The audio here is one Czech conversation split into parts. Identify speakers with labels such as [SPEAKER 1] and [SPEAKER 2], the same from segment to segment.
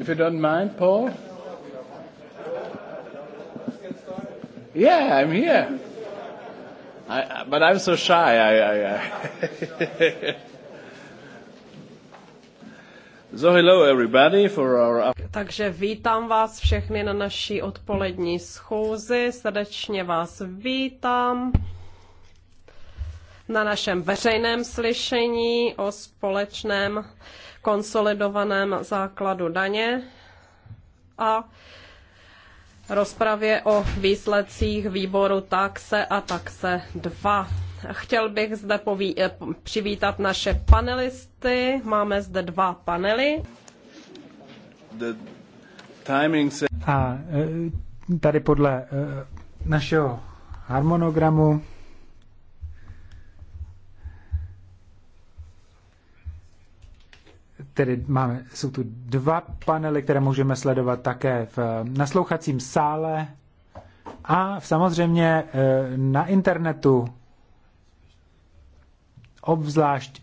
[SPEAKER 1] If you don't mind, Paul? Yeah, I'm here. I, but I'm so shy. I, I, I so hello everybody for our...
[SPEAKER 2] Takže vítám vás všechny na naší odpolední schůzi. Srdečně vás vítám na našem veřejném slyšení o společném konsolidovaném základu daně a rozpravě o výsledcích výboru taxe a taxe 2. Chtěl bych zde poví, eh, přivítat naše panelisty. Máme zde dva panely.
[SPEAKER 3] A eh, tady podle eh, našeho harmonogramu tedy máme, jsou tu dva panely, které můžeme sledovat také v naslouchacím sále a samozřejmě e, na internetu obzvlášť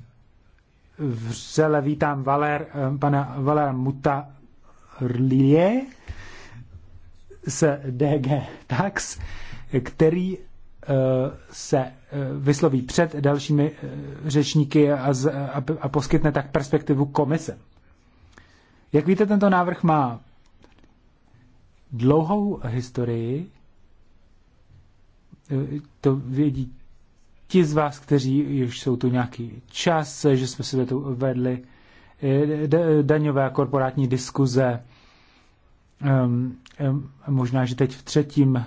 [SPEAKER 3] vřele vítám Valer, e, pana Valera Muta Rlie z DG Tax, který se eh, vysloví před dalšími eh, řečníky a, z, a, a poskytne tak perspektivu komise. Jak víte, tento návrh má dlouhou historii, eh, to vědí ti z vás, kteří už jsou tu nějaký čas, že jsme si tu vedli daňové a korporátní diskuze. Ehm, ehm, možná, že teď v třetím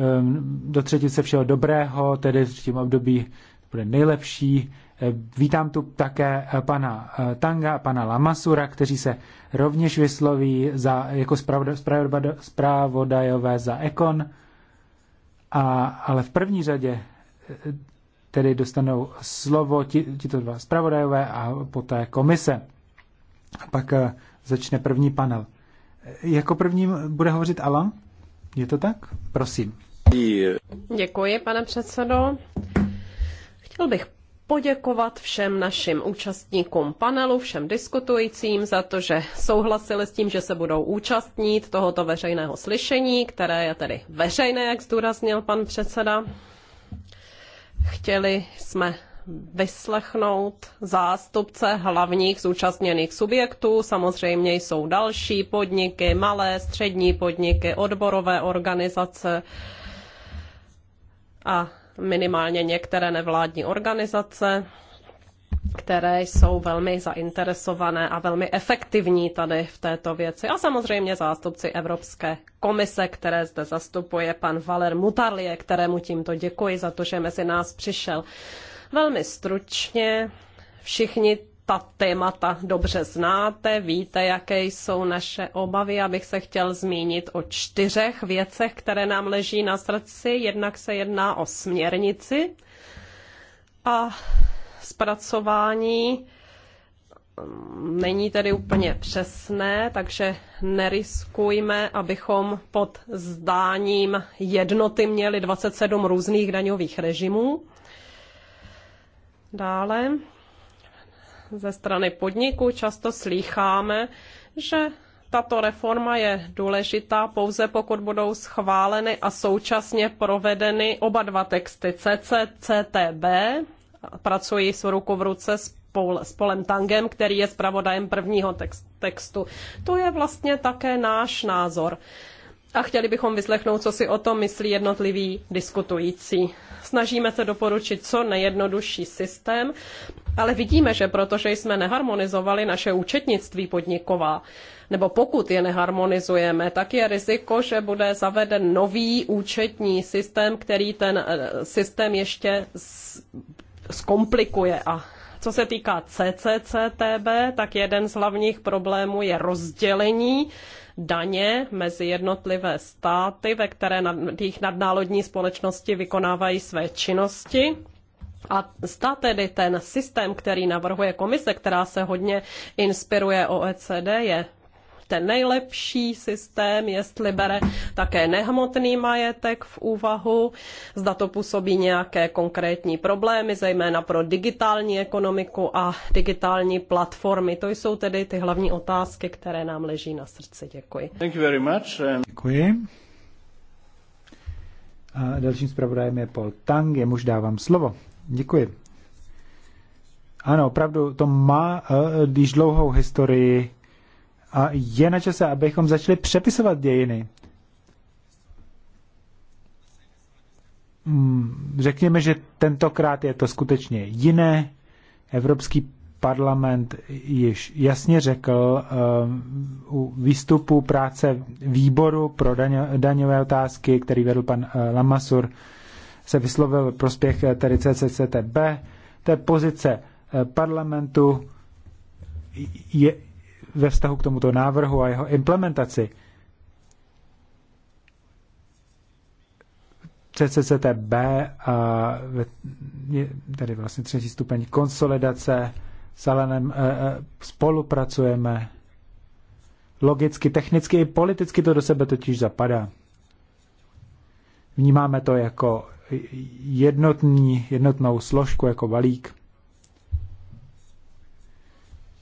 [SPEAKER 3] Ehm, do třetice všeho dobrého, tedy v tím období bude nejlepší. Ehm, vítám tu také eh, pana eh, Tanga a pana Lamasura, kteří se rovněž vysloví za, jako zpravodajové za Ekon, a, ale v první řadě eh, tedy dostanou slovo tito dva zpravodajové a poté komise. A pak začne první panel. Jako první bude hovořit Alan? Je to tak? Prosím.
[SPEAKER 2] Děkuji, pane předsedo. Chtěl bych poděkovat všem našim účastníkům panelu, všem diskutujícím za to, že souhlasili s tím, že se budou účastnit tohoto veřejného slyšení, které je tedy veřejné, jak zdůraznil pan předseda. Chtěli jsme vyslechnout zástupce hlavních zúčastněných subjektů. Samozřejmě jsou další podniky, malé, střední podniky, odborové organizace, a minimálně některé nevládní organizace, které jsou velmi zainteresované a velmi efektivní tady v této věci. A samozřejmě zástupci Evropské komise, které zde zastupuje pan Valer Mutarlie, kterému tímto děkuji za to, že mezi nás přišel. Velmi stručně všichni ta témata dobře znáte, víte, jaké jsou naše obavy. Abych se chtěl zmínit o čtyřech věcech, které nám leží na srdci. Jednak se jedná o směrnici a zpracování mm, není tedy úplně přesné, takže neriskujme, abychom pod zdáním jednoty měli 27 různých daňových režimů. Dále ze strany podniků často slýcháme, že tato reforma je důležitá pouze pokud budou schváleny a současně provedeny oba dva texty CCCTB, pracují s ruku v ruce s s Polem Tangem, který je zpravodajem prvního textu. To je vlastně také náš názor. A chtěli bychom vyslechnout, co si o tom myslí jednotliví diskutující. Snažíme se doporučit co nejjednodušší systém, ale vidíme, že protože jsme neharmonizovali naše účetnictví podniková, nebo pokud je neharmonizujeme, tak je riziko, že bude zaveden nový účetní systém, který ten eh, systém ještě zkomplikuje a co se týká CCCTB, tak jeden z hlavních problémů je rozdělení daně mezi jednotlivé státy, ve které nad, jejich nadnárodní společnosti vykonávají své činnosti. A zda tedy ten systém, který navrhuje komise, která se hodně inspiruje OECD, je ten nejlepší systém, jestli bere také nehmotný majetek v úvahu, zda to působí nějaké konkrétní problémy, zejména pro digitální ekonomiku a digitální platformy. To jsou tedy ty hlavní otázky, které nám leží na srdci. Děkuji.
[SPEAKER 4] Thank you very much.
[SPEAKER 3] Děkuji. A dalším zpravodajem je Paul Tang, jemuž dávám slovo. Děkuji. Ano, opravdu to má uh, eh, již dlouhou historii a je na čase, abychom začali přepisovat dějiny. Hmm, řekněme, že tentokrát je to skutečně jiné. Evropský parlament již jasně řekl uh, u výstupu práce výboru pro daň, daňové otázky, který vedl pan uh, eh, Lamasur, se vyslovil prospěch eh, tedy CCCTB, je pozice eh, parlamentu je ve vztahu k tomuto návrhu a jeho implementaci. CCCTB a tady vlastně třetí stupeň konsolidace s Alenem eh, spolupracujeme logicky, technicky i politicky to do sebe totiž zapadá. Vnímáme to jako jednotní, jednotnou složku jako balík.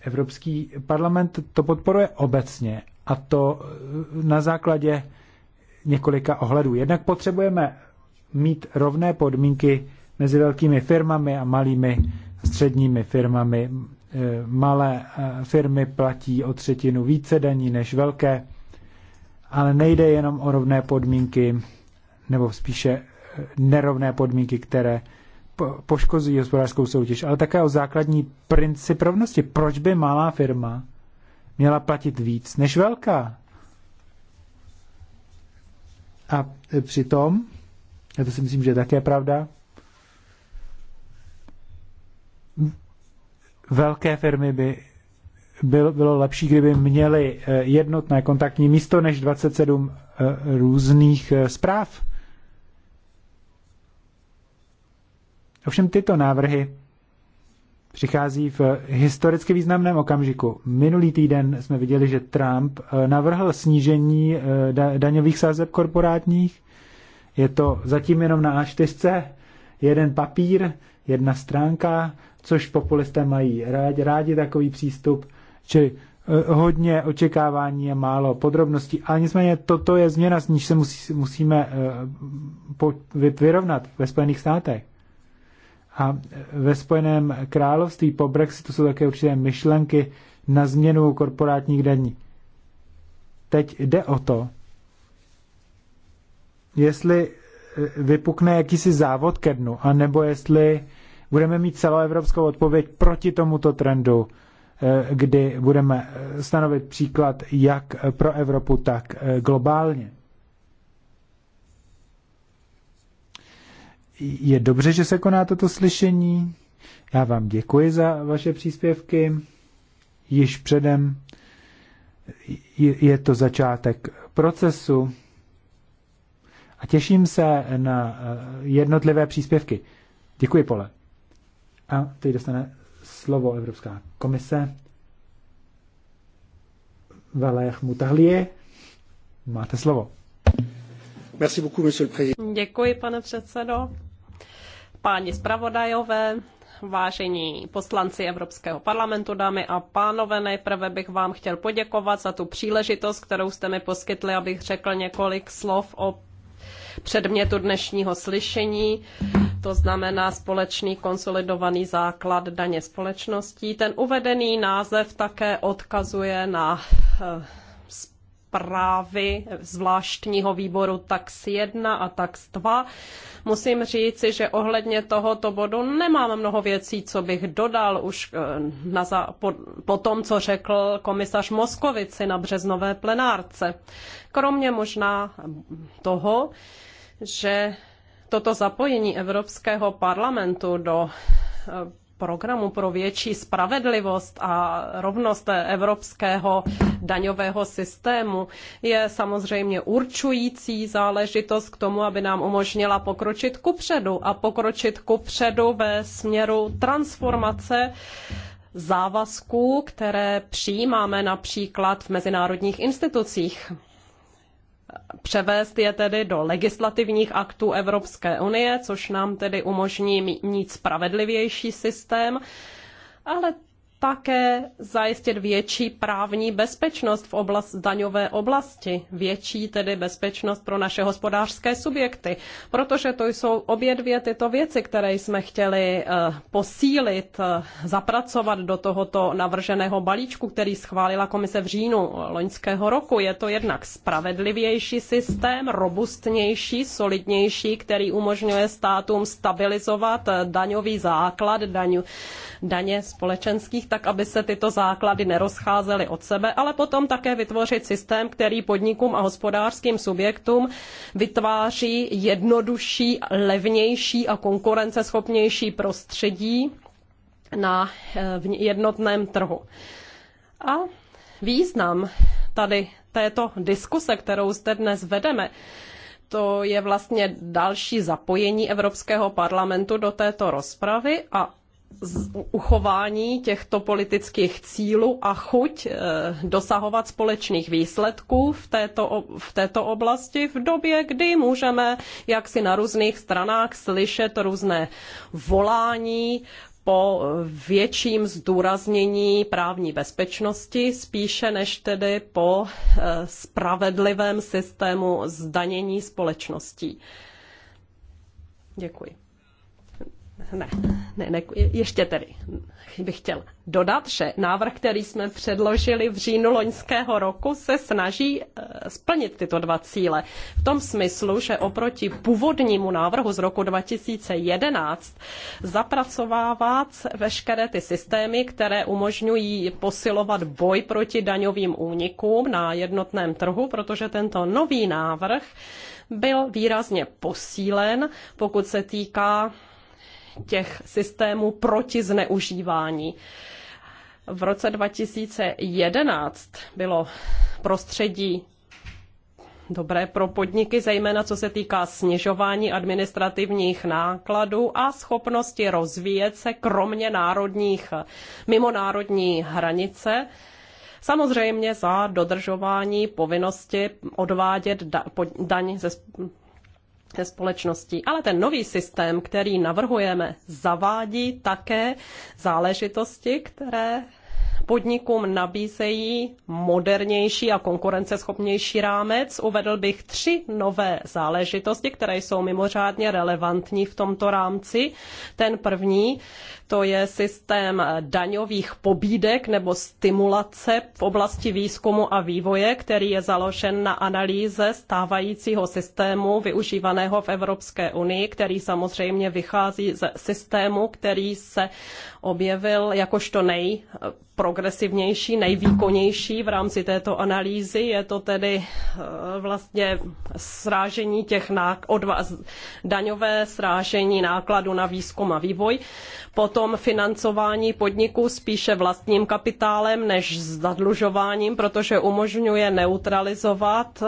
[SPEAKER 3] Evropský parlament to podporuje obecně a to eh, na základě několika ohledů. Jednak potřebujeme mít rovné podmínky mezi velkými firmami a malými středními firmami. Eh, malé eh, firmy platí o třetinu více daní než velké, ale nejde jenom o rovné podmínky, nebo spíše nerovné podmínky, které poškozují hospodářskou soutěž, ale také o základní princip rovnosti. Proč by malá firma měla platit víc než velká? A přitom, já to si myslím, že je také pravda, velké firmy by bylo, bylo lepší, kdyby měly eh, jednotné kontaktní místo než 27 eh, různých eh, zpráv. Ovšem tyto návrhy přichází v historicky významném okamžiku. Minulý týden jsme viděli, že Trump eh, navrhl snížení eh, daňových sázeb korporátních. Je to zatím jenom na A4, jeden papír, jedna stránka, což populisté mají rádi, rádi takový přístup, či eh, hodně očekávání a málo podrobností, ale nicméně toto je změna, s níž se musí, musíme vyrovnat ve Spojených státech. A ve Spojeném království po Brexitu jsou také určité myšlenky na změnu korporátních daní. Teď jde o to, jestli e, vypukne jakýsi závod ke dnu, anebo jestli budeme mít celoevropskou odpověď proti tomuto trendu, e, kdy budeme e, stanovit příklad jak pro Evropu, tak globálně. je dobře, že se koná toto slyšení. Já vám děkuji za vaše příspěvky. Již předem je to začátek procesu a těším se na eh, jednotlivé příspěvky. Děkuji, Pole. A teď dostane slovo Evropská komise. Valéch Mutahlie, máte slovo.
[SPEAKER 2] Děkuji, pane předsedo páni zpravodajové, vážení poslanci Evropského parlamentu, dámy a pánové, nejprve bych vám chtěl poděkovat za tu příležitost, kterou jste mi poskytli, abych řekl několik slov o předmětu dnešního slyšení, to znamená společný konsolidovaný základ daně společností. Ten uvedený název také odkazuje na eh, zprávy zvláštního výboru TAX 1 a TAX 2. Musím říci, že ohledně tohoto bodu nemám mnoho věcí, co bych dodal už eh, na za, po, po tom, co řekl komisař Moskovici na březnové plenárce. Kromě možná toho, že toto zapojení Evropského parlamentu do eh, programu pro větší spravedlivost a rovnost evropského daňového systému je samozřejmě určující záležitost k tomu, aby nám umožnila pokročit kupředu a pokročit kupředu ve směru transformace závazků, které přijímáme například v mezinárodních institucích. Převést je tedy do legislativních aktů Evropské unie, což nám tedy umožní mít spravedlivější systém, ale také zajistit větší právní bezpečnost v oblast, daňové oblasti, větší tedy bezpečnost pro naše hospodářské subjekty, protože to jsou obě dvě tyto věci, které jsme chtěli eh, posílit, eh, zapracovat do tohoto navrženého balíčku, který schválila komise v říjnu loňského roku. Je to jednak spravedlivější systém, robustnější, solidnější, který umožňuje státům stabilizovat eh, daňový základ, daň, daně společenských tak aby se tyto základy nerozcházely od sebe, ale potom také vytvořit systém, který podnikům a hospodářským subjektům vytváří jednodušší, levnější a konkurenceschopnější prostředí na eh, jednotném trhu. A význam tady této diskuse, kterou zde dnes vedeme, to je vlastně další zapojení Evropského parlamentu do této rozpravy a uchování těchto politických cílů a chuť eh, dosahovat společných výsledků v této, v této oblasti v době, kdy můžeme jaksi na různých stranách slyšet různé volání po větším zdůraznění právní bezpečnosti, spíše než tedy po eh, spravedlivém systému zdanění společností. Děkuji ne, ne, ne, ještě tedy bych chtěl dodat, že návrh, který jsme předložili v říjnu loňského roku, se snaží eh, splnit tyto dva cíle. V tom smyslu, že oproti původnímu návrhu z roku 2011 zapracovává veškeré ty systémy, které umožňují posilovat boj proti daňovým únikům na jednotném trhu, protože tento nový návrh byl výrazně posílen, pokud se týká těch systémů proti zneužívání. V roce 2011 bylo prostředí dobré pro podniky, zejména co se týká snižování administrativních nákladů a schopnosti rozvíjet se kromě národních, mimo národní hranice. Samozřejmě za dodržování povinnosti odvádět daň ze společnosti. Ale ten nový systém, který navrhujeme, zavádí také záležitosti, které podnikům nabízejí modernější a konkurenceschopnější rámec. Uvedl bych tři nové záležitosti, které jsou mimořádně relevantní v tomto rámci. Ten první to je systém daňových pobídek nebo stimulace v oblasti výzkumu a vývoje, který je založen na analýze stávajícího systému využívaného v Evropské unii, který samozřejmě vychází ze systému, který se objevil jakožto nejprogresivnější, nejvýkonnější v rámci této analýzy. Je to tedy eh, vlastně srážení těch ná... odva... daňové srážení nákladu na výzkum a vývoj. Potom tom financování podniků spíše vlastním kapitálem než zadlužováním, protože umožňuje neutralizovat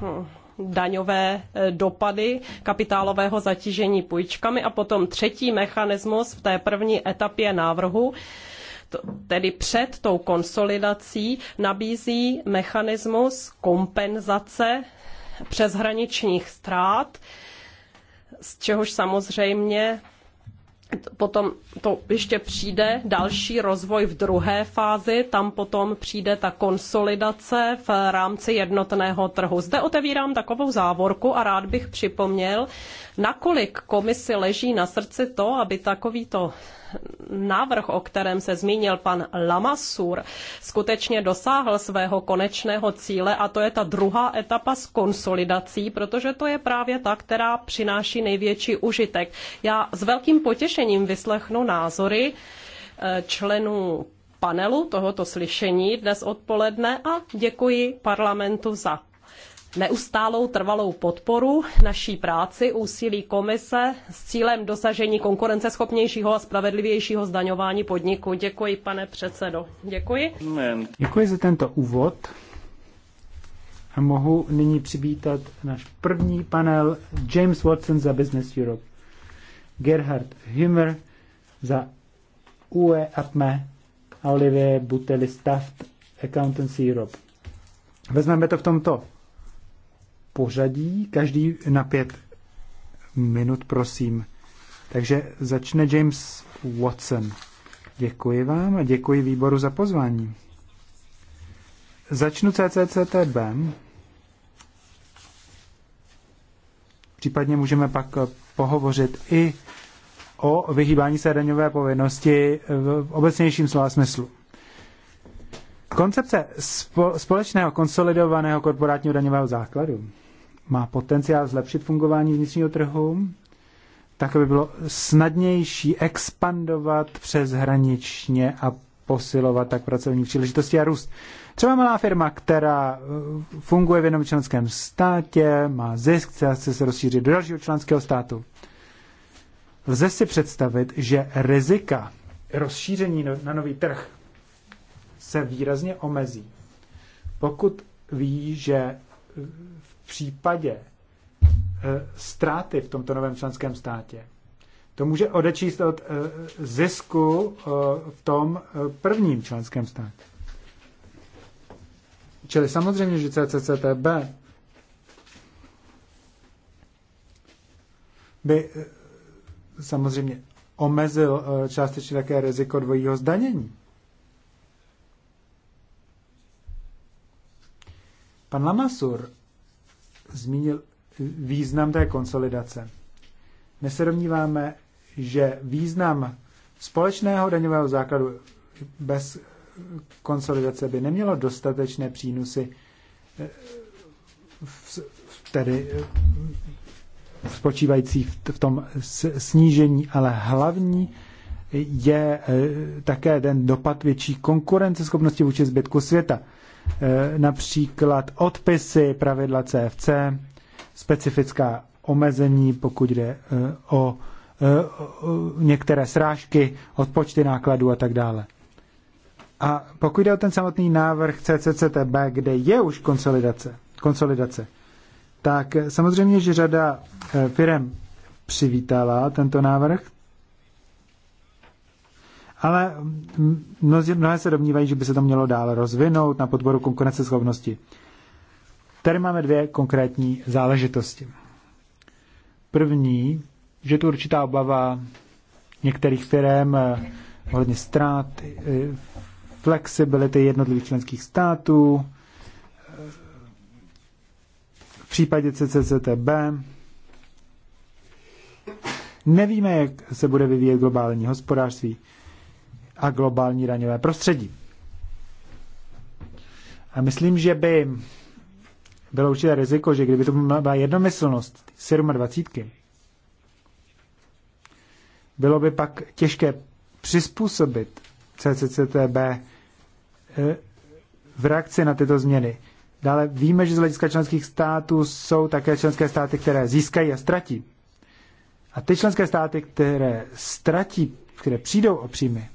[SPEAKER 2] hm, daňové eh, dopady kapitálového zatížení půjčkami a potom třetí mechanismus v té první etapě návrhu tedy před tou konsolidací nabízí mechanismus kompenzace přeshraničních ztrát, z čehož samozřejmě Potom to ještě přijde další rozvoj v druhé fázi, tam potom přijde ta konsolidace v rámci jednotného trhu. Zde otevírám takovou závorku a rád bych připomněl, Nakolik komisi leží na srdci to, aby takovýto návrh, o kterém se zmínil pan Lamassoure, skutečně dosáhl svého konečného cíle a to je ta druhá etapa s konsolidací, protože to je právě ta, která přináší největší užitek. Já s velkým potěšením vyslechnu názory eh, členů panelu tohoto slyšení dnes odpoledne a děkuji parlamentu za neustálou trvalou podporu naší práci úsilí komise s cílem dosažení konkurenceschopnějšího a spravedlivějšího zdaňování podniku. Děkuji, pane předsedo. Děkuji.
[SPEAKER 3] Děkuji za tento úvod. A mohu nyní přivítat náš první panel James Watson za Business Europe, Gerhard Himmer za UE APME a e, Olivier Butelli Staft Accountancy Europe. Vezmeme to v tomto pořadí, každý na pět minut, prosím. Takže začne James Watson. Děkuji vám a děkuji výboru za pozvání. Začnu CCCTB. Případně můžeme pak pohovořit i o vyhýbání se daňové povinnosti v obecnějším slova smyslu. Koncepce společného konsolidovaného korporátního daňového základu má potenciál zlepšit fungování vnitřního trhu, tak aby bylo snadnější expandovat přeshraničně a posilovat tak pracovní příležitosti a růst. Třeba malá firma, která eh, funguje v jednom členském státě, má zisk, chce se rozšířit do dalšího členského státu. Lze si představit, že rizika rozšíření no- na nový trh se výrazně omezí, pokud ví, že eh, případě e, ztráty v tomto novém členském státě to může odečíst od e, zisku e, v tom prvním členském státě. Čili samozřejmě, že CCCTB by samozřejmě omezil částečně také riziko dvojího zdanění. Pan Lamasur zmínil význam té konsolidace. My se domníváme, že význam společného daňového základu bez konsolidace by nemělo dostatečné přínosy tedy spočívající v tom snížení, ale hlavní je e, také ten dopad větší konkurenceschopnosti vůči zbytku světa. Eh, například odpisy pravidla CFC, specifická omezení, pokud jde eh, eh, o některé srážky, odpočty nákladů a tak dále. A pokud jde o ten samotný návrh CCCTB, kde je už konsolidace, konsolidace tak samozřejmě, že řada firm přivítala tento návrh, ale mnohé se domnívají, že by se to mělo dále rozvinout na podporu konkurenceschopnosti. Tady máme dvě konkrétní záležitosti. První, že tu určitá obava některých firm eh, ohledně ztrát, eh, flexibility jednotlivých členských států, eh, v případě CCCTB. Nevíme, jak se bude vyvíjet globální hospodářství a globální daňové prostředí. A myslím, že by bylo určité riziko, že kdyby to byla jednomyslnost 27, bylo by pak těžké přizpůsobit CCCTB eh, v reakci na tyto změny. Dále víme, že z hlediska členských států jsou také členské státy, které získají a ztratí. A ty členské státy, které ztratí, které přijdou o příjmy,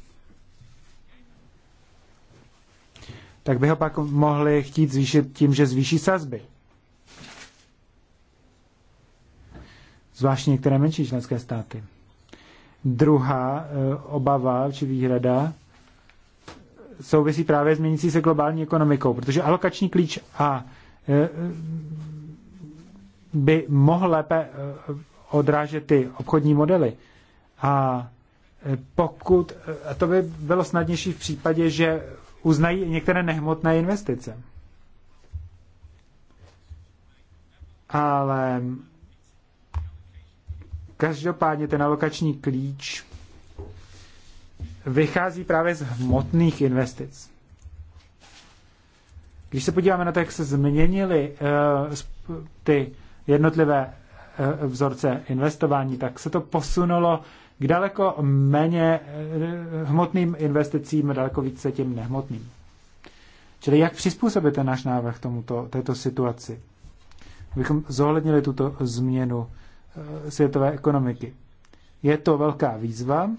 [SPEAKER 3] tak by ho pak mohli chtít zvýšit tím, že zvýší sazby. Zvláště některé menší členské státy. Druhá eh, obava či výhrada souvisí právě s měnící se globální ekonomikou, protože alokační klíč A eh, eh, by mohl lépe odrážet ty obchodní modely. A pokud, a to by bylo snadnější v případě, že uznají některé nehmotné investice. Ale každopádně ten alokační klíč vychází právě z hmotných investic. Když se podíváme na to, jak se změnily uh, ty jednotlivé uh, vzorce investování, tak se to posunulo k daleko méně eh, hmotným investicím, daleko více těm nehmotným. Čili jak přizpůsobit ten náš návrh tomuto, této situaci? Abychom zohlednili tuto změnu eh, světové ekonomiky. Je to velká výzva,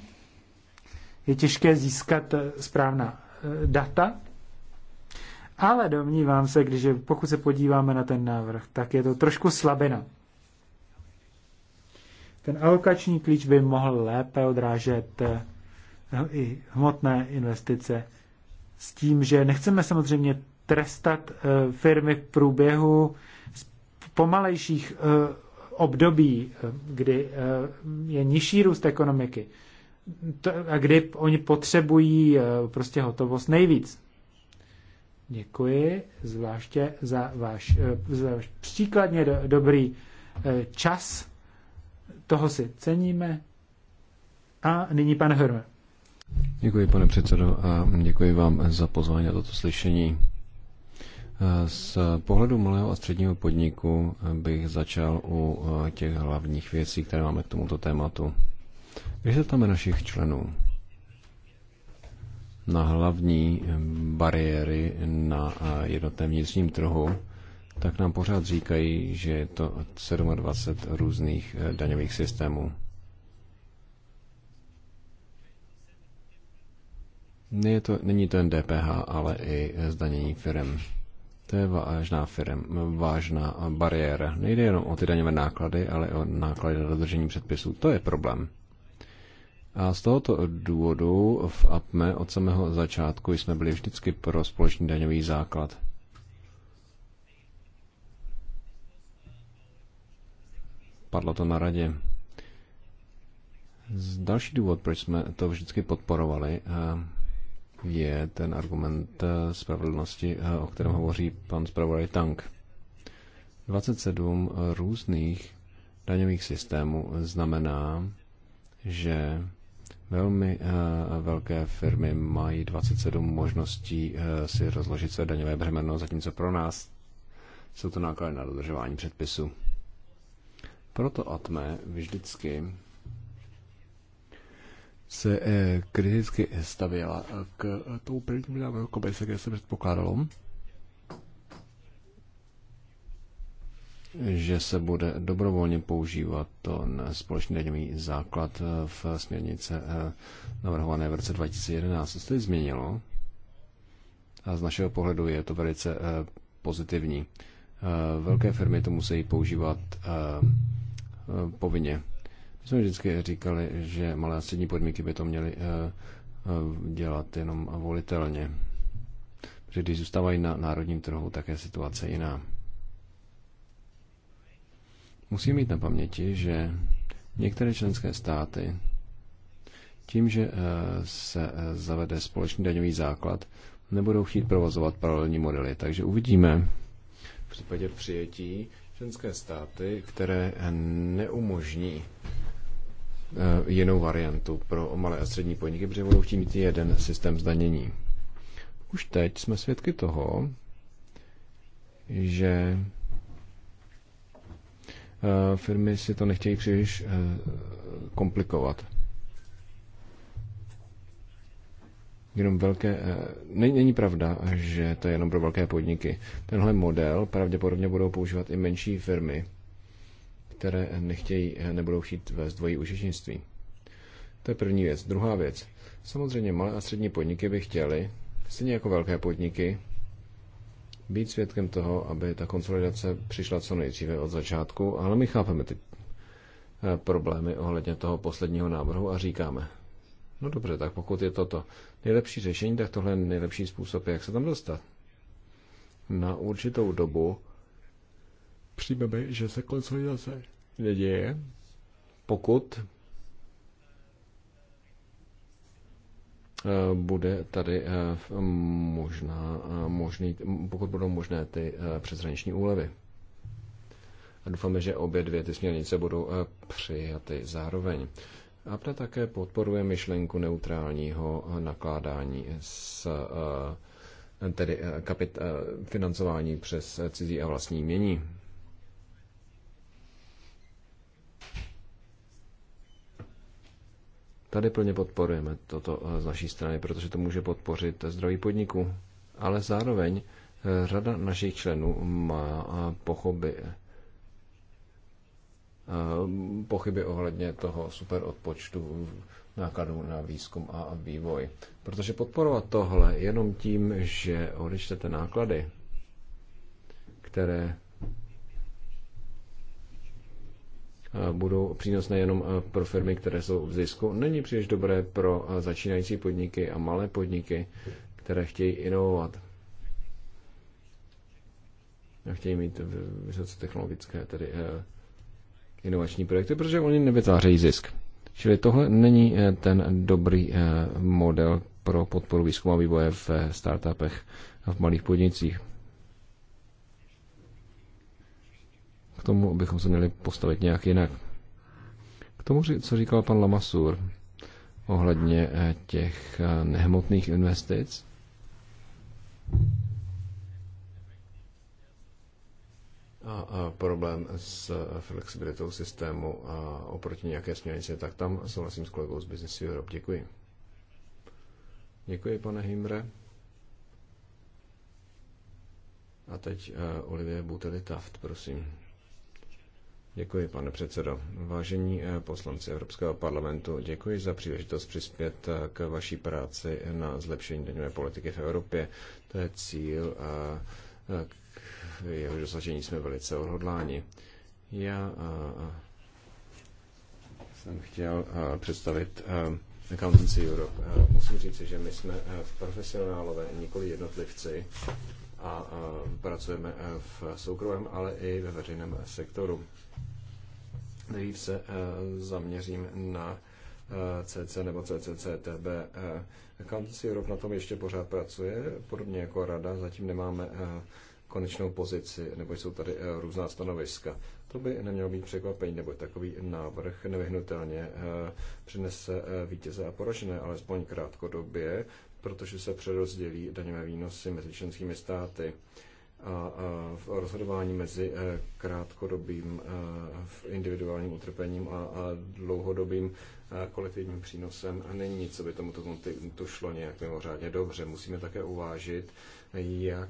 [SPEAKER 3] je těžké získat eh, správná data, ale domnívám se, když je, pokud se podíváme na ten návrh, tak je to trošku slabina. Ten alokační klíč by mohl lépe odrážet eh, i hmotné investice s tím, že nechceme samozřejmě trestat eh, firmy v průběhu pomalejších eh, období, kdy je nižší růst ekonomiky a kdy oni potřebují prostě hotovost nejvíc. Děkuji zvláště za váš, za váš příkladně dobrý čas toho si ceníme. A nyní pan Hrme.
[SPEAKER 4] Děkuji, pane předsedo, a děkuji vám za pozvání a toto slyšení. Z pohledu malého a středního podniku bych začal u těch hlavních věcí, které máme k tomuto tématu. Když se tam našich členů na hlavní bariéry na jednotném vnitřním trhu, tak nám pořád říkají, že je to 27 různých eh, daňových systémů. Je to, není to jen DPH, ale i eh, zdanění firm. To je vážná firm, vážná bariéra. Nejde jenom o ty daňové náklady, ale o náklady na dodržení předpisů. To je problém. A z tohoto důvodu v APME od samého začátku jsme byli vždycky pro společný daňový základ. padlo to na radě. Další důvod, proč jsme to vždycky podporovali, eh, je ten argument eh, spravedlnosti, eh, o kterém hovoří pan zpravodaj Tank. 27 různých daňových systémů znamená, že velmi velké firmy mají 27 možností si rozložit své daňové břemeno, zatímco pro nás jsou to náklady na dodržování předpisu. Proto Atme vždycky se eh, kriticky stavěla k eh, tou první návrhu komise, kde se předpokládalo, že se bude dobrovolně používat to společný daňový základ eh, v směrnice navrhované v roce 2011. Co se to změnilo? A z našeho pohledu je to velice pozitivní. Velké firmy to musí používat Eh, povinně. My jsme vždycky říkali, že malé a střední podmínky by to měly eh, eh, dělat jenom volitelně. Protože když zůstávají na národním trhu, tak je situace jiná. Musím mít na paměti, že některé členské státy tím, že se zavede společný daňový základ, nebudou chtít provozovat paralelní modely. Takže uvidíme v případě přijetí, členské státy, které neumožní eh, jinou variantu pro malé a střední podniky, protože budou chtít mít jeden systém zdanění. Už teď jsme svědky toho, že eh, firmy si to nechtějí příliš eh, komplikovat. jenom velké, eh, není pravda, že to je jenom pro velké podniky. Tenhle model pravděpodobně budou používat i menší firmy, které nechtějí, eh, nebudou chtít ve dvojí užičnictví. To je první věc. Druhá věc. Samozřejmě malé a střední podniky by chtěly, stejně jako velké podniky, být svědkem toho, aby ta konsolidace přišla co nejdříve od začátku, ale my chápeme ty eh, problémy ohledně toho posledního návrhu a říkáme, No dobře, tak pokud je toto nejlepší řešení, tak tohle je nejlepší způsob, jak se tam dostat. Na určitou dobu přijmeme, že se konsolidace neděje, pokud eh, bude tady eh, možná, eh, možný, pokud budou možné ty přeshraniční úlevy. A doufáme, že obě dvě ty směrnice budou přijaty zároveň proto také podporuje myšlenku neutrálního nakládání s eh, tedy eh, kapit, eh, financování přes cizí a vlastní mění. Tady plně podporujeme toto z naší strany, protože to může podpořit zdraví podniku. Ale zároveň řada našich členů má pochopit. Eh, pochyby ohledně toho super odpočtu nákladů na výzkum a vývoj. Protože podporovat tohle jenom tím, že odečtete náklady, které eh, budou přínosné jenom eh, pro firmy, které jsou v zisku, není příliš dobré pro začínající podniky a malé podniky, které chtějí inovovat a chtějí mít vysoce technologické tedy inovační projekty, protože oni nevytvářejí zisk. Čili tohle není eh, ten dobrý eh, model pro podporu výzkumu a vývoje v eh, startupech a v malých podnicích. K tomu bychom se měli postavit nějak jinak. K tomu, co říkal pan Lamasur ohledně těch nehmotných investic, a problém s flexibilitou systému a oproti nějaké směrnici, tak tam souhlasím s kolegou z Business Europe. Děkuji. Děkuji, pane Himre. A teď uh, eh, Olivie Buteli Taft, prosím. Děkuji, pane předsedo. Vážení eh, poslanci Evropského parlamentu, děkuji za příležitost přispět eh, k vaší práci na zlepšení daňové politiky v Evropě. To je cíl, jeho dosažení jsme velice odhodláni. Já jsem chtěl představit Accountancy Europe. Musím říct, že my jsme profesionálové, nikoli jednotlivci a pracujeme v soukromém, ale i ve veřejném sektoru. Dřív se zaměřím na CC nebo CCCTB. Accountancy Europe na tom ještě pořád pracuje, podobně jako rada, zatím nemáme konečnou pozici, nebo jsou tady eh, různá stanoviska. To by nemělo být překvapení, nebo takový návrh nevyhnutelně eh, přinese eh, vítěze a poražené, alespoň krátkodobě, protože se přerozdělí daňové výnosy mezi členskými státy a v rozhodování mezi krátkodobým individuálním utrpením a dlouhodobým kolektivním přínosem není nic, co by tomuto to šlo nějak mimořádně dobře. Musíme také uvážit, jak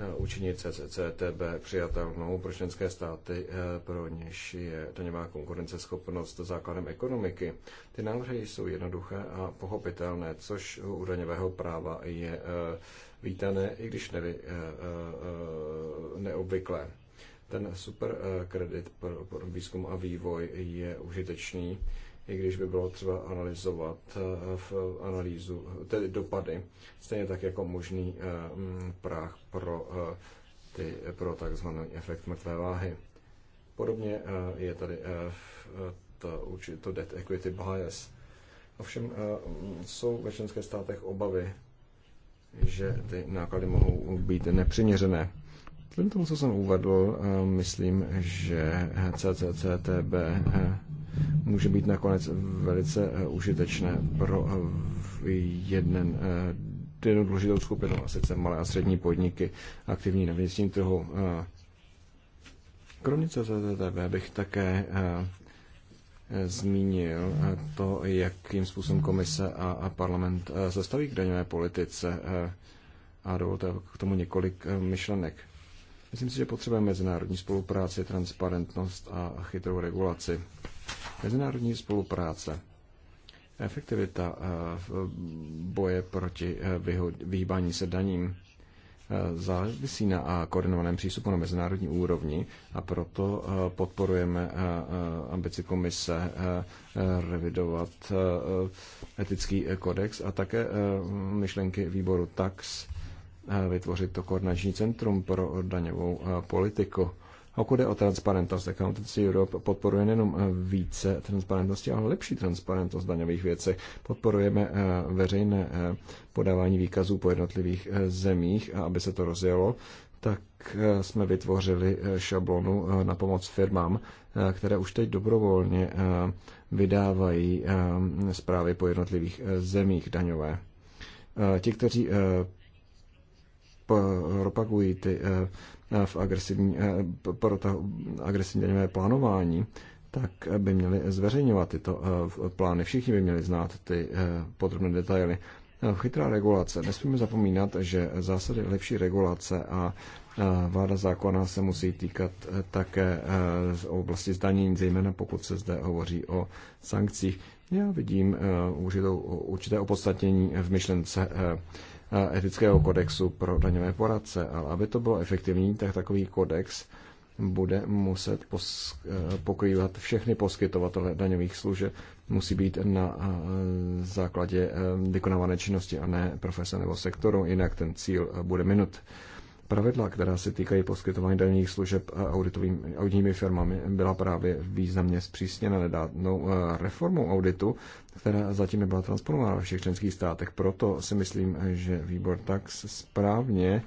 [SPEAKER 4] eh, učinit CCTB přijatelnou pro členské státy, eh, pro něž je to nemá konkurenceschopnost základem ekonomiky. Ty návrhy jsou jednoduché a pochopitelné, což u daňového práva je eh, vítané, i když nevy, neobvyklé. Ten super kredit pro výzkum a vývoj je užitečný i když by bylo třeba analyzovat eh, v analýzu, tedy dopady, stejně tak jako možný eh, mm, práh pro, eh, ty, pro takzvaný efekt mrtvé váhy. Podobně je tady to, to debt equity bias. Ovšem mm, jsou ve členských státech obavy, že ty náklady mohou být nepřiměřené. Vzhledem tomu, co jsem uvedl, myslím, že CCCTB může být nakonec velice eh, užitečné pro eh, jeden eh, jednu důležitou skupinu, a sice malé a střední podniky aktivní na vnitřním trhu. Kromě CZTB bych také zmínil to, jakým způsobem komise a parlament se staví k daňové politice a dovolte k tomu několik myšlenek. Myslím si, že potřebujeme mezinárodní spolupráci, transparentnost a chytrou regulaci. Mezinárodní spolupráce. Efektivita eh, boje proti eh, vyhýbání se daním eh, závisí na koordinovaném přístupu na mezinárodní úrovni a proto podporujeme ambici komise revidovat etický kodex a také myšlenky výboru TAX vytvořit to koordinační centrum pro daňovou politiku pokud je o transparentnost, Accountancy Europe podporuje nejenom eh, více transparentnosti, ale lepší transparentnost daňových věcí. Podporujeme eh, veřejné eh, podávání výkazů po jednotlivých zemích, a aby se to rozjelo, tak jsme vytvořili šablonu na pomoc firmám, které už teď dobrovolně vydávají zprávy po jednotlivých zemích daňové. Ti, kteří propagují ty v agresivní, eh, pro to agresivní daňové plánování, tak by měli zveřejňovat tyto eh, plány. Všichni by měli znát ty eh, podrobné detaily. Chytrá regulace. Nesmíme zapomínat, že zásady lepší regulace a vláda zákona se musí týkat také z oblasti zdanění, zejména pokud se zde hovoří o sankcích. Já vidím určité opodstatnění v myšlence etického kodexu pro daňové poradce. Ale aby to bylo efektivní, tak takový kodex bude muset eh, pokrývat všechny poskytovatele daňových služeb. Musí být na eh, základě eh, vykonávané činnosti a ne profese nebo sektoru, jinak ten cíl bude minut. Pravidla, která se týkají poskytování daných služeb auditovým, auditními firmami, byla právě významně zpřísněna nedávnou eh, reformou auditu, která zatím nebyla transponována ve všech členských státech. Proto si myslím, že výbor tak správně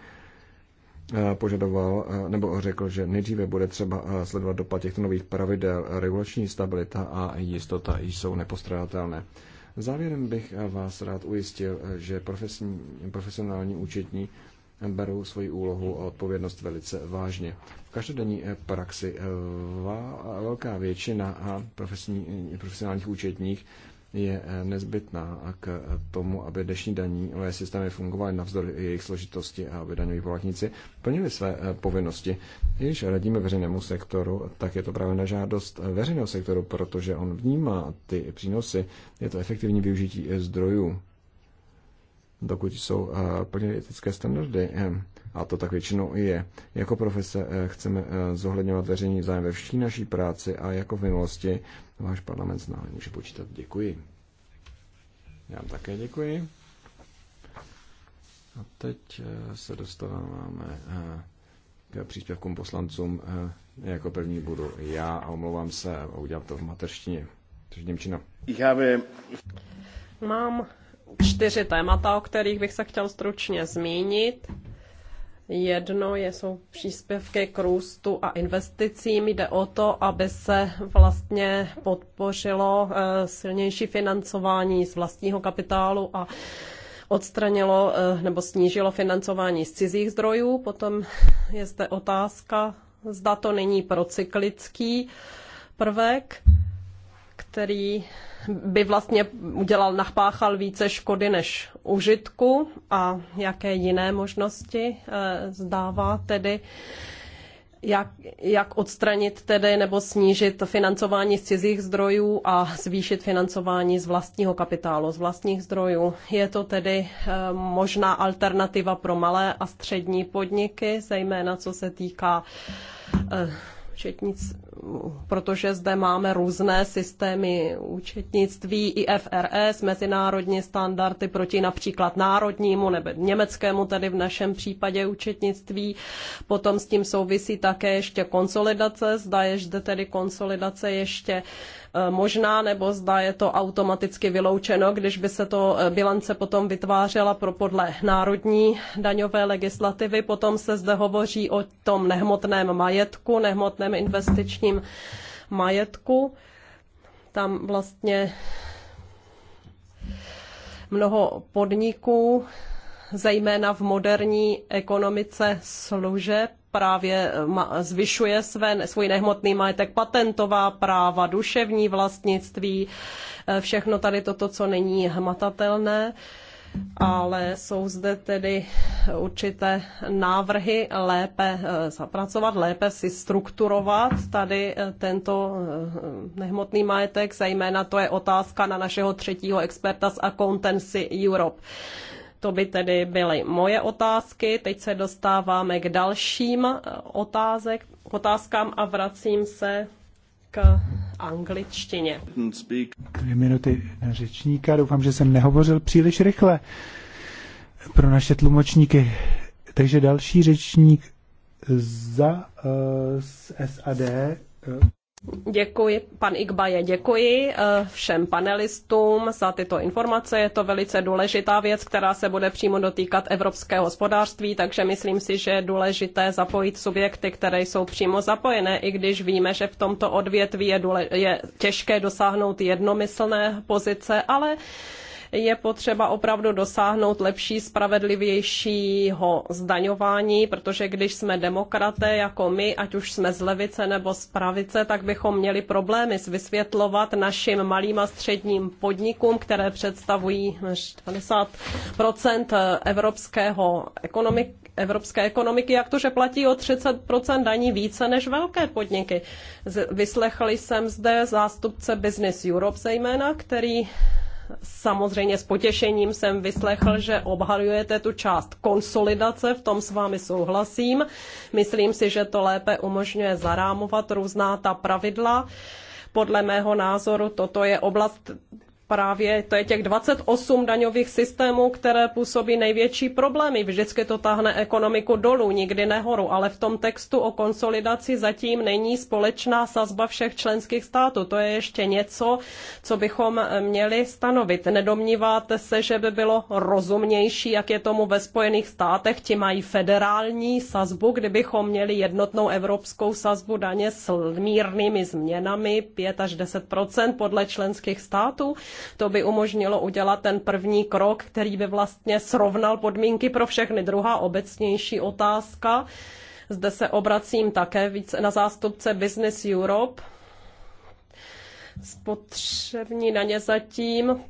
[SPEAKER 4] eh, požadoval, eh, nebo řekl, že nejdříve bude třeba sledovat dopad těchto nových pravidel. Regulační stabilita a jistota jsou nepostradatelné. Závěrem bych vás rád ujistil, že profesní, profesionální účetní berou svoji úlohu a odpovědnost velice vážně. V každodenní eh, praxi eh, velká většina profesionálních účetních je eh, nezbytná k tomu, aby dnešní daníové systémy fungovaly navzdory jejich složitosti a aby daňoví poplatníci plnili své povinnosti. Když radíme veřejnému sektoru, tak je to právě na žádost veřejného sektoru, protože on vnímá ty přínosy, je to efektivní využití zdrojů dokud jsou eh, plně etické standardy, eh, a to tak většinou i je. Jako profese eh, chceme zohledňovat veřejný zájem ve vší naší práci a jako v minulosti váš parlament s námi může počítat. Děkuji. Já vám také děkuji. A teď se dostáváme k příspěvkům poslancům. Jako první budu já a omlouvám se a udělám to v mateřštině, což Němčina.
[SPEAKER 2] Mám čtyři témata, o kterých bych se chtěl stručně zmínit. Jedno je, jsou příspěvky k růstu a investicím. Jde o to, aby se vlastně podpořilo eh, silnější financování z vlastního kapitálu a odstranilo eh, nebo snížilo financování z cizích zdrojů. Potom je zde otázka, zda to není procyklický prvek který by vlastně udělal, napáchal více škody než užitku a jaké jiné možnosti eh, zdává tedy jak, jak odstranit tedy nebo snížit financování z cizích zdrojů a zvýšit financování z vlastního kapitálu, z vlastních zdrojů. Je to tedy eh, možná alternativa pro malé a střední podniky, zejména co se týká eh, účetnic, protože zde máme různé systémy účetnictví, IFRS, mezinárodní standardy proti například národnímu nebo německému, tedy v našem případě účetnictví. Potom s tím souvisí také ještě konsolidace, zda je zde tedy konsolidace ještě Eh, možná, nebo zda je to automaticky vyloučeno, když by se to eh, bilance potom vytvářela pro podle národní daňové legislativy. Potom se zde hovoří o tom nehmotném majetku, nehmotném investičním majetku. Tam vlastně mnoho podniků, zejména v moderní ekonomice služeb, právě eh, zvyšuje své, svůj nehmotný majetek, patentová práva, duševní vlastnictví, eh, všechno tady toto, co není hmatatelné ale jsou zde tedy určité návrhy lépe eh, zapracovat, lépe si strukturovat tady tento nehmotný majetek, zejména to je otázka na našeho třetího experta z Accountancy Europe. To by tedy byly moje otázky. Teď se dostáváme k dalším eh, otázek, otázkám a vracím se k angličtině.
[SPEAKER 3] Dvě minuty na řečníka. Doufám, že jsem nehovořil příliš rychle pro naše tlumočníky. Takže další řečník za uh, z SAD. Uh. Eh,
[SPEAKER 2] Děkuji, pan Igbaje, děkuji eh, všem panelistům za tyto informace. Je to velice důležitá věc, která se bude přímo dotýkat evropského hospodářství, takže myslím si, že je důležité zapojit subjekty, které jsou přímo zapojené, i když víme, že v tomto odvětví je, důle, je těžké dosáhnout jednomyslné pozice, ale je potřeba opravdu dosáhnout lepší, spravedlivějšího zdaňování, protože když jsme demokraté jako my, ať už jsme z levice nebo z pravice, tak bychom měli problémy s vysvětlovat našim malým a středním podnikům, které představují 50 evropského ekonomik, evropské ekonomiky, jak to, že platí o 30 daní více než velké podniky. Vyslechli jsem zde zástupce Business Europe zejména, který Samozřejmě s potěšením jsem vyslechl, že obhajujete tu část konsolidace, v tom s vámi souhlasím. Myslím si, že to lépe umožňuje zarámovat různá ta pravidla podle mého názoru toto je oblast právě to je těch 28 daňových systémů, které působí největší problémy. Vždycky to tahne ekonomiku dolů, nikdy nehoru, ale v tom textu o konsolidaci zatím není společná sazba všech členských států. To je ještě něco, co bychom měli stanovit. Nedomníváte se, že by bylo rozumnější, jak je tomu ve Spojených státech, ti mají federální sazbu, kdybychom měli jednotnou evropskou sazbu daně s mírnými změnami 5 až 10 podle členských států. To by umožnilo udělat ten první krok, který by vlastně srovnal podmínky pro všechny. Druhá obecnější otázka, zde se obracím také na zástupce Business Europe, spotřební daně zatím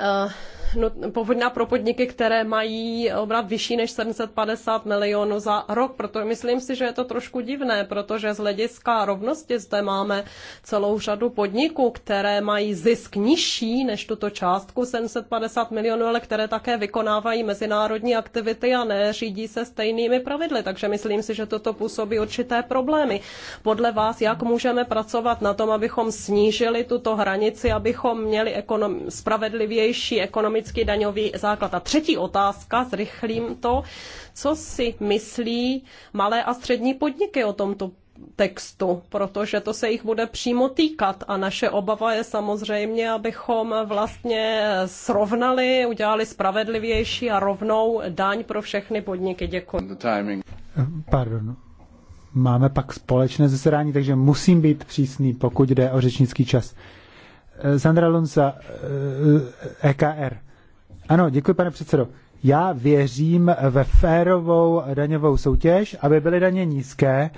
[SPEAKER 2] Eh, no, povodná pro podniky, které mají obrat vyšší než 750 milionů za rok. Proto myslím si, že je to trošku divné, protože z hlediska rovnosti zde máme celou řadu podniků, které mají zisk nižší než tuto částku 750 milionů, ale které také vykonávají mezinárodní aktivity a neřídí se stejnými pravidly. Takže myslím si, že toto působí určité problémy. Podle vás, jak můžeme pracovat na tom, abychom snížili tuto hranici, abychom měli ekonom- spravedlivější vedlejší ekonomický daňový základ. A třetí otázka, zrychlím to, co si myslí malé a střední podniky o tomto textu, protože to se jich bude přímo týkat a naše obava je samozřejmě, abychom vlastně srovnali, udělali spravedlivější a rovnou daň pro všechny podniky. Děkuji.
[SPEAKER 3] Pardon. Máme pak společné zasedání, takže musím být přísný, pokud jde o řečnický čas. Eh, Sandra Lunsa, EKR. Eh, eh, e ano, děkuji, pane předsedo. Já věřím ve férovou daňovou soutěž, aby byly daně nízké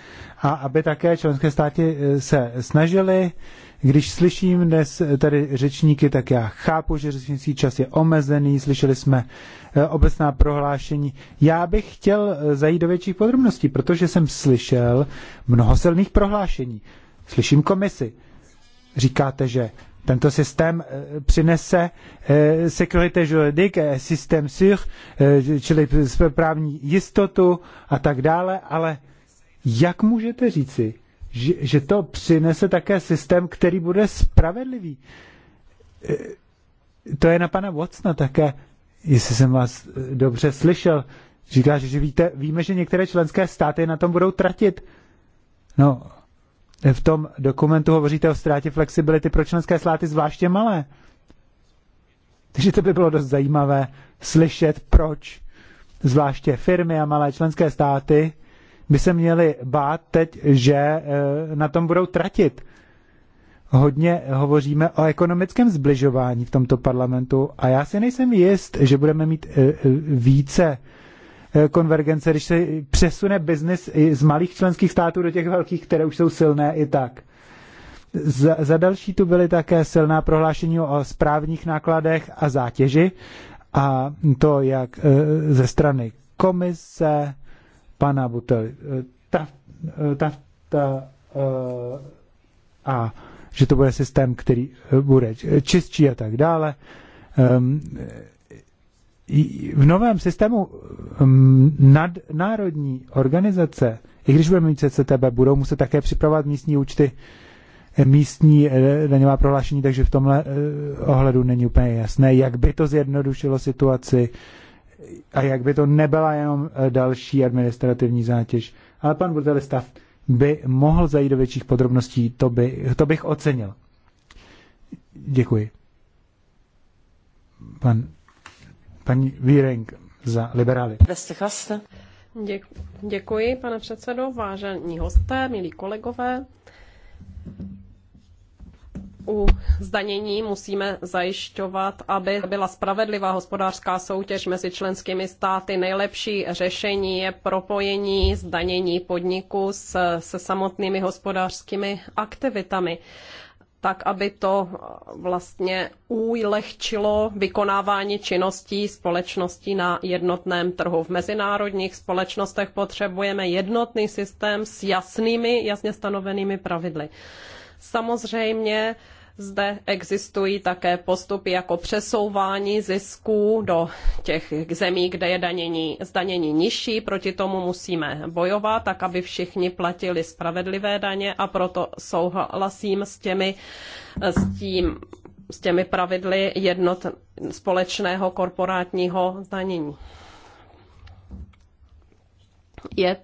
[SPEAKER 3] a aby také členské státy se snažily. Když slyším dnes tady řečníky, tak já chápu, že řečnický čas je omezený, slyšeli jsme obecná prohlášení. Já bych chtěl zajít do větších podrobností, protože jsem slyšel mnoho silných prohlášení. Slyším komisi. Říkáte, že tento systém eh, přinese eh, securité juridique, eh, systém sur, čili právní jistotu a tak dále, ale jak můžete říci, že, že to přinese také systém, který bude spravedlivý? To je na pana Watsona také, jestli jsem vás dobře slyšel. Říká, že víte, víme, že některé členské státy na tom budou tratit. No, v tom dokumentu hovoříte o ztrátě flexibility pro členské státy zvláště malé. Takže to by bylo dost zajímavé slyšet, proč zvláště firmy a malé členské státy by se měly bát teď, že eh, na tom budou tratit. Hodně hovoříme o ekonomickém zbližování v tomto parlamentu a já si nejsem jist, že budeme mít eh, eh, více Eh, konvergence, když se přesune biznis z malých členských států do těch velkých, které už jsou silné i tak. Za, za další tu byly také silná prohlášení o správních nákladech a zátěži a to jak eh, ze strany komise pana Butel, eh, ta, ta, ta, a že to bude systém, který bude čistší a tak dále. Ehm, v novém systému mm, nadnárodní organizace, i když budeme mít CCTB, budou muset také připravovat místní účty, eh, místní eh, daňová prohlášení, takže v tomhle eh, ohledu není úplně jasné, jak by to zjednodušilo situaci a jak by to nebyla jenom další administrativní zátěž. Ale pan stav by mohl zajít do větších podrobností, to, by, to bych ocenil. Děkuji. Pan Paní Vírenk za liberály.
[SPEAKER 2] Děkuji, pane předsedo, vážení hosté, milí kolegové. U zdanění musíme zajišťovat, aby byla spravedlivá hospodářská soutěž mezi členskými státy. Nejlepší řešení je propojení zdanění podniku se, se samotnými hospodářskými aktivitami tak aby to vlastně ulehčilo vykonávání činností společností na jednotném trhu. V mezinárodních společnostech potřebujeme jednotný systém s jasnými, jasně stanovenými pravidly. Samozřejmě zde existují také postupy jako přesouvání zisků do těch zemí, kde je danění, zdanění nižší. Proti tomu musíme bojovat, tak aby všichni platili spravedlivé daně a proto souhlasím s těmi, s tím, s těmi pravidly jednot společného korporátního zdanění. Je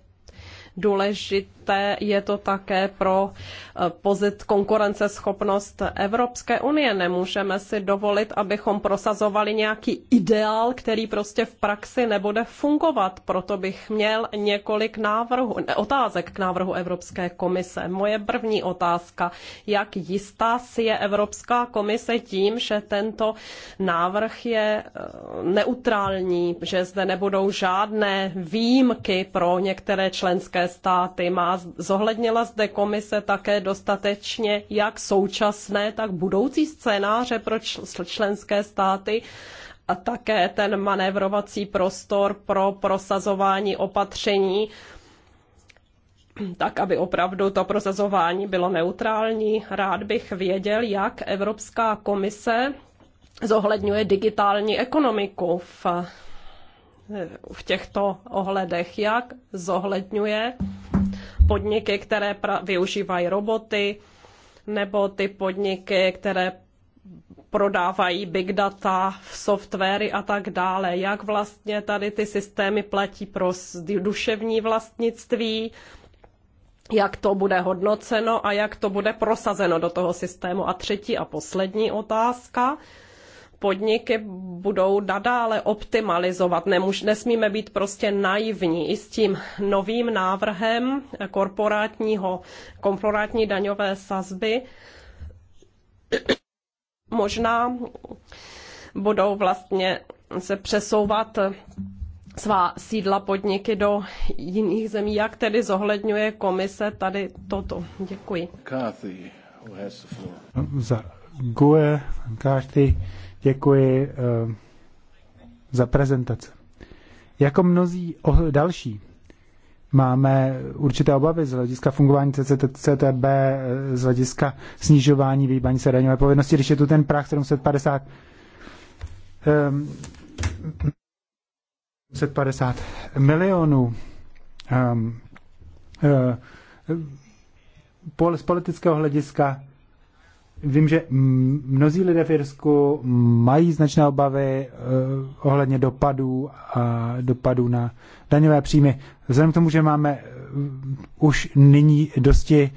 [SPEAKER 2] důležité důležité je to také pro eh, pozit konkurenceschopnost Evropské unie. Nemůžeme si dovolit, abychom prosazovali nějaký ideál, který prostě v praxi nebude fungovat. Proto bych měl několik návrhů, otázek k návrhu Evropské komise. Moje první otázka, jak jistá si je Evropská komise tím, že tento návrh je eh, neutrální, že zde nebudou žádné výjimky pro některé členské státy. Má zohlednila zde komise také dostatečně jak současné, tak budoucí scénáře pro členské státy a také ten manévrovací prostor pro prosazování opatření, tak aby opravdu to prosazování bylo neutrální. Rád bych věděl, jak Evropská komise zohledňuje digitální ekonomiku v, v těchto ohledech, jak zohledňuje podniky, které využívají roboty, nebo ty podniky, které prodávají big data, softwary a tak dále. Jak vlastně tady ty systémy platí pro duševní vlastnictví, jak to bude hodnoceno a jak to bude prosazeno do toho systému. A třetí a poslední otázka podniky budou nadále optimalizovat. Nemůž, nesmíme být prostě naivní. I s tím novým návrhem korporátního, korporátní daňové sazby možná budou vlastně se přesouvat svá sídla podniky do jiných zemí. Jak tedy zohledňuje komise tady toto? Děkuji. Kathy,
[SPEAKER 3] za GUE, Kathy. Děkuji eh, za prezentaci. Jako mnozí oh- další máme určité obavy z hlediska fungování CCTB, eh, z hlediska snižování výbaní se daňové povinnosti, když je tu ten práh 750 um, 750 milionů um, uh, z politického hlediska Vím, že mnozí lidé v Irsku mají značné obavy eh, ohledně dopadů a dopadů na daňové příjmy. Vzhledem k tomu, že máme eh, už nyní dosti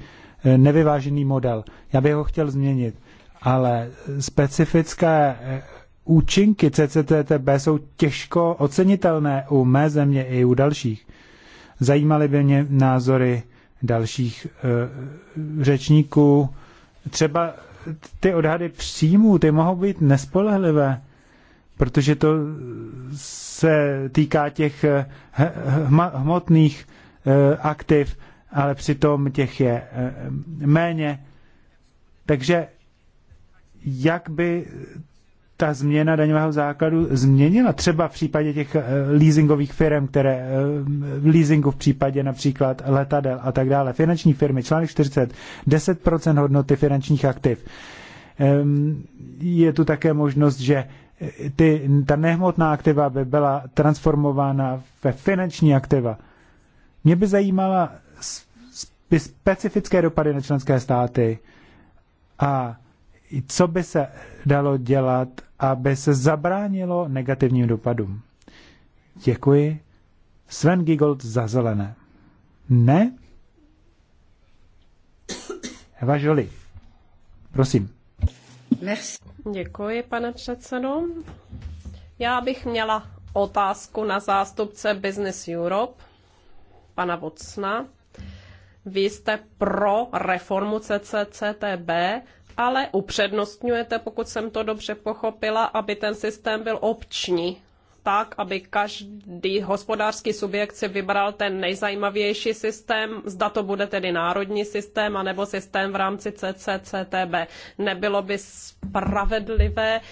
[SPEAKER 3] eh, nevyvážený model. Já bych ho chtěl změnit, ale specifické účinky CCTTB jsou těžko ocenitelné u mé země i u dalších. Zajímaly by mě názory dalších řečníků, třeba ty odhady příjmů, ty mohou být nespolehlivé, protože to se týká těch eh, hm, hmotných eh, aktiv, ale přitom těch je eh, méně. Takže jak by ta změna daňového základu změnila. Třeba v případě těch eh, leasingových firm, které eh, v leasingu v případě například letadel a tak dále. Finanční firmy, článek 40, 10% hodnoty finančních aktiv. Ehm, je tu také možnost, že eh, ty, ta nehmotná aktiva by byla transformována ve finanční aktiva. Mě by zajímala specifické dopady na členské státy a co by se dalo dělat, aby se zabránilo negativním dopadům? Děkuji. Sven Gigold za zelené. Ne? Eva Žoli. Prosím.
[SPEAKER 2] Merci. Děkuji, pane předsedo. Já bych měla otázku na zástupce Business Europe, pana Vocna. Vy jste pro reformu CCCTB, ale upřednostňujete, pokud jsem to dobře pochopila, aby ten systém byl obční, tak, aby každý hospodářský subjekt si vybral ten nejzajímavější systém, zda to bude tedy národní systém, anebo systém v rámci CCCTB. Nebylo by spravedlivé, uh,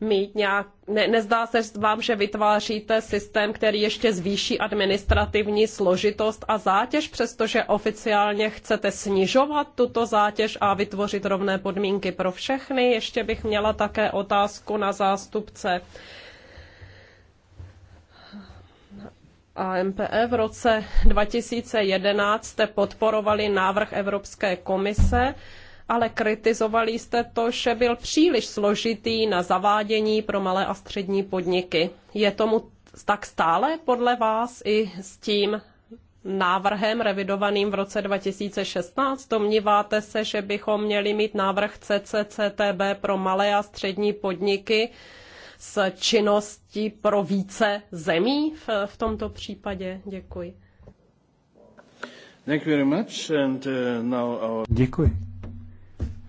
[SPEAKER 2] mít nějak, ne, nezdá se vám, že vytváříte systém, který ještě zvýší administrativní složitost a zátěž, přestože oficiálně chcete snižovat tuto zátěž a vytvořit rovné podmínky pro všechny. Ještě bych měla také otázku na zástupce AMPE v roce 2011 jste podporovali návrh Evropské komise, ale kritizovali jste to, že byl příliš složitý na zavádění pro malé a střední podniky. Je tomu tak stále podle vás i s tím návrhem revidovaným v roce 2016? Domníváte se, že bychom měli mít návrh CCCTB pro malé a střední podniky s činností pro více zemí v, v tomto případě? Děkuji.
[SPEAKER 4] Uh,
[SPEAKER 3] Děkuji.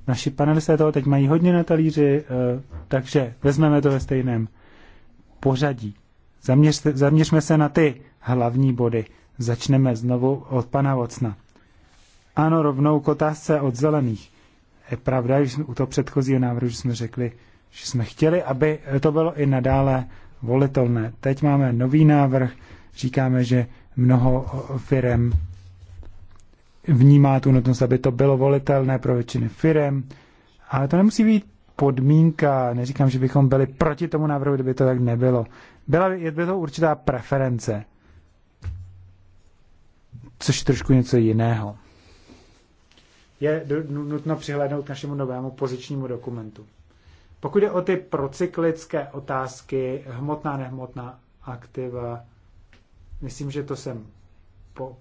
[SPEAKER 3] Naši panelisté toho teď mají hodně na talíři, eh, takže vezmeme to ve stejném pořadí. Zaměř, zaměřme se na ty hlavní body. Začneme znovu od pana Vocna. Ano, rovnou k otázce od zelených. Je pravda, že jsme u toho předchozího návrhu že jsme řekli, že jsme chtěli, aby to bylo i nadále volitelné. Teď máme nový návrh, říkáme, že mnoho firm vnímá tu nutnost, aby to bylo volitelné pro většiny firem, ale to nemusí být podmínka, neříkám, že bychom byli proti tomu návrhu, kdyby to tak nebylo. Byla, je by to určitá preference, což je trošku něco jiného. Je nutno přihlédnout k našemu novému pozičnímu dokumentu. Pokud je o ty procyklické otázky, hmotná, nehmotná aktiva, myslím, že to jsem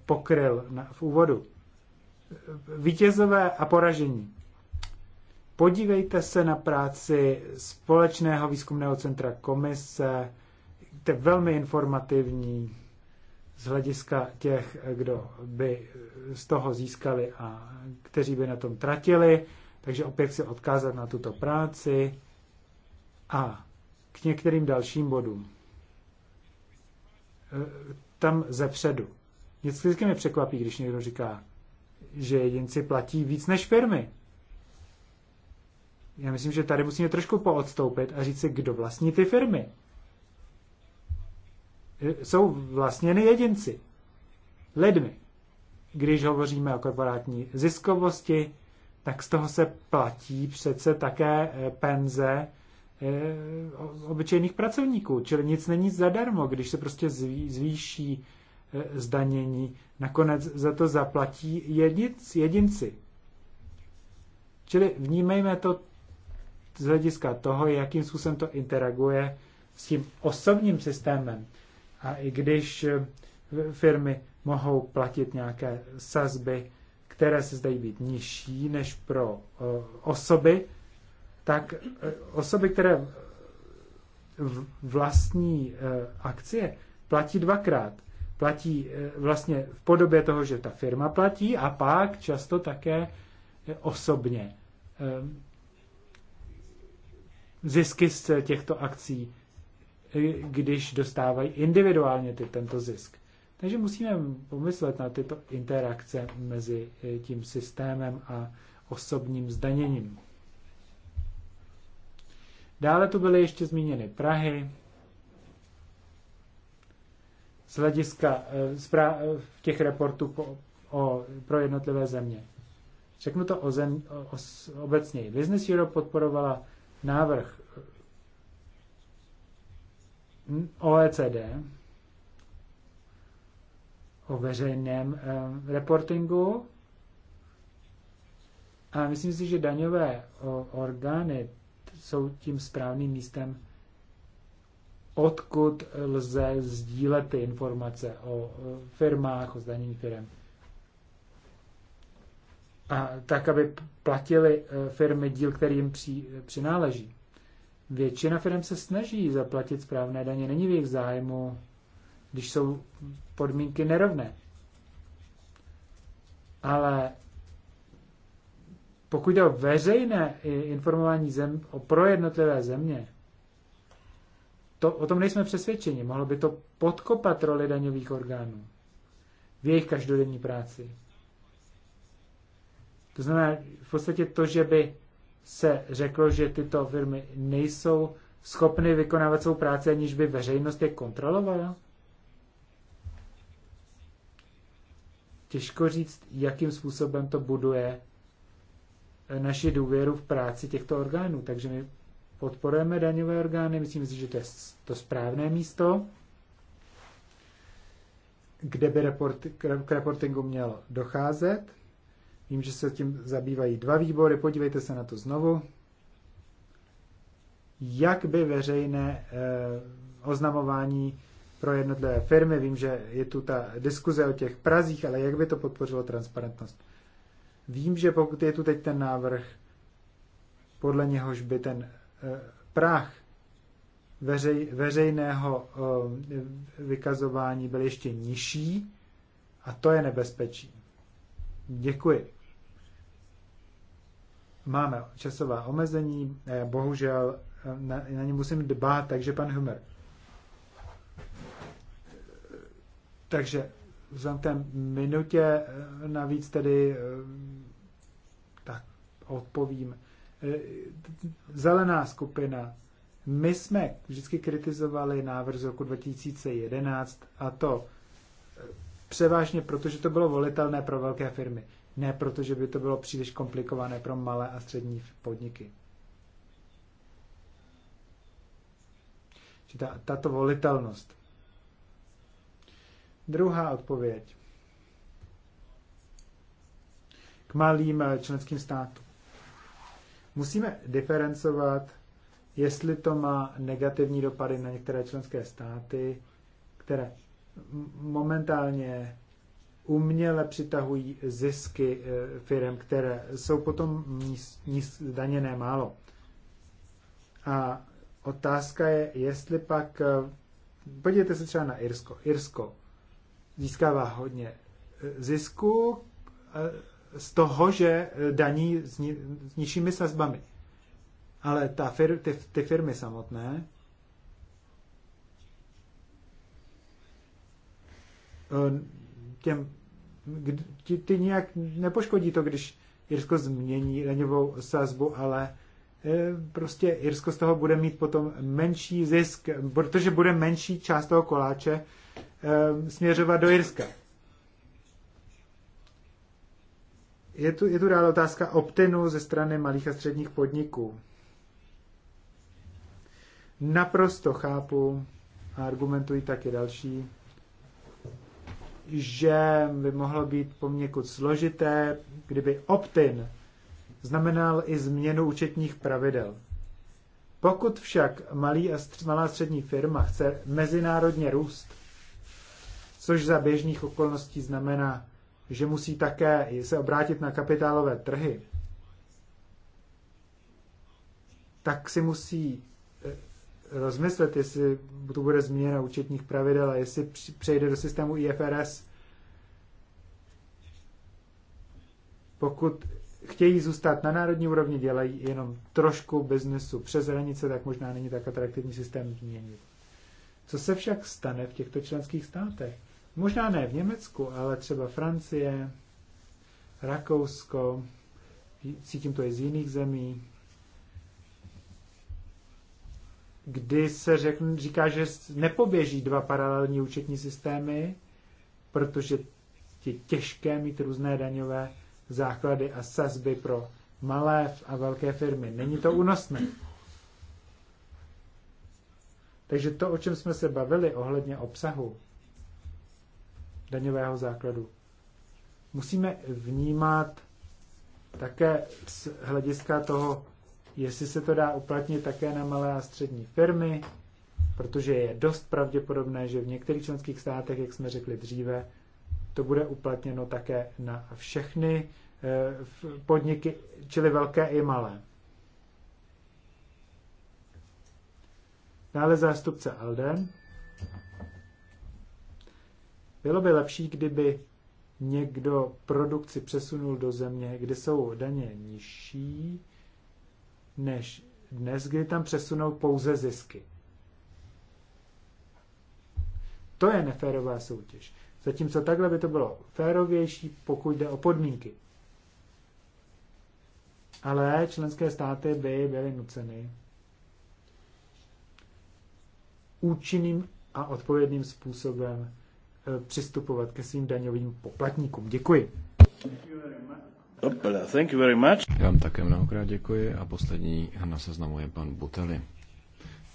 [SPEAKER 3] pokryl na, v úvodu vítězové a poražení. Podívejte se na práci Společného výzkumného centra komise, to je velmi informativní z hlediska těch, kdo by z toho získali a kteří by na tom tratili. Takže opět si odkázat na tuto práci a k některým dalším bodům. E, tam zepředu. Vždycky mě překvapí, když někdo říká, že jedinci platí víc než firmy. Já myslím, že tady musíme trošku poodstoupit a říct si, kdo vlastní ty firmy. Jsou vlastněny jedinci, lidmi. Když hovoříme o korporátní ziskovosti, tak z toho se platí přece také eh, penze eh, obyčejných pracovníků, čili nic není zadarmo, když se prostě zvýší Eh, zdanění. Nakonec za to zaplatí jedinci. jedinci. Čili vnímejme to z hlediska toho, jakým způsobem to interaguje s tím osobním systémem. A i když eh, firmy mohou platit nějaké sazby, které se zdají být nižší než pro eh, osoby, tak osoby, které vlastní akcie, platí dvakrát platí eh, vlastně v podobě toho, že ta firma platí a pak často také eh, osobně eh, zisky z těchto akcí, když dostávají individuálně ty, tento zisk. Takže musíme pomyslet na tyto interakce mezi tím systémem a osobním zdaněním. Dále tu byly ještě zmíněny Prahy, z hlediska eh, eh, těch reportů o, o, pro jednotlivé země. Řeknu to o zem, o, o, obecněji. Business Europe podporovala návrh eh, OECD o veřejném eh, reportingu a myslím si, že daňové o, orgány jsou tím správným místem, odkud lze sdílet ty informace o firmách, o zdanění firm. A tak, aby platili e, firmy díl, který jim při, přináleží. Většina firm se snaží zaplatit správné daně, není v jejich zájmu, když jsou podmínky nerovné. Ale pokud jde o veřejné informování zem, o pro jednotlivé země, to, o tom nejsme přesvědčeni. Mohlo by to podkopat roli daňových orgánů v jejich každodenní práci. To znamená v podstatě to, že by se řeklo, že tyto firmy nejsou schopny vykonávat svou práci, aniž by veřejnost je kontrolovala. Těžko říct, jakým způsobem to buduje naši důvěru v práci těchto orgánů. Takže my podporujeme daňové orgány, myslím si, že to je to správné místo, kde by report, k reportingu mělo docházet. Vím, že se tím zabývají dva výbory, podívejte se na to znovu. Jak by veřejné eh, oznamování pro jednotlivé firmy, vím, že je tu ta diskuze o těch prazích, ale jak by to podpořilo transparentnost? Vím, že pokud je tu teď ten návrh, podle něhož by ten Eh, prach veřej, veřejného eh, vykazování byl ještě nižší a to je nebezpečí. Děkuji. Máme časová omezení, eh, bohužel na, na ně musím dbát, takže pan Humer. Takže vzhledem té minutě navíc tedy tak odpovím Eh, zelená skupina, my jsme vždycky kritizovali návrh z roku 2011 a to eh, převážně proto, že to bylo volitelné pro velké firmy, ne proto, že by to bylo příliš komplikované pro malé a střední podniky. Ta, tato volitelnost. Druhá odpověď. K malým eh, členským státům. Musíme diferencovat, jestli to má negativní dopady na některé členské státy, které momentálně uměle přitahují zisky eh, firm, které jsou potom zdaněné málo. A otázka je, jestli pak, eh, podívejte se třeba na Irsko. Irsko získává hodně eh, zisku, z toho, že eh, daní s, ni, s nižšími sazbami. Ale ta fir, ty, ty firmy samotné eh, těm, ty, ty nějak nepoškodí to, když Irsko změní daňovou sazbu, ale eh, prostě Irsko z toho bude mít potom menší zisk, protože bude menší část toho koláče směřovat do Irska. Je tu, je tu dále otázka optinu ze strany malých a středních podniků. Naprosto chápu, a argumentují taky další, že by mohlo být poměkud složité, kdyby optin znamenal i změnu účetních pravidel. Pokud však malý a stř- malá střední firma chce mezinárodně růst, což za běžných okolností znamená že musí také se obrátit na kapitálové trhy, tak si musí eh, rozmyslet, jestli to bude změna účetních pravidel a jestli přejde do systému IFRS. Pokud chtějí zůstat na národní úrovni, dělají jenom trošku biznesu přes hranice, tak možná není tak atraktivní systém změnit. Co se však stane v těchto členských státech? Možná ne v Německu, ale třeba Francie, Rakousko, cítím to i z jiných zemí, kdy se řekn, říká, že nepoběží dva paralelní účetní systémy, protože je těžké mít různé daňové základy a sazby pro malé a velké firmy. Není to únosné. Takže to, o čem jsme se bavili ohledně obsahu, daňového základu. Musíme vnímat také z hlediska toho, jestli se to dá uplatnit také na malé a střední firmy, protože je dost pravděpodobné, že v některých členských státech, jak jsme řekli dříve, to bude uplatněno také na všechny eh, podniky, čili velké i malé. Dále zástupce Alden. Bylo by lepší, kdyby někdo produkci přesunul do země, kde jsou daně nižší, než dnes, kdy tam přesunou pouze zisky. To je neférová soutěž. Zatímco takhle by to bylo férovější, pokud jde o podmínky. Ale členské státy by byly nuceny účinným a odpovědným způsobem Eh, přistupovat ke svým daňovým poplatníkům. Děkuji. thank
[SPEAKER 4] you very much. Já vám také mnohokrát děkuji a poslední na seznamu je pan Buteli.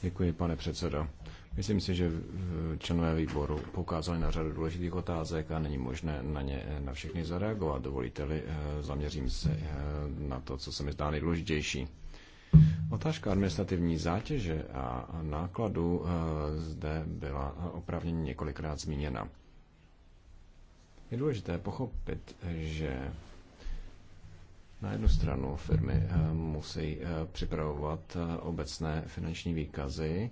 [SPEAKER 4] Děkuji, pane předsedo. Myslím si, že členové výboru poukázali na řadu důležitých otázek a není možné na ně eh, na všechny zareagovat. Dovolíte-li, eh, zaměřím se na to, co se mi zdá nejdůležitější. Otážka administrativní zátěže a nákladu zde byla opravdu několikrát zmíněna. Je důležité pochopit, že na jednu stranu firmy eh, musí eh, připravovat eh, obecné finanční výkazy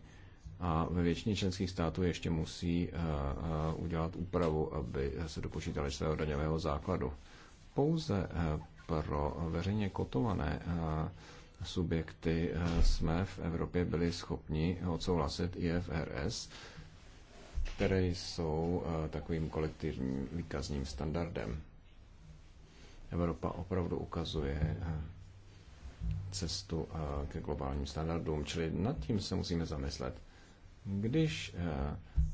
[SPEAKER 4] a ve většině členských států ještě musí udělat úpravu, aby se dopočítali svého daňového základu. Pouze pro veřejně kotované subjekty jsme v Evropě byli schopni odsouhlasit IFRS které jsou eh, takovým kolektivním výkazním standardem. Evropa opravdu ukazuje eh, cestu eh, ke globálním standardům, čili nad tím se musíme zamyslet. Když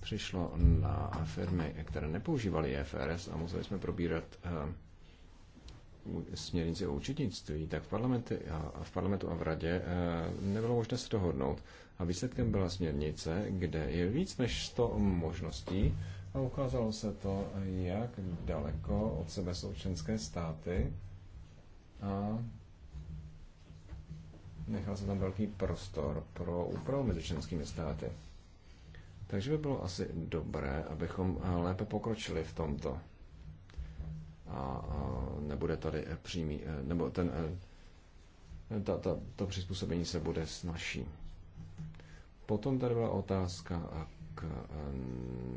[SPEAKER 4] přišlo na firmy, které nepoužívaly EFRS a museli jsme probírat směrnici o účetnictví, tak v, parlamentu a v radě nebylo možné se dohodnout. A výsledkem byla směrnice, kde je víc než 100 možností a ukázalo se to, jak daleko od sebe jsou členské státy a nechal se tam velký prostor pro úpravu mezi členskými státy. Takže by bylo asi dobré, abychom lépe pokročili v tomto. A, nebude tady přímý, eh, nebo ten, eh, ta, ta, to přizpůsobení se bude snažší. Potom tady byla otázka k eh,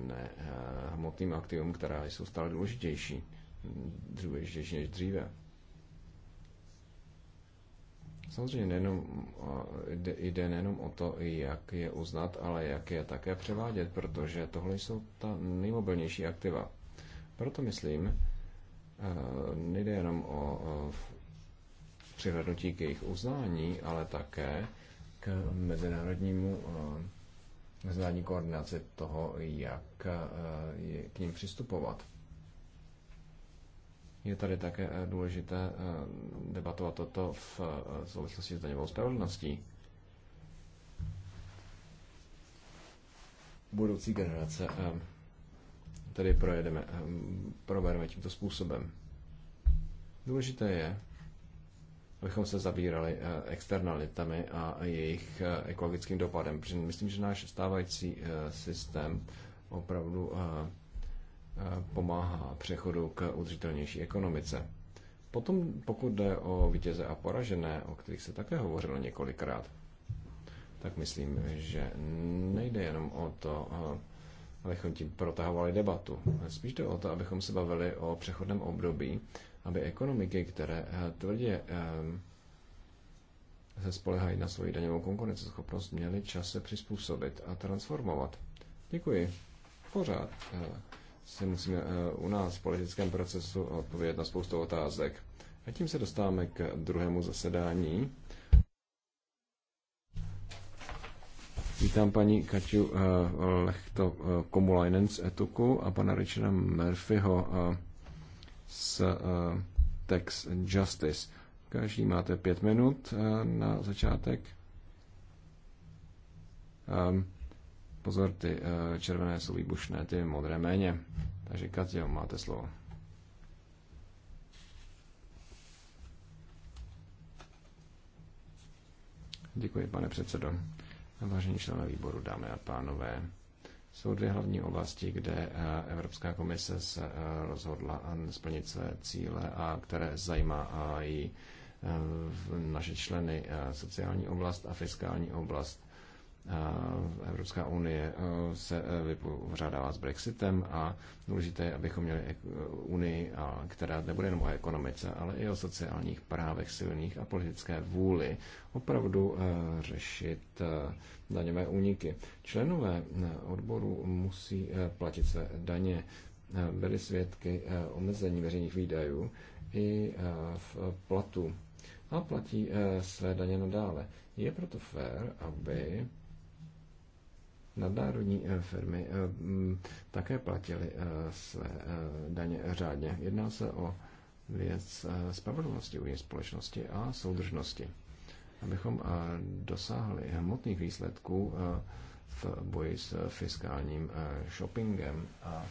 [SPEAKER 4] ne, eh, hmotným aktivům, která jsou stále důležitější, důležitější než dříve. Samozřejmě nejenom, eh, jde, jde nejenom o to, jak je uznat, ale jak je také převádět, protože tohle jsou ta nejmobilnější aktiva. Proto myslím, nejde jenom o přihlednutí k jejich uznání, ale také k mezinárodnímu eh, mezinárodní koordinaci toho, jak eh, k ním přistupovat. Je tady také eh, důležité debatovat toto v souvislosti s daňovou spravedlností. Budoucí generace tedy projedeme, probereme tímto způsobem. Důležité je, abychom se zabírali eh, externalitami a jejich eh, ekologickým dopadem. Protože myslím, že náš stávající eh, systém opravdu pomáhá přechodu k udržitelnější ekonomice. Potom, pokud jde o vítěze a poražené, o kterých se také hovořilo několikrát, tak myslím, že nejde jenom o to, abychom tím protahovali debatu. Spíš jde o to, abychom se bavili o přechodném období, aby ekonomiky, které eh, tvrdě eh, se spolehají na svoji daňovou konkurenceschopnost, měly čas se přizpůsobit a transformovat. Děkuji. Pořád eh, se musíme u nás v politickém procesu odpovědět na spoustu otázek. A tím se dostáváme k druhému zasedání. Vítám paní Kaťu Lechto Komulajnen z Etuku a pana Richarda Murphyho s eh, Tax Justice. Každý máte pět minut eh, na začátek. Ehm, pozor, ty eh, červené jsou výbušné, ty modré méně. Takže Katě, máte slovo. Děkuji, pane předsedo. Vážení členové výboru, dámy a pánové, jsou dvě hlavní oblasti, kde eh, Evropská komise se eh, rozhodla eh, splnit své cíle a které zajímá i naše členy sociální oblast a fiskální oblast. Evropská unie e, se e, vypořádává s Brexitem a důležité je, abychom měli e, unii, která nebude jenom o ekonomice, ale i o sociálních právech silných a politické vůli opravdu řešit daňové úniky. Členové odboru musí platit své daně. Byli svědky omezení veřejných výdajů i v platu a platí své daně nadále. Je proto fér, aby nadnárodní eh, firmy eh, mm, také platily eh, své daně řádně. Jedná se o věc spravedlnosti u společnosti a soudržnosti. Abychom dosáhli hmotných výsledků v boji s fiskálním shoppingem a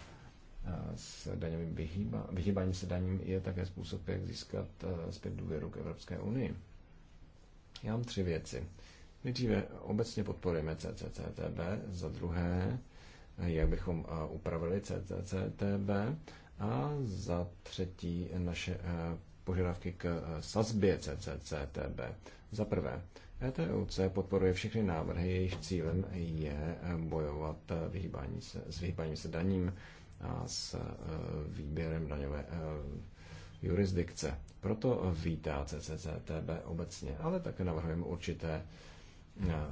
[SPEAKER 4] s daňovým vyhýba, vyhýbání se daním je také způsob, jak získat zpět důvěru k Evropské unii. Já mám tři věci Nejdříve obecně podporujeme CCCTB, za druhé, jak bychom upravili CCCTB a za třetí naše požadavky k sazbě CCCTB. Za prvé, ETUC podporuje všechny návrhy, jejich cílem je bojovat vyhýbání se, s vyhýbáním se daním a s výběrem daňové jurisdikce. Proto vítá CCCTB obecně, ale také navrhujeme určité Eh,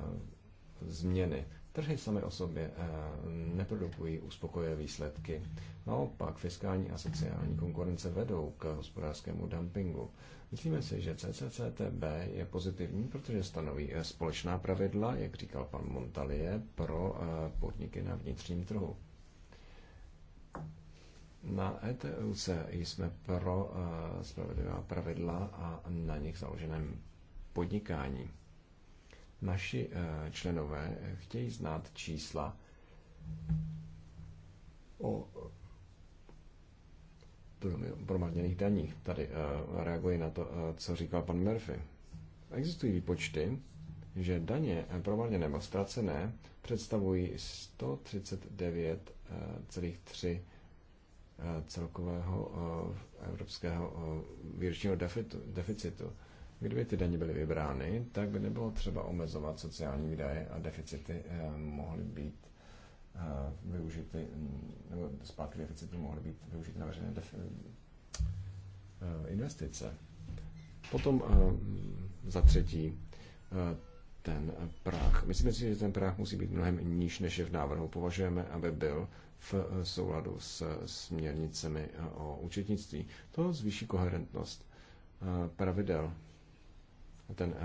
[SPEAKER 4] změny. Trhy sami o sobě eh, neprodukují uspokojivé výsledky. Naopak fiskální a sociální konkurence vedou k hospodářskému dumpingu. Myslíme si, že CCCTB je pozitivní, protože stanoví eh, společná pravidla, jak říkal pan Montalie, pro podniky na vnitřním trhu. Na e se jsme pro spravedlivá pravidla a na nich založeném podnikání. Naši eh, členové chtějí znát čísla o eh, promarněných daních. Tady eh, reaguji na to, co říkal pan Murphy. Existují výpočty, že daně promarněné nebo ztracené představují 139,3 celkového evropského výročního deficitu. Kdyby ty daně byly vybrány, tak by nebylo třeba omezovat sociální výdaje a deficity eh, mohly být eh, využity, mm, nebo zpátky deficity mohly být využity na veřejné eh, investice. Potom za třetí ten práh. Myslíme si, že ten práh musí být mnohem níž, než je v návrhu. Považujeme, aby byl v souladu s směrnicemi o účetnictví. To zvýší koherentnost pravidel ten eh,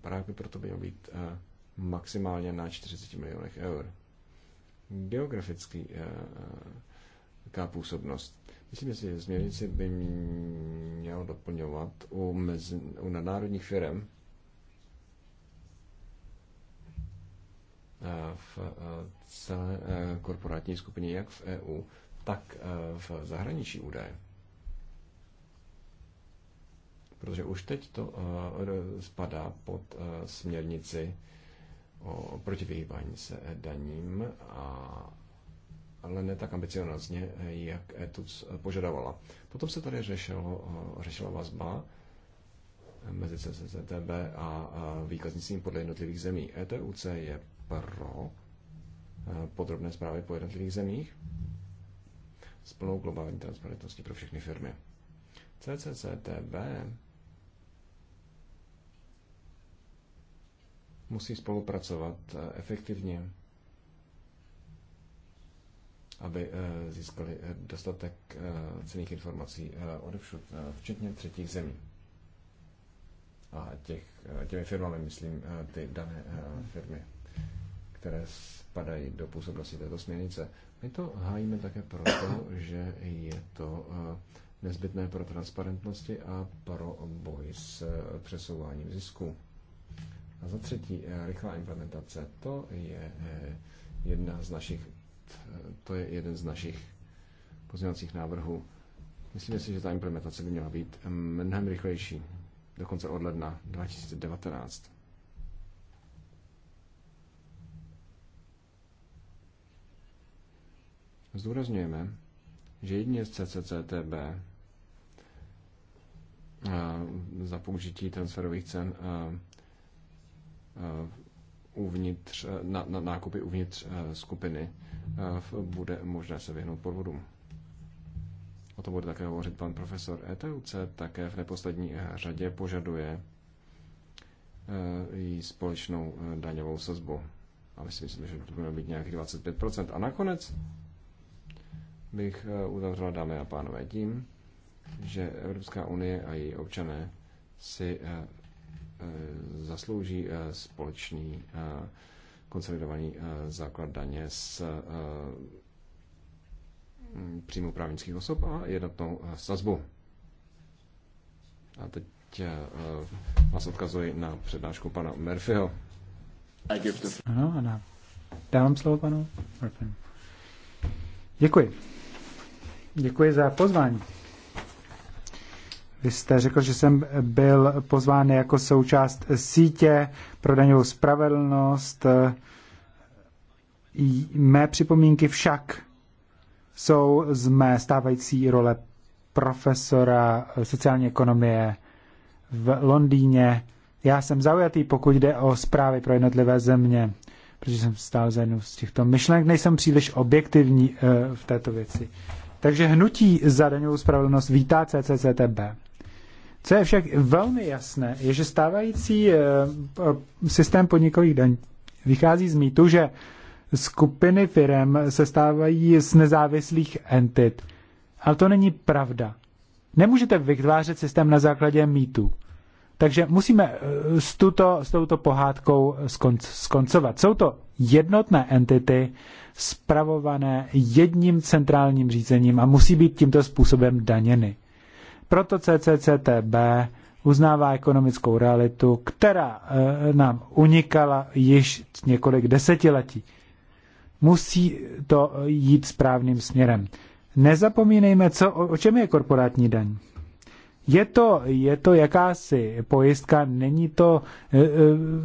[SPEAKER 4] práh by proto měl být eh, maximálně na 40 milionech eur. Geografický jaká eh, působnost. Myslím si, že směrnici by měl doplňovat u, mezi, u nadnárodních firm v celé korporátní skupině, jak v EU, tak v zahraničí údaje protože už teď to eh, eh, spadá pod eh, směrnici o protivýhýbání se daním, a, ale ne tak ambicionálně, jak ETUC požadovala. Potom se tady řešilo, řešila vazba mezi CCCTB a výkaznictvím podle jednotlivých zemí. ETUC je pro podrobné zprávy po jednotlivých zemích s plnou globální transparentností pro všechny firmy. CCCTB musí spolupracovat eh, efektivně, aby eh, získali eh, dostatek cených informací odevšud, včetně třetích zemí. A těch, těmi firmami myslím ty dané firmy, které spadají do působnosti této směrnice. My to hájíme také proto, že je to nezbytné pro transparentnosti a pro boj s přesouváním zisků. A za třetí, eh, rychlá implementace. To je eh, jedna z našich, eh, to je jeden z našich pozměňovacích návrhů. Myslíme si, že ta implementace by měla být mnohem rychlejší, dokonce od ledna 2019. Zdůrazňujeme, že jedině z CCCTB za použití transferových cen Eh, uvnitř, eh, na, na nákupy uvnitř eh, skupiny bude možné se vyhnout podvodům. O tom bude také hovořit pan profesor ETUC, také v neposlední řadě požaduje i společnou daňovou sazbu. A my si myslíme, že to bude být nějakých 25%. A nakonec bych uzavřela, dámy a pánové, tím, že Evropská unie a její občané si Eh, zaslouží eh, společný eh, konsolidovaný základ daně s příjmu právnických osob a jednotnou sazbu. A teď vás odkazuji na přednášku pana Murphyho.
[SPEAKER 3] Ano, ano. Dávám slovo panu Murphy. Děkuji. Děkuji za pozvání. Vy jste řekl, že jsem byl pozván jako součást sítě pro daňovou spravedlnost. Mé připomínky však jsou z mé stávající role profesora sociální ekonomie v Londýně. Já jsem zaujatý, pokud jde o zprávy pro jednotlivé země, protože jsem stál za jednu z těchto myšlenek. Nejsem příliš objektivní eh, v této věci. Takže hnutí za daňovou spravedlnost vítá CCCTB. Co je však velmi jasné, je, že stávající eh, eh, systém podnikových daní vychází z mýtu, že skupiny firm se stávají z nezávislých entit. Ale to není pravda. Nemůžete vytvářet systém na základě mýtu. Takže musíme eh, s, tuto, s touto pohádkou skonc, skoncovat. Jsou to jednotné entity spravované jedním centrálním řízením a musí být tímto způsobem daněny. Proto CCCTB uznává ekonomickou realitu, která eh, nám unikala již několik desetiletí. Musí to jít správným směrem. Nezapomínejme, co, o čem je korporátní daň. Je to, je to jakási pojistka, není to, eh, eh,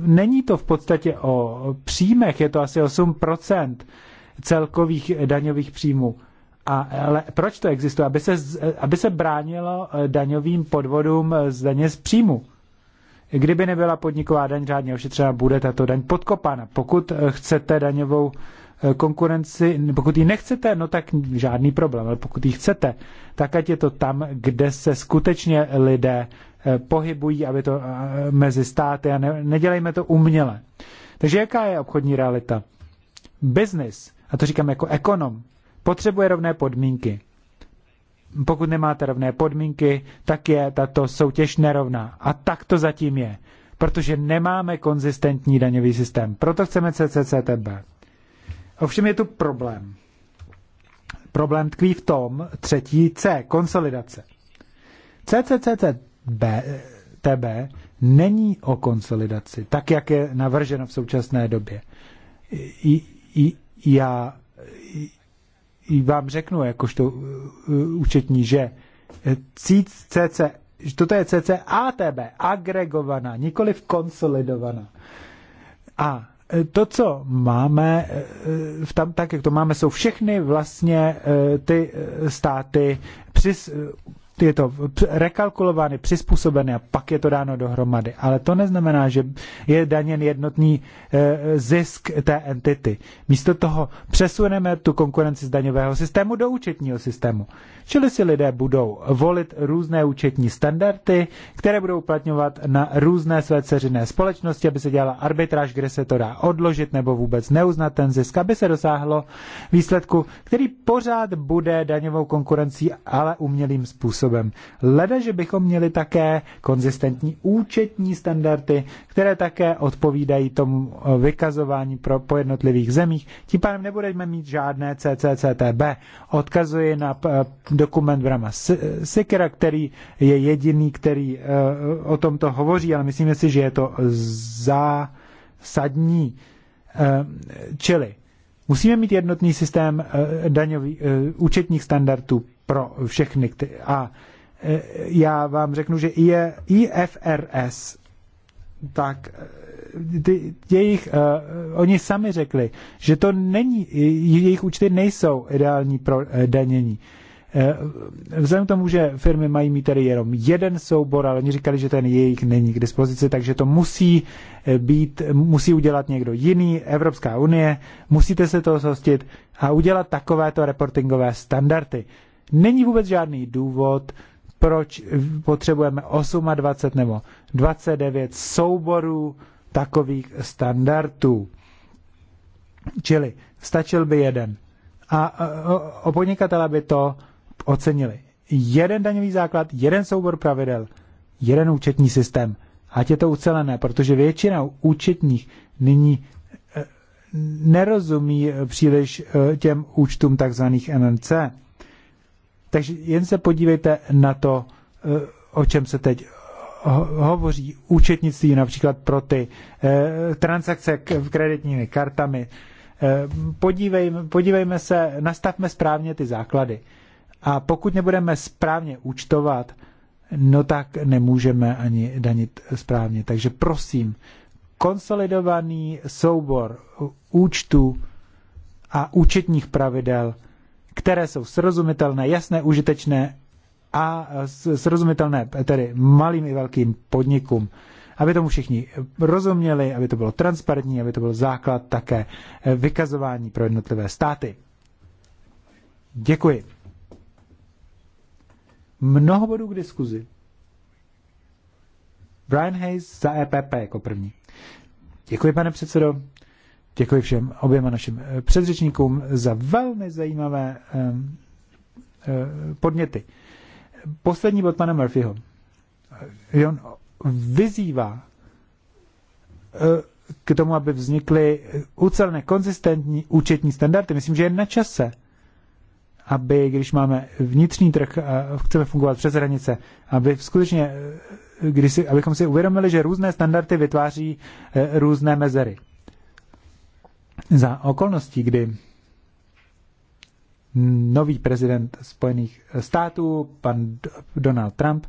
[SPEAKER 3] není to v podstatě o příjmech, je to asi 8% celkových daňových příjmů. A, ale proč to existuje? Aby se, aby se bránilo eh, daňovým podvodům eh, z daně z příjmu. Kdyby nebyla podniková daň řádně ošetřena, bude tato daň podkopána. Pokud eh, chcete daňovou konkurenci, pokud ji nechcete, no tak žádný problém, ale pokud ji chcete, tak ať je to tam, kde se skutečně lidé pohybují, aby to mezi státy a ne, nedělejme to uměle. Takže jaká je obchodní realita? Business, a to říkám jako ekonom, potřebuje rovné podmínky. Pokud nemáte rovné podmínky, tak je tato soutěž nerovná. A tak to zatím je, protože nemáme konzistentní daňový systém. Proto chceme CCCTB. Ovšem je tu problém. Problém tkví v tom třetí C, konsolidace. CCCTB TB není o konsolidaci, tak jak je navrženo v současné době. I, i, já vám řeknu, jakožto uh, uh, účetní, že eh, CC, toto je ATB, agregovaná, nikoli konsolidovaná. A eh, to, co máme, eh, v tam, tak jak to máme, jsou všechny vlastně ty státy přis, je to rekalkulovány, přizpůsobeny a pak je to dáno dohromady. Ale to neznamená, že je daněn jednotný eh, zisk té entity. Místo toho přesuneme tu konkurenci z daňového systému do účetního systému. Čili si lidé budou volit různé účetní standardy, které budou uplatňovat na různé své ceřinné společnosti, aby se dělala arbitráž, kde se to dá odložit nebo vůbec neuznat ten zisk, aby se dosáhlo výsledku, který pořád bude daňovou konkurencí, ale umělým způsobem způsobem. Leda, že bychom měli také konzistentní účetní standardy, které také odpovídají tomu eh, vykazování pro, po jednotlivých zemích. Tím pádem nebudeme mít žádné CCCTB. Odkazuji na eh, dokument Brama Sikera, který je jediný, který eh, o tomto hovoří, ale myslíme si, že je to zásadní. Čili Musíme mít jednotný systém daňový, účetních standardů pro všechny. A e, já vám řeknu, že je IFRS, tak e, ty, jejich, uh, oni sami řekli, že to není, jejich účty nejsou ideální pro uh, danění. Uh, vzhledem k tomu, že firmy mají mít tady jenom jeden soubor, ale oni říkali, že ten jejich není k dispozici, takže to musí být, musí udělat někdo jiný, Evropská unie, musíte se toho zhostit a udělat takovéto reportingové standardy. Uh, Není vůbec žádný důvod, proč potřebujeme 28 nebo 29 souborů takových standardů. Čili stačil by jeden. A o podnikatele by to ocenili. Jeden daňový základ, jeden soubor pravidel, jeden účetní systém. Ať je to ucelené, protože většina účetních nyní eh, nerozumí eh, příliš eh, těm účtům takzvaných MMC. Takže jen se podívejte na to, eh, o čem se teď hovoří účetnictví například pro ty eh, transakce k, kreditními kartami. Eh, podívejme, podívejme se, nastavme správně ty základy. A pokud nebudeme správně účtovat, no tak nemůžeme ani danit správně. Takže prosím, konsolidovaný soubor účtů a účetních pravidel – které jsou srozumitelné, jasné, užitečné a srozumitelné tedy malým i velkým podnikům. Aby tomu všichni rozuměli, aby to bylo transparentní, aby to byl základ také eh, vykazování pro jednotlivé státy. Děkuji. Mnoho bodů k diskuzi. Brian Hayes za EPP jako první. Děkuji, pane předsedo. Děkuji všem oběma našim eh, předřečníkům za velmi zajímavé eh, podněty. Poslední bod pana Murphyho. Eh, on vyzývá k tomu, aby vznikly ucelené, konzistentní účetní standardy. Myslím, že je na čase, aby, když máme vnitřní trh a chceme fungovat přes hranice, aby skutečně, když si, abychom si uvědomili, že různé standardy vytváří různé mezery. Za okolností, kdy nový prezident Spojených států, pan Donald Trump,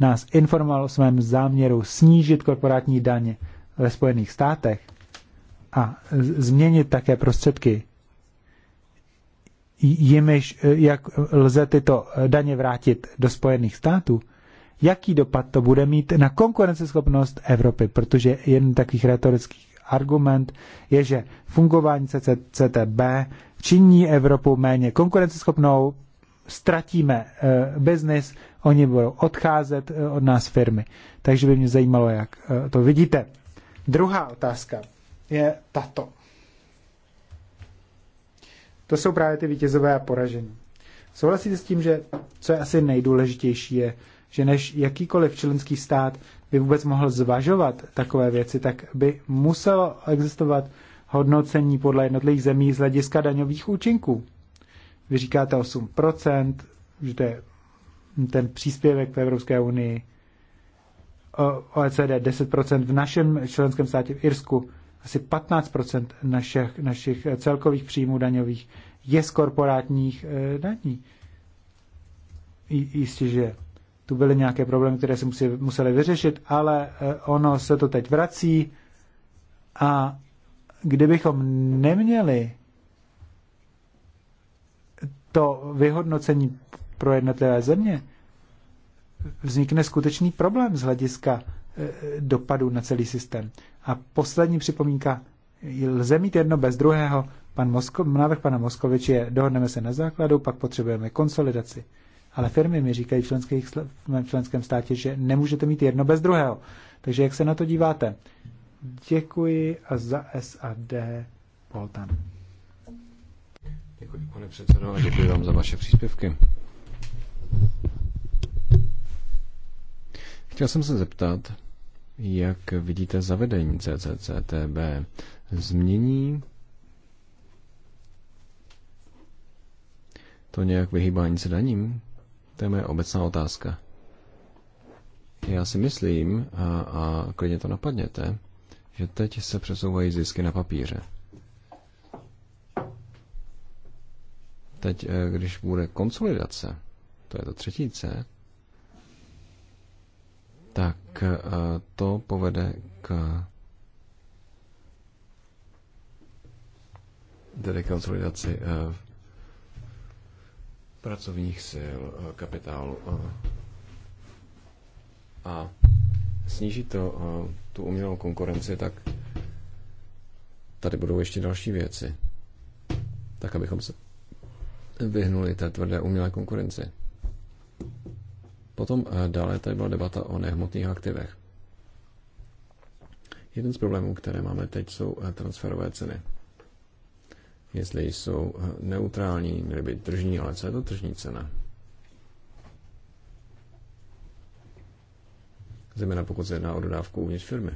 [SPEAKER 3] nás informoval o svém záměru snížit korporátní daně ve Spojených státech a změnit také prostředky, jimiž jak lze tyto daně vrátit do Spojených států, jaký dopad to bude mít na konkurenceschopnost Evropy, protože jen takových retorických argument je, že fungování CCTB činí Evropu méně konkurenceschopnou, ztratíme uh, biznis, oni budou odcházet uh, od nás firmy. Takže by mě zajímalo, jak uh, to vidíte. Druhá otázka je tato. To jsou právě ty vítězové a poražení. Souhlasíte s tím, že co je asi nejdůležitější je, že než jakýkoliv členský stát by vůbec mohl zvažovat takové věci, tak by muselo existovat hodnocení podle jednotlivých zemí z hlediska daňových účinků. Vy říkáte 8%, že to je ten příspěvek v Evropské unii, OECD 10% v našem členském státě v Irsku, asi 15% našich, našich celkových příjmů daňových je z korporátních eh, daní. Jistě, že tu byly nějaké problémy, které se musí, museli vyřešit, ale eh, ono se to teď vrací a kdybychom neměli to vyhodnocení pro jednotlivé země, vznikne skutečný problém z hlediska eh, dopadu na celý systém. A poslední připomínka, lze mít jedno bez druhého, Pan Mosko, návrh pana Moskoviče je, dohodneme se na základu, pak potřebujeme konsolidaci. Ale firmy mi říkají v, členských, v mém členském státě, že nemůžete mít jedno bez druhého. Takže jak se na to díváte? Děkuji a za SAD Poltan. Děkuji, pane předsedo, a děkuji vám za
[SPEAKER 4] vaše příspěvky. Chtěl jsem se zeptat, jak vidíte zavedení CCCTB změní to nějak vyhýbání se daním? To je moje obecná otázka. Já si myslím, a, a klidně to napadněte, že teď se přesouvají zisky na papíře. Teď, e, když bude konsolidace, to je to třetí C, tak e, to povede k tedy konsolidaci e, pracovních sil, eh, kapitálu eh. a sníží to eh, tu umělou konkurenci, tak tady budou ještě další věci. Tak, abychom se vyhnuli té tvrdé umělé konkurenci. Potom dále tady byla debata o nehmotných aktivech. Jeden z problémů, které máme teď, jsou transferové ceny jestli jsou eh, neutrální, měly být tržní, ale co je to tržní cena? Zejména pokud se jedná o dodávku uvnitř firmy.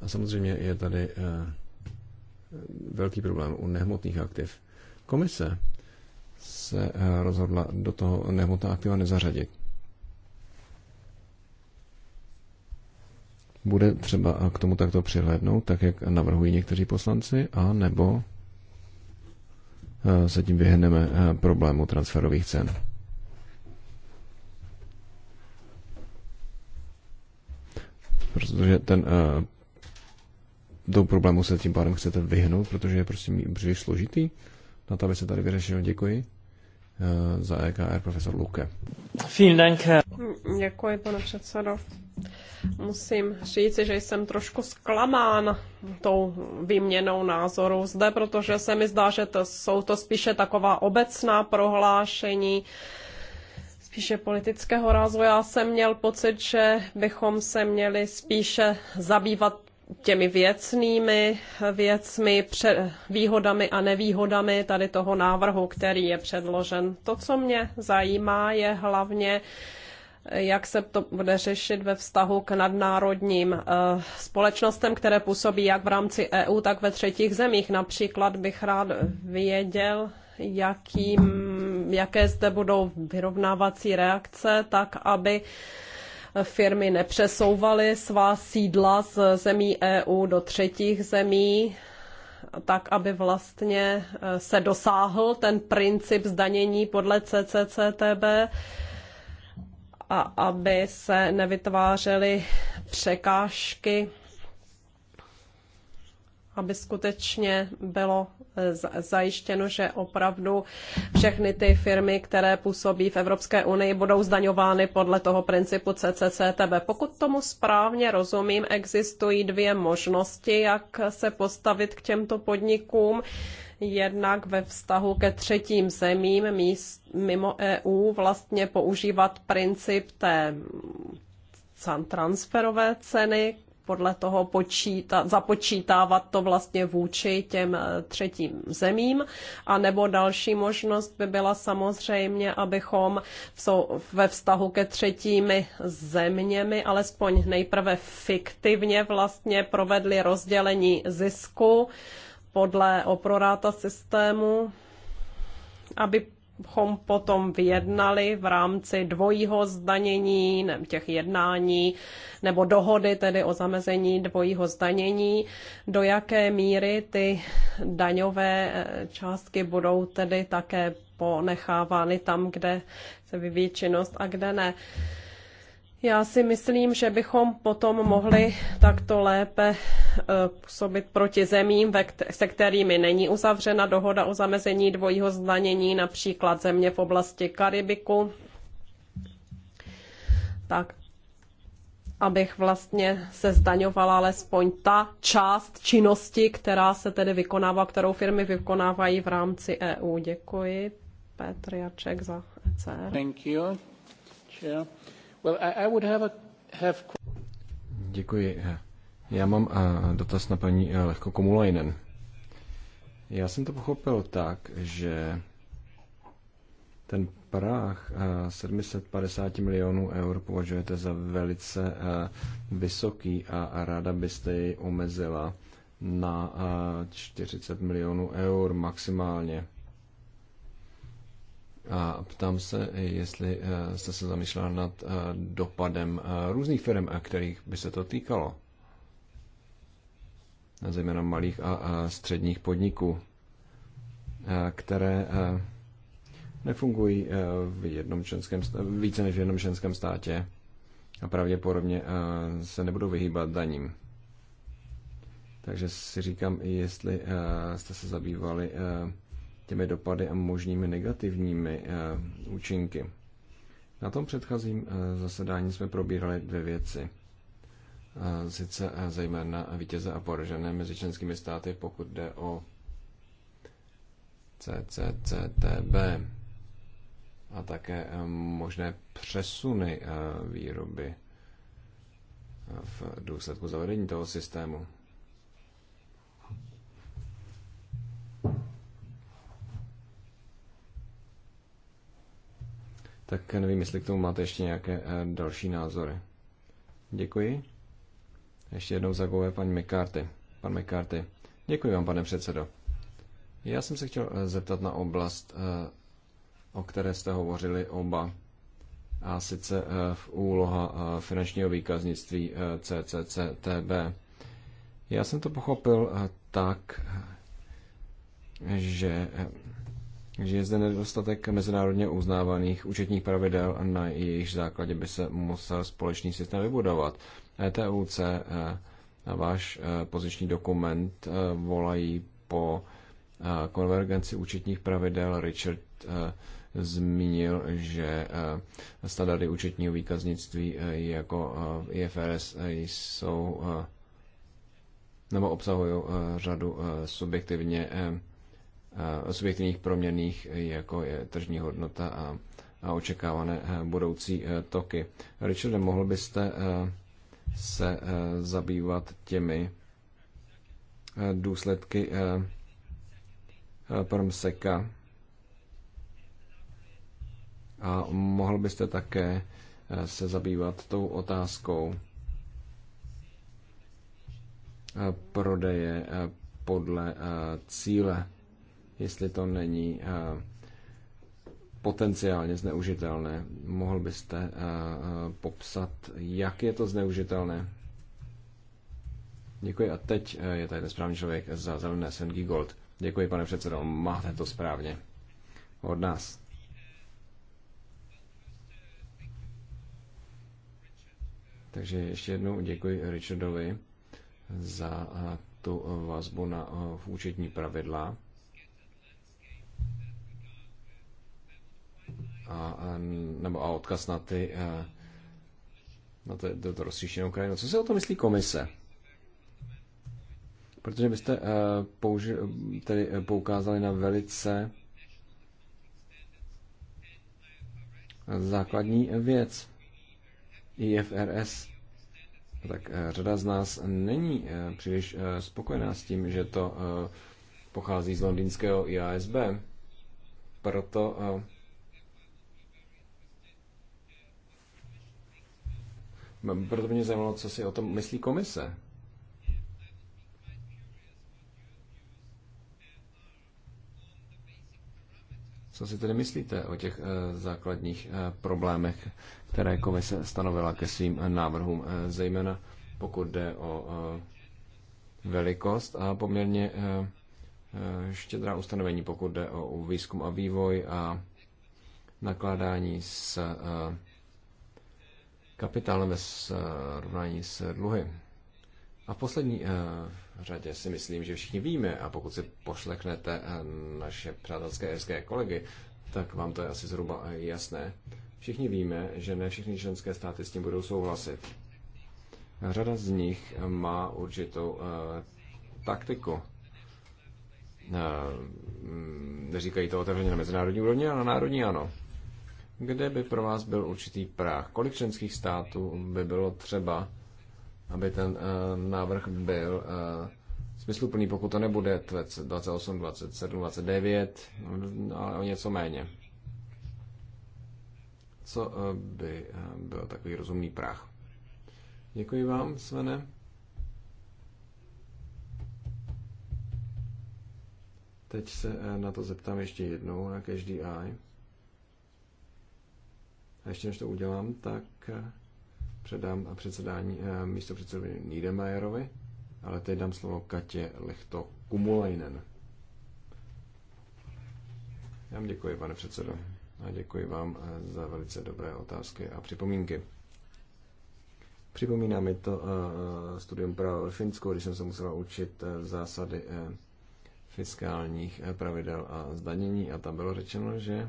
[SPEAKER 4] A samozřejmě je tady eh, velký problém u nehmotných aktiv. Komise se eh, rozhodla do toho nehmotná aktiva nezařadit. bude třeba k tomu takto přihlédnout, tak jak navrhují někteří poslanci, a nebo eh, se tím vyhneme eh, problému transferových cen. Protože ten eh, do problému se tím pádem chcete vyhnout, protože je prostě příliš složitý. Na to, aby se tady vyřešilo, děkuji. Za EKR profesor Luke.
[SPEAKER 3] Vielen Dank.
[SPEAKER 2] Děkuji, pane předsedo. Musím říci, že jsem trošku zklamán tou výměnou názorů zde, protože se mi zdá, že to jsou to spíše taková obecná prohlášení, spíše politického rázu. Já jsem měl pocit, že bychom se měli spíše zabývat těmi věcnými věcmi, před výhodami a nevýhodami tady toho návrhu, který je předložen. To, co mě zajímá, je hlavně, uh, jak se to bude řešit ve vztahu k nadnárodním eh, společnostem, které působí jak v rámci EU, tak ve třetích zemích. Například bych rád věděl, jaký, jaké zde budou vyrovnávací reakce, tak aby firmy nepřesouvaly svá sídla z zemí EU do třetích zemí, tak aby vlastně eh, se dosáhl ten princip zdanění podle CCCTB a aby se nevytvářely překážky, aby skutečně bylo zajištěno, že opravdu všechny ty firmy, které působí v Evropské unii, budou zdaňovány podle toho principu CCCTB. Pokud tomu správně rozumím, existují dvě možnosti, jak se postavit k těmto podnikům jednak ve vztahu ke třetím zemím míst, mimo EU vlastně používat princip té transferové ceny, podle toho počítat, započítávat to vlastně vůči těm e, třetím zemím. A nebo další možnost by byla samozřejmě, abychom ve vztahu ke třetími zeměmi, alespoň nejprve fiktivně vlastně provedli rozdělení zisku podle oproráta systému, abychom potom vyjednali v rámci dvojího zdanění, ne, těch jednání, nebo dohody tedy o zamezení dvojího zdanění, do jaké míry ty daňové e, částky budou tedy také ponechávány tam, kde se vyvíjí činnost a kde ne. Uh, já si myslím, že bychom potom mohli takto lépe e, působit proti zemím, se kterými není uzavřena dohoda o zamezení dvojího zdanění, například země v oblasti Karibiku. Tak, abych vlastně se zdaňovala alespoň ta část činnosti, která se tedy vykonává, kterou firmy vykonávají v rámci EU. Děkuji. Petr Jaček za ECR. Thank you. Sure.
[SPEAKER 4] Děkuji. Já mám eh, dotaz na paní uh, Lehko Komulajnen. Já jsem to pochopil tak, že ten práh 750 eh, milionů eur považujete za velice vysoký a ráda byste jej omezila na 40 milionů eur maximálně. A ptám se, jestli eh, jste se zamýšlel nad eh, dopadem eh, různých firm, kterých by se to týkalo. Zejména malých a středních podniků, které nefungují v jednom členském, více než v jednom členském státě a pravděpodobně se nebudou vyhýbat daním. Takže si říkám, jestli jste se zabývali těmi dopady a možnými negativními eh, účinky. Na tom předchozím eh, zasedání jsme probírali dvě věci. Eh, sice zejména vítěze a poražené mezi členskými státy, pokud jde o CCCTB a také možné přesuny výroby v důsledku zavedení toho systému. tak nevím, jestli k tomu máte ještě nějaké eh, další názory. Děkuji. Ještě jednou zagové paní McCarthy. Pan McCarthy. Děkuji vám, pane předsedo. Já jsem se chtěl eh, zeptat na oblast, eh, o které jste hovořili oba, a sice v úloha finančního výkaznictví CCCTB. Já jsem to pochopil tak, že že je zde nedostatek mezinárodně uznávaných účetních pravidel, a na jejich základě by se musel společný systém vybudovat. ETUC e, a váš e, poziční dokument e, volají po konvergenci účetních pravidel. Richard zmínil, že standardy účetního výkaznictví jako IFRS jsou nebo obsahují řadu subjektivně subjektivních eh, proměných, jako je tržní hodnota a, a očekávané eh, budoucí eh, toky. Richard, mohl byste se zabývat těmi důsledky Permseka a mohl byste také se zabývat tou otázkou prodeje podle cíle jestli to není eh, potenciálně zneužitelné. Mohl byste eh, eh, popsat, jak je to zneužitelné? Děkuji a teď je tady správný člověk za zelené SNG Gold. Děkuji, pane předsedo, máte to správně. Od nás. Takže ještě jednou děkuji Richardovi za tu vazbu na účetní pravidla. a, nebo a odkaz na ty na to, to, to rozstříštěnou Ukrajinu. Co si o to myslí komise? Protože byste uh, použi, tedy e, poukázali na velice základní věc IFRS. Tak e, řada z nás není e, příliš spokojená s tím, že to pochází z londýnského IASB. Proto Proto mě zajímalo, co si o tom myslí komise. Co si tedy myslíte o těch eh, základních eh, problémech, které komise stanovila ke svým eh, návrhům, zejména pokud jde o velikost a poměrně štědrá ustanovení, pokud jde o výzkum a vývoj a nakládání s kapitálem ve srovnání s dluhy. A v poslední eh, řadě si myslím, že všichni víme, a pokud si pošleknete eh, naše přátelské SG kolegy, tak vám to je asi zhruba jasné. Všichni víme, že ne všechny členské státy s tím budou souhlasit. Řada z nich má určitou uh, taktiku. Uh, neříkají to otevřeně na mezinárodní úrovni ale na národní ano kde by pro vás byl určitý práh? Kolik členských států by bylo třeba, aby ten uh, návrh byl uh, smysluplný, pokud to nebude 28, 27, 29, ale o něco méně? Co uh, by uh, byl takový rozumný práh? Děkuji vám, Svene. Teď se na to zeptám ještě jednou na každý eye ještě než to udělám, tak eh, předám předsedání eh, místo předsedovi Niedemajerovi, ale teď dám slovo Katě Lechto Kumulajnen. Já vám děkuji, pane předsedo, a děkuji vám eh, za velice dobré otázky a připomínky. Připomíná mi to studium práva ve Finsku, když jsem se musela učit zásady fiskálních pravidel a zdanění a tam bylo řečeno, že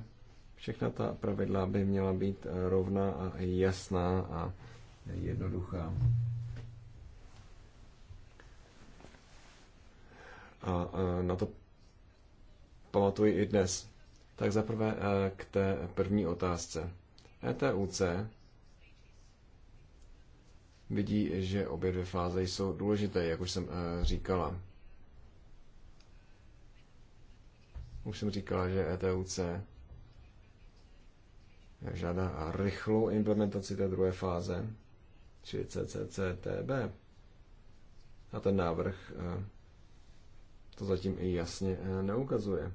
[SPEAKER 4] Všechna ta pravidla by měla být eh, rovná a jasná a jednoduchá. A eh, na to pamatuji i dnes. Tak zaprvé eh, k té první otázce. ETUC vidí, že obě dvě fáze jsou důležité, jak už jsem říkala. Už jsem říkala, že ETUC žádá rychlou implementaci té druhé fáze, čili CCCTB. A ten návrh eh, to zatím i jasně eh, neukazuje.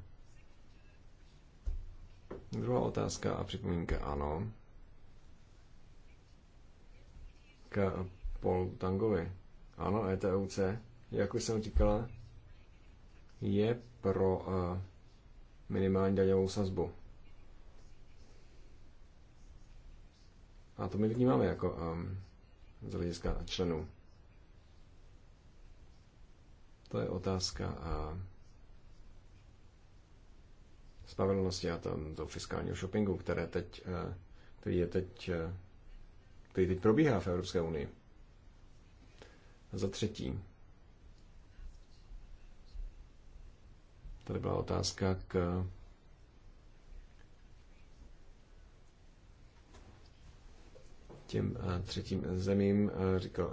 [SPEAKER 4] Druhá otázka a připomínka ano. K Paul Tangovi. Ano, ETUC, jak už jsem říkala, je pro eh, minimální daňovou sazbu. A to my vnímáme jako um, z hlediska členů. To je otázka a spravedlnosti a tam do fiskálního shoppingu, které teď, e, který je teď, e, který teď probíhá v Evropské unii. A za třetí, tady byla otázka k těm eh, třetím zemím, eh, říkal,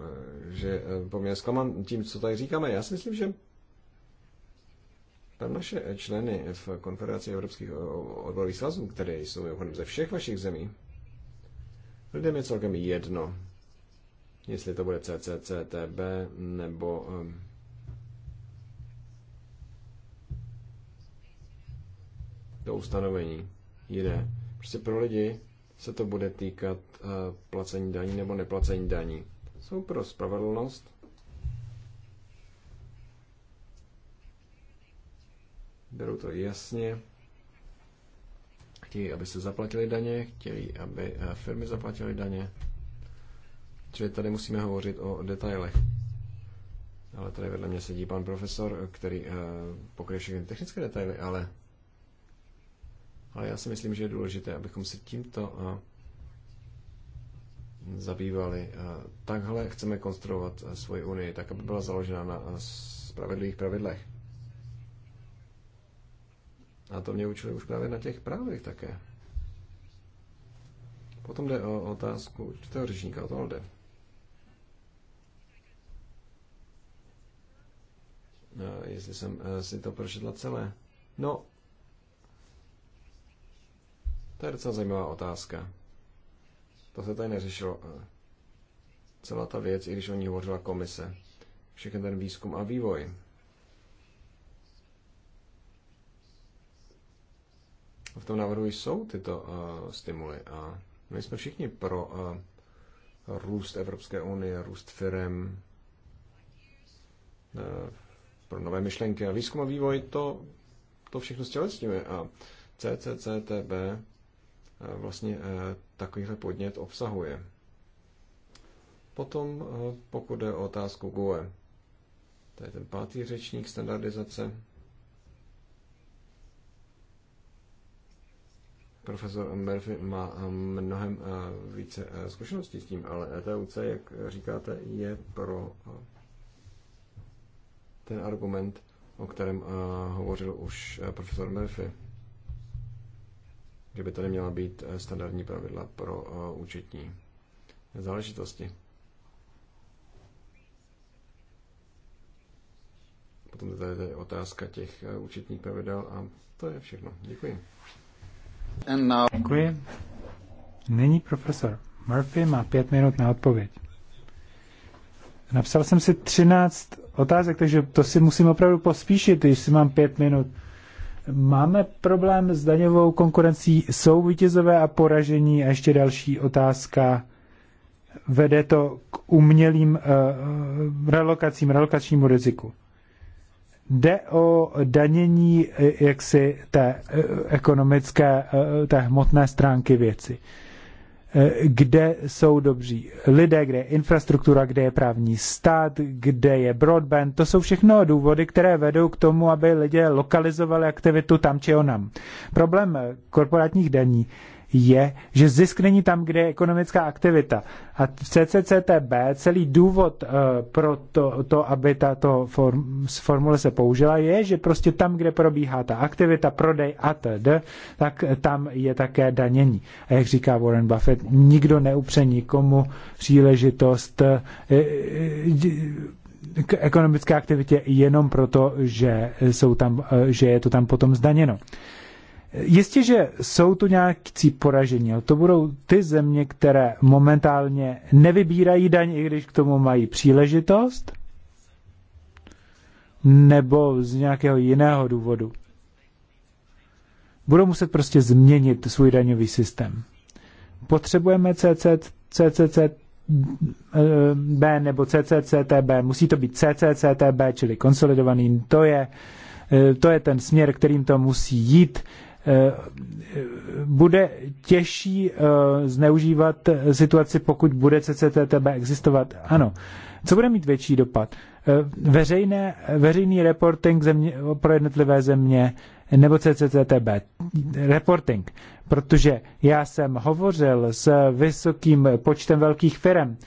[SPEAKER 4] eh, že poměrně zklaman tím, co tady říkáme. Já si myslím, že tam naše členy v Konfederaci evropských odborových svazů, které jsou mimochodem ze všech vašich zemí, lidem je celkem jedno, jestli to bude CCCTB nebo ehm, to ustanovení jiné. Prostě pro lidi se to bude týkat eh, placení daní nebo neplacení daní, jsou pro spravedlnost. Berou to jasně. Chtějí, aby se zaplatili daně, chtějí, aby eh, firmy zaplatily daně. Čili tady musíme hovořit o detailech. Ale tady vedle mě sedí pan profesor, který eh, pokryje všechny technické detaily, ale ale já si myslím, že je důležité, abychom se tímto eh, zabývali. Eh, takhle chceme konstruovat eh, svoji unii, tak aby byla založena na spravedlivých pravidlech. A to mě učili už právě na těch právech také. Potom jde o otázku čtvrtého řečníka, o to jde. jestli jsem si to prošetla celé. No, to je docela zajímavá otázka. To se tady neřešilo. Eh, celá ta věc, i když o ní hovořila komise. Všechny ten výzkum a vývoj. V tom návrhu jsou tyto uh, stimuly a my jsme všichni pro uh, růst Evropské unie, růst firm, uh, pro nové myšlenky a výzkum a vývoj, to, to všechno stělesňuje a CCCTB Eh, vlastně eh, takovýhle podnět obsahuje. Potom, eh, pokud jde o otázku GUE, to je ten pátý řečník standardizace, profesor Murphy má mnohem více zkušeností s tím, ale ETUC, jak říkáte, je pro ten argument, o kterém hovořil už profesor Murphy že by tady měla být eh, standardní pravidla pro eh, účetní záležitosti. Potom tady je otázka těch eh, účetních pravidel a to je všechno. Děkuji. And now... Děkuji.
[SPEAKER 3] Nyní profesor Murphy má pět minut na odpověď. Napsal jsem si třináct otázek, takže to si musím opravdu pospíšit, když si mám pět minut. Máme problém s daňovou konkurencí, jsou vítězové a poražení a ještě další otázka. Vede to k umělým uh, relokacím, relokačnímu riziku. Jde o danění eh, jaksi té eh, ekonomické, té hmotné stránky věci. Uh, kde jsou dobří lidé, kde je infrastruktura, kde je právní stát, kde je broadband. To jsou všechno důvody, které vedou k tomu, aby lidé lokalizovali aktivitu tam či onam. Problém korporátních daní je, že zisk není tam, kde je ekonomická aktivita. A v CCCTB celý důvod eh, pro to, to aby tato form, formule se použila, je, že prostě tam, kde probíhá ta aktivita, prodej a td., tak tam je také danění. A jak říká Warren Buffett, nikdo neupře nikomu příležitost eh, eh, k ekonomické aktivitě jenom proto, že, jsou tam, že je to tam potom zdaněno. Jistě, že jsou to nějakí poražení, ale to budou ty země, které momentálně nevybírají daň, i když k tomu mají příležitost, nebo z nějakého jiného důvodu. Budou muset prostě změnit svůj daňový systém. Potřebujeme CCCB nebo CCCTB. Musí to být CCCTB, čili konsolidovaný. To je, eh, to je ten směr, kterým to musí jít Eh, bude těžší eh, zneužívat situaci, pokud bude CCTB existovat. Ano. Co bude mít větší dopad? Eh, veřejné, veřejný reporting země, pro jednotlivé země nebo CCTB? Reporting. Protože já jsem hovořil s vysokým počtem velkých firm,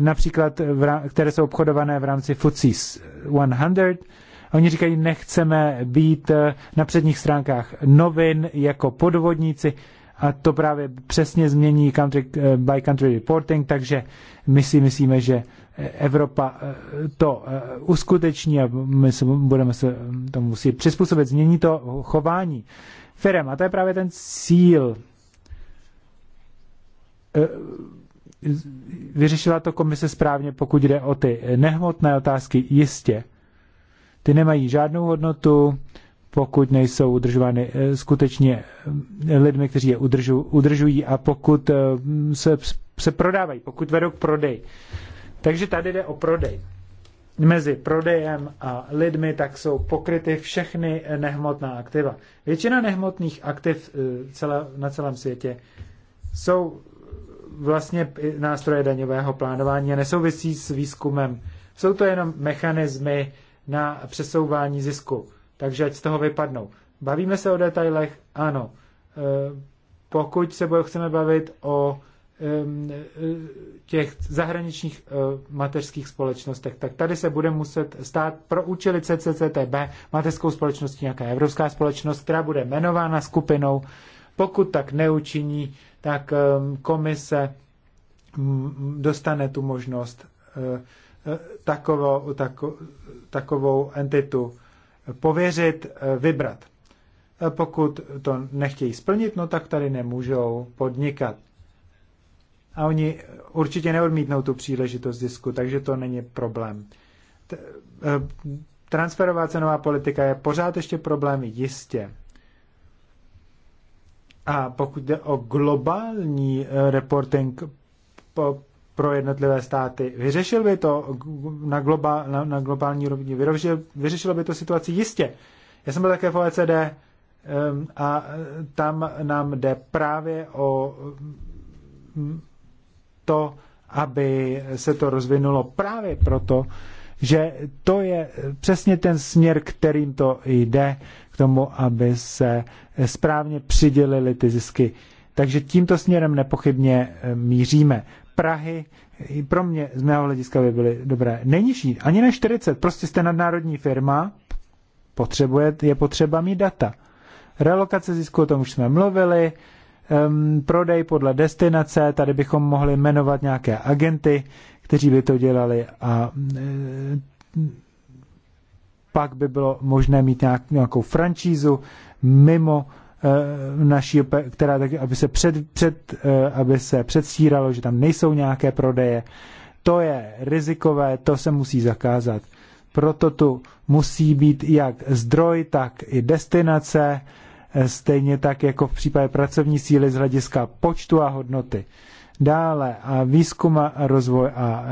[SPEAKER 3] například, které jsou obchodované v rámci FTSE 100, oni říkají, nechceme být eh, na předních stránkách novin jako podvodníci. A to právě přesně změní country eh, by country reporting, takže my si myslíme, že eh, Evropa to uskuteční a my se budeme se mm, tomu muset přizpůsobit. Změní to chování firem. A to je právě ten cíl. Vyřešila to komise správně, pokud jde o ty nehmotné otázky, jistě. Ty nemají žádnou hodnotu, pokud nejsou udržovány eh, skutečně eh, lidmi, kteří je udržují a pokud eh, se, se prodávají, pokud vedou k prodeji. Takže tady jde o prodej. Mezi prodejem a lidmi tak jsou pokryty všechny nehmotná aktiva. Většina nehmotných aktiv celé, na celém světě jsou vlastně nástroje daňového plánování a nesouvisí s výzkumem. Jsou to jenom mechanismy, na přesouvání zisku. Takže ať z toho vypadnou. Bavíme se o detailech? Ano. E, pokud se chceme bavit o e, těch zahraničních e, mateřských společnostech, tak tady se bude muset stát pro účely CCCTB mateřskou společností nějaká evropská společnost, která bude jmenována skupinou. Pokud tak neučiní, tak komise dostane tu možnost takovou, takovou takovou entitu pověřit eh, vybrat. Pokud to nechtějí splnit, no tak tady nemůžou podnikat. A oni určitě neodmítnou tu příležitost zisku, takže to není problém. Eh, transferová cenová politika je pořád ještě problém, jistě. A pokud jde o globální eh, reporting po pro jednotlivé státy. Vyřešil by to na, globál, na, na globální úrovni, vyřešil, vyřešilo by to situaci jistě. Já jsem byl také v OECD um, a e, tam nám jde právě o mm, to, aby se to rozvinulo právě proto, že to je přesně ten směr, kterým to jde, k tomu, aby se správně přidělily ty zisky. Takže tímto směrem nepochybně e, míříme. Prahy pro mě z mého hlediska by byly dobré. Nejnižší, ani ne 40, prostě jste nadnárodní firma, potřebuje, je potřeba mít data. Relokace zisku, o tom už jsme mluvili, um, prodej podle destinace, tady bychom mohli jmenovat nějaké agenty, kteří by to dělali a e, pak by bylo možné mít nějak, nějakou francízu mimo Eh, naší, která tak, aby se, před, před, eh, aby se předstíralo, že tam nejsou nějaké prodeje. To je rizikové, to se musí zakázat. Proto tu musí být jak zdroj, tak i destinace, eh, stejně tak jako v případě pracovní síly z hlediska počtu a hodnoty. Dále a výzkum a rozvoj a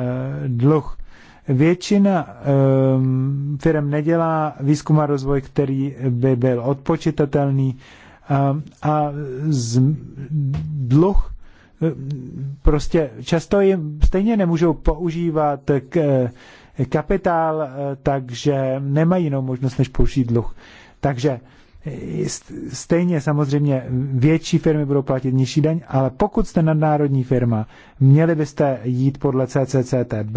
[SPEAKER 3] e, dluh. Většina e, ehm, firm nedělá výzkum a rozvoj, který by byl odpočitatelný a z, dluh e, prostě často jim stejně nemůžou používat k, e, kapitál, e, takže nemají jinou možnost, než použít dluh. Takže Stejně samozřejmě větší firmy budou platit nižší daň, ale pokud jste nadnárodní firma, měli byste jít podle CCCTB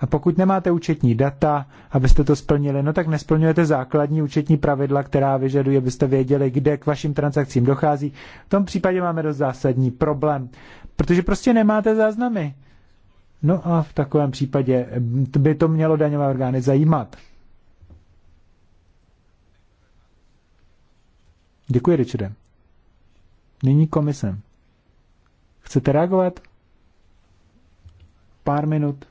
[SPEAKER 3] a pokud nemáte účetní data, abyste to splnili, no tak nesplňujete základní účetní pravidla, která vyžaduje, abyste věděli, kde k vašim transakcím dochází. V tom případě máme dost zásadní problém, protože prostě nemáte záznamy. No a v takovém případě by to mělo daňové orgány zajímat. Děkuji, Richarde. Nyní komise. Chcete reagovat? Pár minut.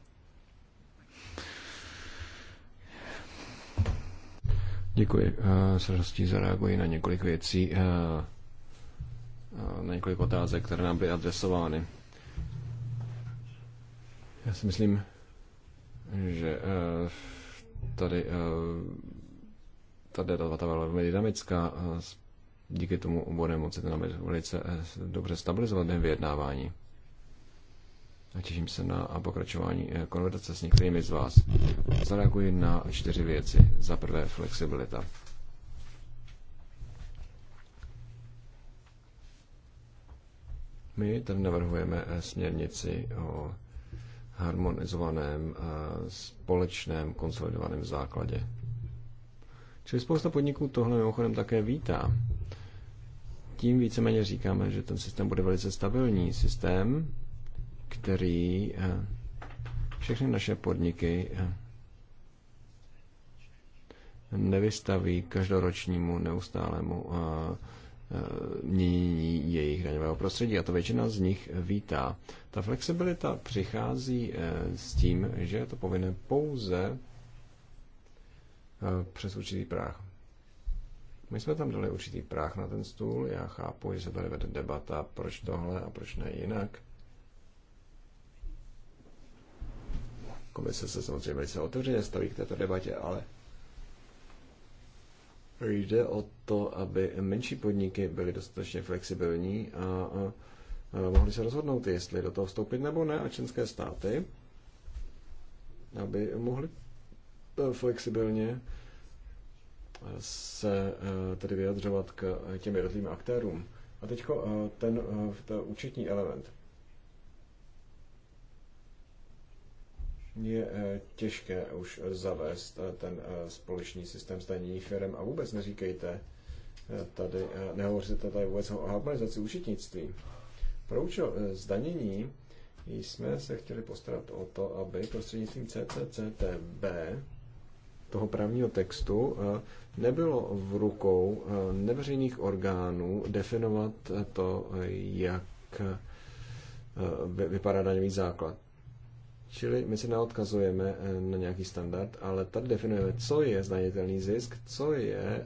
[SPEAKER 4] Děkuji. Eh, s radostí zareaguji na několik věcí, eh, eh, na několik otázek, které nám byly adresovány. Já si myslím, že tady ta debata byla velmi dynamická díky tomu bude moci ten velice eh, dobře stabilizovat během vyjednávání. A těším se na eh, pokračování eh, konverzace s některými z vás. Zareaguji na čtyři věci. Za prvé flexibilita. My tady navrhujeme směrnici o harmonizovaném společném konsolidovaném základě. Čili spousta podniků tohle mimochodem také vítá tím víceméně říkáme, že ten systém bude velice stabilní systém, který eh, všechny naše podniky eh, nevystaví každoročnímu neustálému eh, měnění jejich daňového prostředí a to většina z nich vítá. Ta flexibilita přichází s tím, že je to povinné pouze přes určitý práh. My jsme tam dali určitý práh na ten stůl. Já chápu, že se tady vede debata, proč tohle a proč ne jinak. Komise se samozřejmě velice otevřeně staví k této debatě, ale jde o to, aby menší podniky byly dostatečně flexibilní a, a, a mohli se rozhodnout, jestli do toho vstoupit nebo ne, a členské státy, aby mohli flexibilně se eh, tedy vyjadřovat k eh, těm jednotlivým aktérům. A teď eh, ten, ten účetní element. Je těžké už zavést ten společný systém zdanění firm a vůbec neříkejte tady, nehovoříte tady vůbec o harmonizaci účetnictví. Pro účel zdanění jsme se chtěli postarat o to, aby prostřednictvím CCCTB toho právního textu eh, nebylo v rukou eh, neveřejných orgánů definovat eh, to, jak vypadá daňový základ. Čili my se neodkazujeme na nějaký standard, ale tady definujeme, co je zdanitelný zisk, co je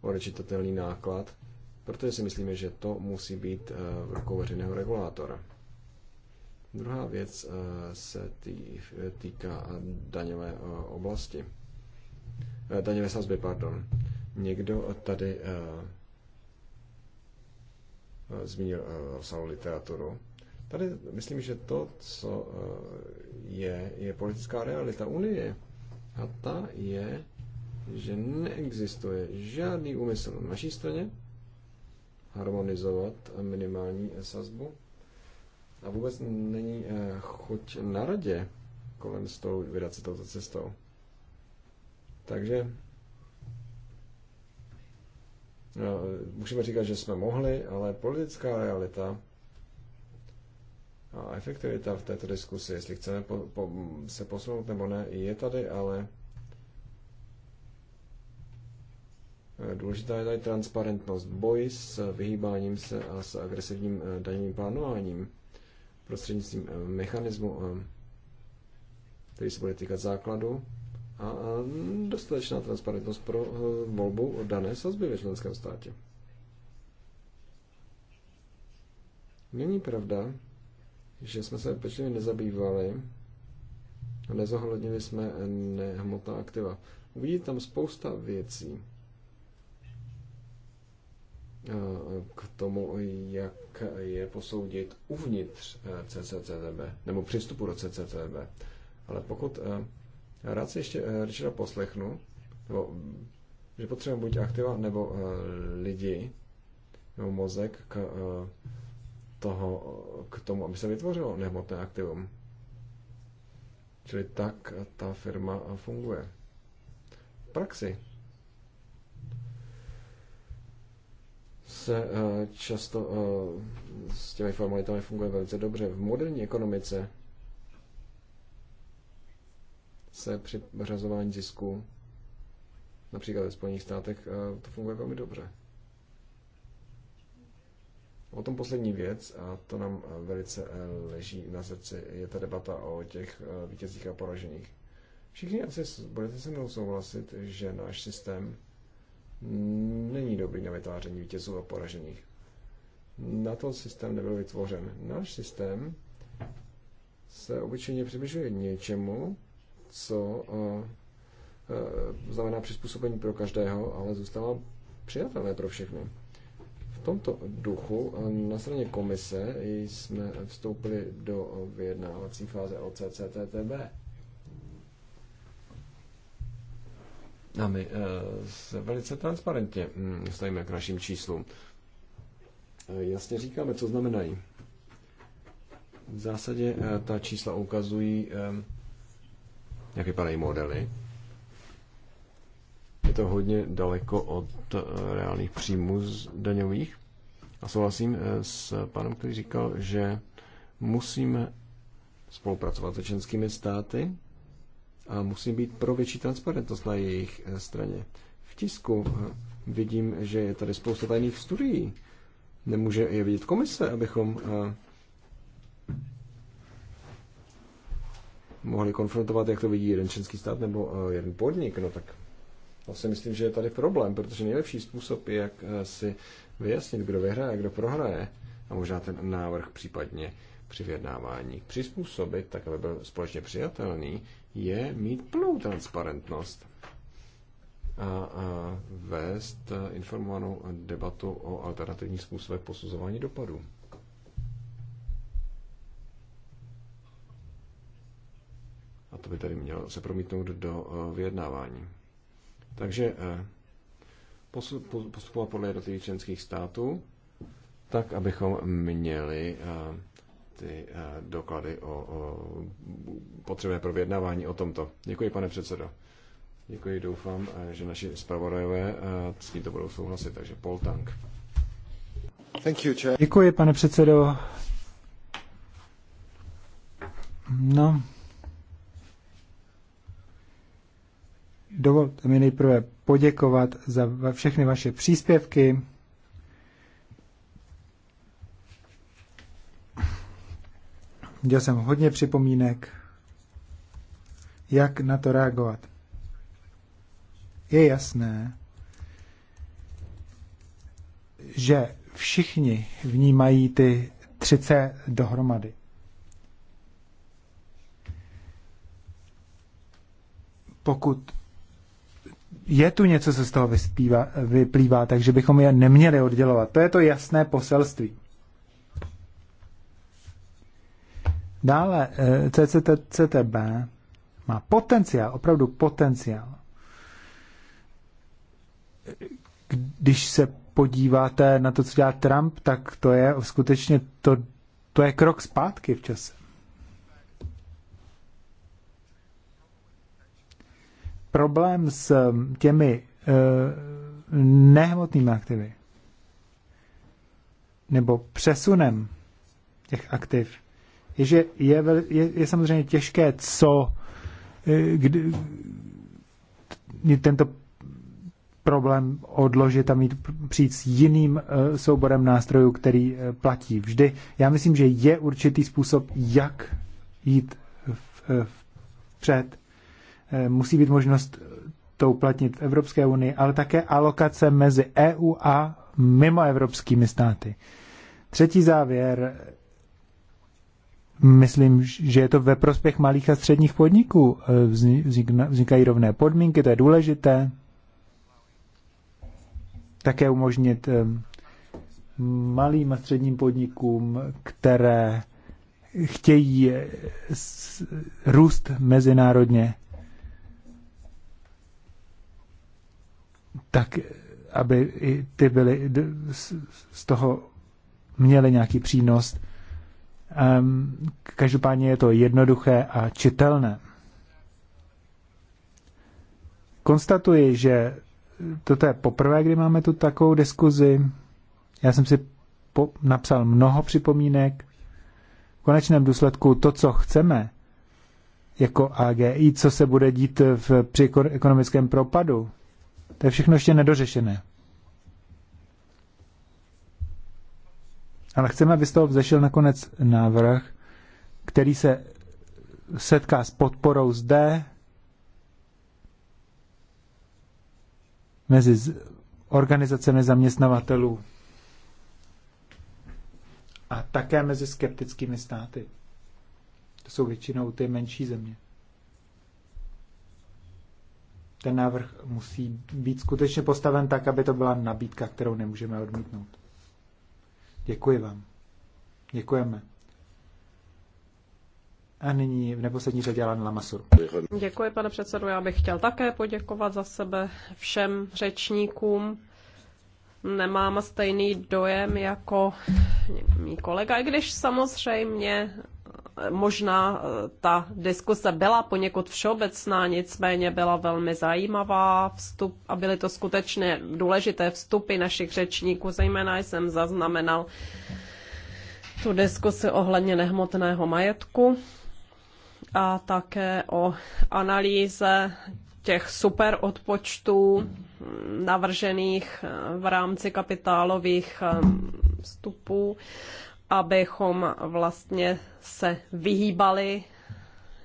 [SPEAKER 4] odečitatelný náklad, protože si myslíme, že to musí být v rukou veřejného regulátora. Druhá věc se týká daňové oblasti. Eh, ve sazby, pardon. Někdo tady eh, eh, zmínil rozsáhlou literaturu. Tady myslím, že to, co je, je politická realita Unie. A ta je, že neexistuje žádný úmysl na naší straně harmonizovat minimální sazbu. A vůbec není chuť na radě kolem stolu vydat se touto cestou. Takže no, můžeme říkat, že jsme mohli, ale politická realita a efektivita v této diskusi, jestli chceme po, po, se posunout nebo ne, je tady, ale eh, důležitá je tady transparentnost, boj s vyhýbáním se a s agresivním eh, daňovým plánováním prostřednictvím eh, mechanismu, který se bude týkat základu a dostatečná transparentnost pro e, volbu dané sazby ve členském státě. Není pravda, že jsme se pečlivě nezabývali a nezohlednili jsme nehmotná aktiva. Uvidí tam spousta věcí e, k tomu, jak je posoudit uvnitř e, CCCTB, nebo přístupu do CCCTB. Ale pokud já rád si ještě eh, Richarda poslechnu, nebo, mm, že potřebujeme buď aktiva nebo uh, lidi, nebo mozek k, uh, toho, k tomu, aby se vytvořilo nehmotné aktivum. Čili tak ta firma funguje. V praxi se často s těmi formalitami funguje velice dobře. V moderní ekonomice se při řazování zisku, například ve Spojených státech, eh, to funguje velmi dobře. O tom poslední věc, a to nám eh, velice eh, leží na srdci, je ta debata o těch vítězích a poražených. Všichni asi budete se mnou souhlasit, že náš systém není dobrý na vytváření vítězů a poražených. Na to systém nebyl vytvořen. Náš systém se obyčejně přibližuje něčemu, co eh, eh, znamená přizpůsobení pro každého, ale zůstává přijatelné pro všechny. V tomto duchu eh, na straně komise jsme vstoupili do vyjednávací fáze o CCTTB. A my se velice transparentně hm, stavíme k našim číslům. Jasně říkáme, co znamenají. V zásadě ta čísla ukazují, jak vypadají modely. Je to hodně daleko od eh, reálných příjmů z daňových. A souhlasím eh, s panem, který říkal, že musíme spolupracovat se členskými státy a musí být pro větší transparentnost na jejich eh, straně. V tisku vidím, že je tady spousta tajných studií. Nemůže je vidět komise, abychom mohli konfrontovat, jak to vidí jeden členský stát nebo eh, jeden podnik, no tak to si myslím, že je tady problém, protože nejlepší způsob, jak eh, si vyjasnit, kdo vyhraje a kdo prohraje, a možná ten návrh případně při vyjednávání přizpůsobit, tak aby byl společně přijatelný, je mít plnou transparentnost a, a vést eh, informovanou debatu o alternativních způsobech posuzování dopadů. To by tady mělo se promítnout do eh, vyjednávání. Takže eh, postupovat podle jednotlivých členských států, tak abychom měli eh, ty doklady o, potřebné pro vyjednávání o tomto. Děkuji, pane předsedo. Děkuji, doufám, že naši zpravodajové s tím to budou souhlasit, takže Paul Tank.
[SPEAKER 3] Thank you, Děkuji, pane předsedo. No, Dovolte mi nejprve poděkovat za všechny vaše příspěvky. Měl jsem hodně připomínek, jak na to reagovat. Je jasné, že všichni vnímají ty třice dohromady. Pokud je tu něco, co z toho vyspívá, vyplývá, takže bychom je neměli oddělovat. To je to jasné poselství. Dále eh, CCTB má potenciál, opravdu potenciál. Když se podíváte na to, co dělá Trump, tak to je skutečně to, to je krok zpátky v čase. problém s um, těmi uh, nehmotnými aktivy nebo přesunem těch aktiv je, že je, je, je samozřejmě těžké, co uh, kdy, tento problém odložit a mít přijít s jiným uh, souborem nástrojů, který platí vždy. Já myslím, že je určitý způsob, jak jít v, v, před. Eh, musí být možnost to uplatnit v Evropské unii, ale také alokace mezi EU a mimo evropskými státy. Třetí závěr. Myslím, že je to ve prospěch malých a středních podniků. Eh, vznikají rovné podmínky, to je důležité. Také umožnit eh, malým a středním podnikům, které chtějí růst mezinárodně, tak aby i ty byly z toho měly nějaký přínos. Ehm, každopádně je to jednoduché a čitelné. Konstatuji, že toto je poprvé, kdy máme tu takovou diskuzi. Já jsem si po, napsal mnoho připomínek. V konečném důsledku to, co chceme, jako AGI, co se bude dít v, při ekonomickém propadu, to je všechno ještě nedořešené. Ale chceme, aby z toho vzešel nakonec návrh, který se setká s podporou zde mezi organizacemi zaměstnavatelů a také mezi skeptickými státy. To jsou většinou ty menší země ten návrh musí být skutečně postaven tak, aby to byla nabídka, kterou nemůžeme odmítnout. Děkuji vám. Děkujeme. A nyní v neposlední řadě Alan Lamasur.
[SPEAKER 2] Děkuji, pane předsedu. Já bych chtěl také poděkovat za sebe všem řečníkům. Nemám stejný dojem jako mý kolega, i když samozřejmě možná eh, ta diskuse byla poněkud všeobecná, nicméně byla velmi zajímavá vstup a byly to skutečně důležité vstupy našich řečníků, zejména jsem zaznamenal tu diskusi ohledně nehmotného majetku a také o analýze těch super odpočtů navržených eh, v rámci kapitálových eh, vstupů abychom vlastně se vyhýbali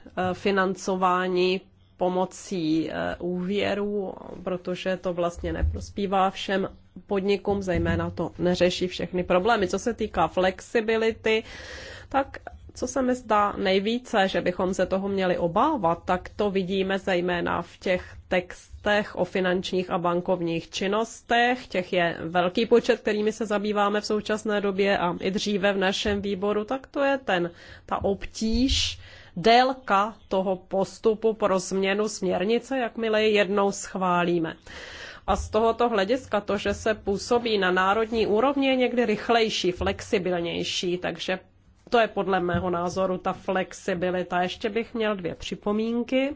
[SPEAKER 2] eh, financování pomocí eh, úvěru, protože to vlastně neprospívá všem podnikům, zejména to neřeší všechny problémy. Co se týká flexibility, tak co se mi zdá nejvíce, že bychom se toho měli obávat, tak to vidíme zejména v těch textech o finančních a bankovních činnostech. Těch je velký počet, kterými se zabýváme v současné době a i dříve v našem výboru, tak to je ten, ta obtíž, délka toho postupu pro změnu směrnice, jakmile ji jednou schválíme. A z tohoto hlediska to, že se působí na národní úrovni, je někdy rychlejší, flexibilnější, takže to je podle mého názoru ta flexibilita. Ještě bych měl dvě připomínky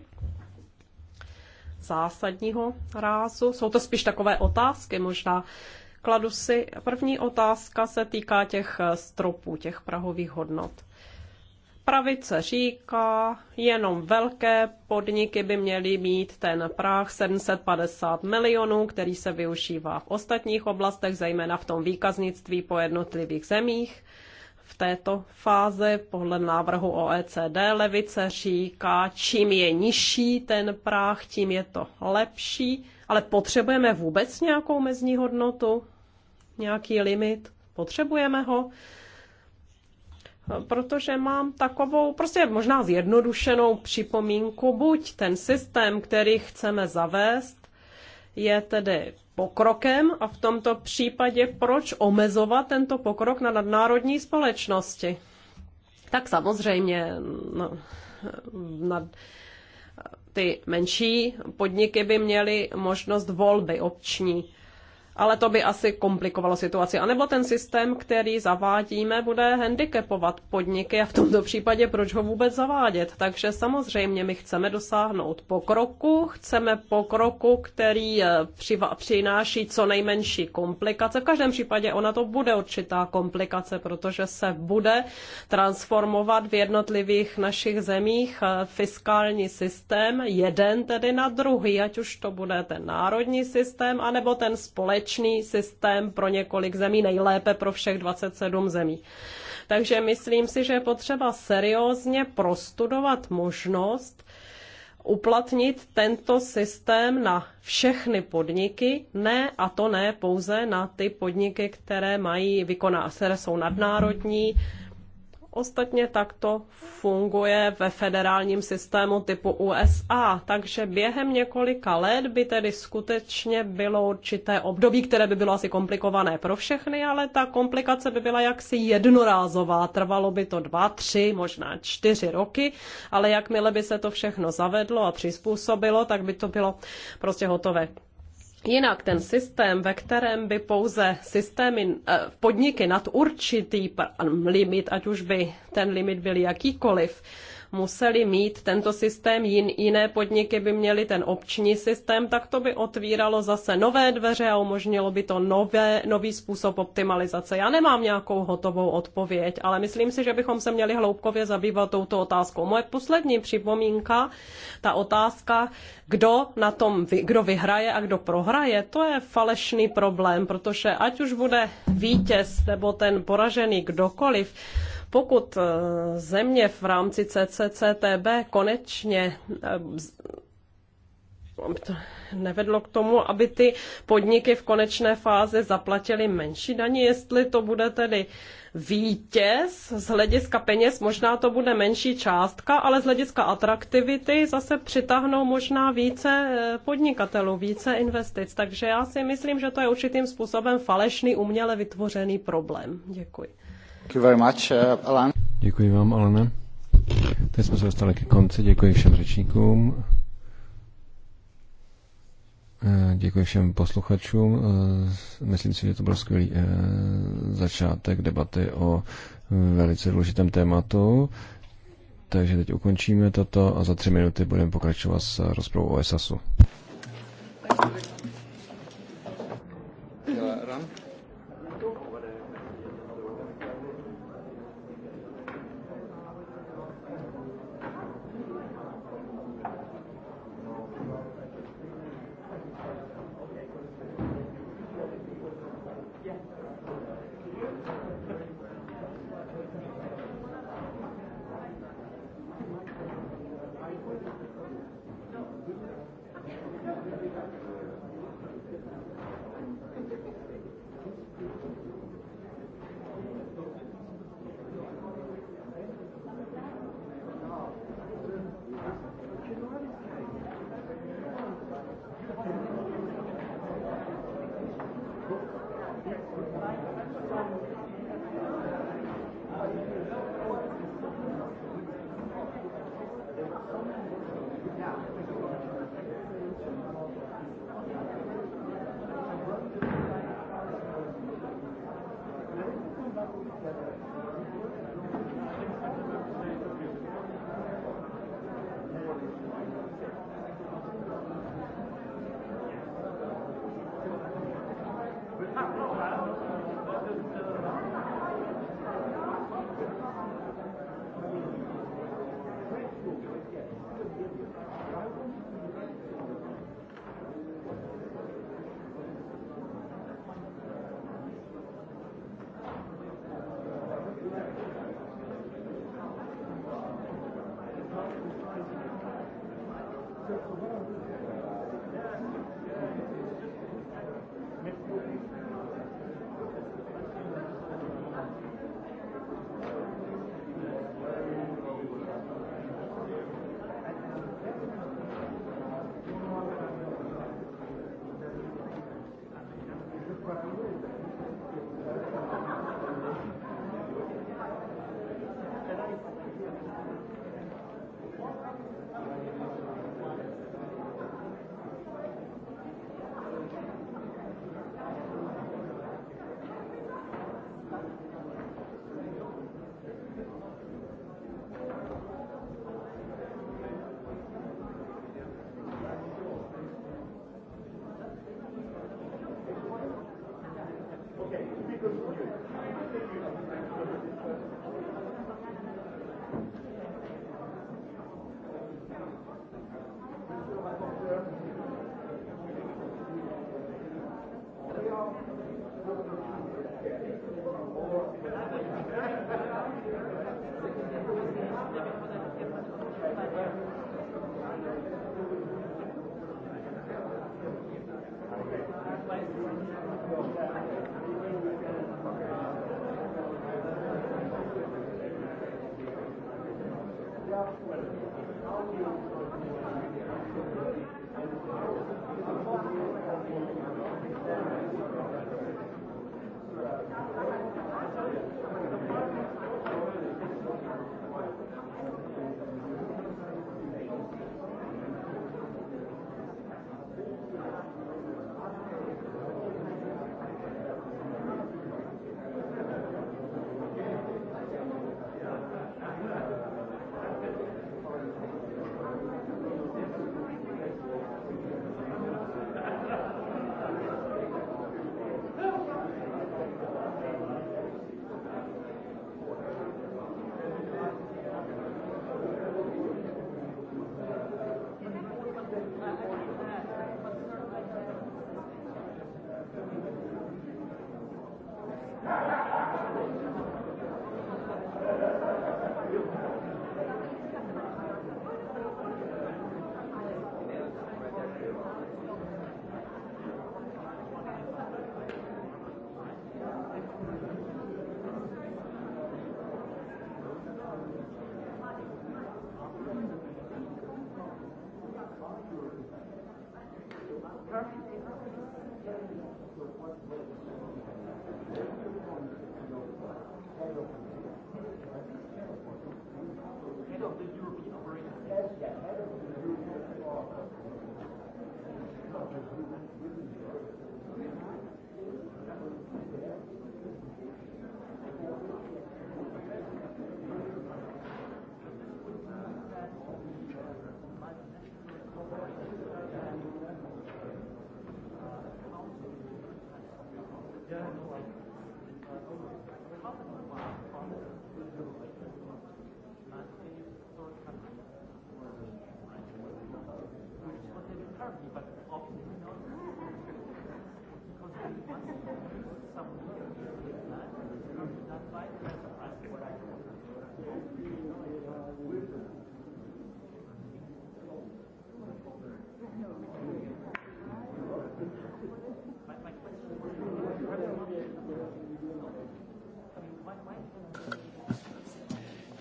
[SPEAKER 2] zásadního rázu. Jsou to spíš takové otázky možná. Kladu si, první otázka se týká těch stropů, těch prahových hodnot. Pravice říká, jenom velké podniky by měly mít ten práh 750 milionů, který se využívá v ostatních oblastech, zejména v tom výkaznictví po jednotlivých zemích v této fázi podle návrhu OECD levice říká, čím je nižší ten práh, tím je to lepší, ale potřebujeme vůbec nějakou mezní hodnotu, nějaký limit, potřebujeme ho, protože mám takovou prostě možná zjednodušenou připomínku, buď ten systém, který chceme zavést, je tedy pokrokem a v tomto případě proč omezovat tento pokrok na nadnárodní společnosti? Tak samozřejmě no, na, ty menší podniky by měly možnost volby obční ale to by asi komplikovalo situaci. A nebo ten systém, který zavádíme, bude handicapovat podniky a v tomto případě proč ho vůbec zavádět. Takže samozřejmě my chceme dosáhnout pokroku, chceme pokroku, který eh, přináší co nejmenší komplikace. V každém případě ona to bude určitá komplikace, protože se bude transformovat v jednotlivých našich zemích eh, fiskální systém, jeden tedy na druhý, ať už to bude ten národní systém, anebo ten společný společný systém pro několik zemí, nejlépe pro všech 27 zemí. Takže myslím si, že je potřeba seriózně prostudovat možnost uplatnit tento systém na všechny podniky, ne a to ne pouze na ty podniky, které mají vykoná, které jsou nadnárodní, Ostatně takto funguje ve federálním systému typu USA, takže během několika let by tedy skutečně bylo určité období, které by bylo asi komplikované pro všechny, ale ta komplikace by byla jaksi jednorázová. Trvalo by to dva, tři, možná čtyři roky, ale jakmile by se to všechno zavedlo a přizpůsobilo, tak by to bylo prostě hotové. Jinak ten systém, ve kterém by pouze systémy, eh, podniky nad určitý limit, ať už by ten limit byl jakýkoliv, museli mít tento systém, jin, jiné podniky by měly ten obční systém, tak to by otvíralo zase nové dveře a umožnilo by to nové, nový způsob optimalizace. Já nemám nějakou hotovou odpověď, ale myslím si, že bychom se měli hloubkově zabývat touto otázkou. Moje poslední připomínka, ta otázka, kdo na tom, kdo vyhraje a kdo prohraje, to je falešný problém, protože ať už bude vítěz nebo ten poražený kdokoliv, pokud eh, země v rámci CCCTB konečně eh, nevedlo k tomu, aby ty podniky v konečné fázi zaplatily menší daně, jestli to bude tedy vítěz z hlediska peněz, možná to bude menší částka, ale z hlediska atraktivity zase přitáhnou možná více eh, podnikatelů, více investic. Takže já si myslím, že to je určitým způsobem falešný, uměle vytvořený problém. Děkuji.
[SPEAKER 3] Uh,
[SPEAKER 4] děkuji vám, Alene. Teď jsme se dostali ke konci. Děkuji všem řečníkům. Eh, děkuji všem posluchačům. Eh, myslím si, že to byl skvělý eh, začátek debaty o velice důležitém tématu. Takže teď ukončíme toto a za tři minuty budeme pokračovat s rozprávou o you.
[SPEAKER 1] แก่ไม่รู้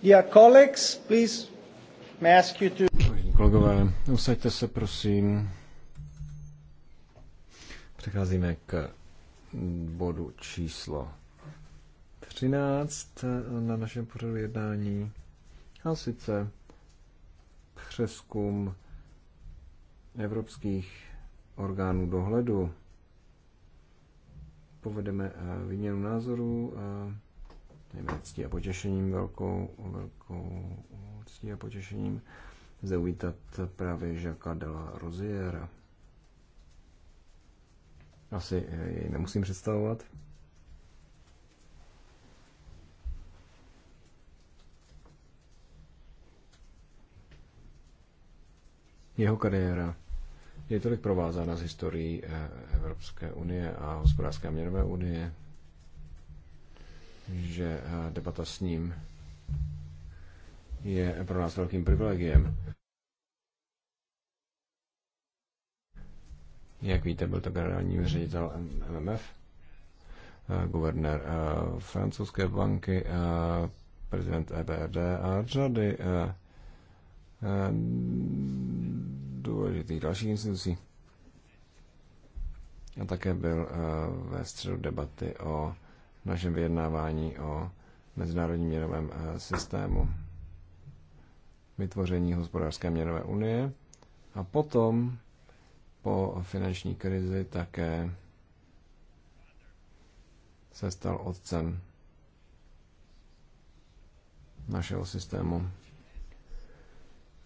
[SPEAKER 3] Dear colleagues, please, may ask you to...
[SPEAKER 4] Kolegové, usaďte se, prosím. Přecházíme k bodu číslo 13 na našem pořadu jednání, a sice přeskum evropských orgánů dohledu. Povedeme eh, výměnu názoru, a eh, ctí a potěšením, velkou, velkou ctí a potěšením zde uvítat právě Žaka Dela Roziera. Asi eh, jej nemusím představovat. Jeho kariéra je tolik provázána s historií eh, Evropské unie a hospodářské a měnové unie, že eh, debata s ním je pro nás velkým privilegiem. Jak víte, byl to generální ředitel MMF, eh, guvernér eh, francouzské banky, eh, prezident EBRD a řady důležitých dalších institucí. A také byl ve středu debaty o našem vyjednávání o mezinárodním měnovém systému, vytvoření hospodářské měnové unie a potom po finanční krizi také se stal otcem našeho systému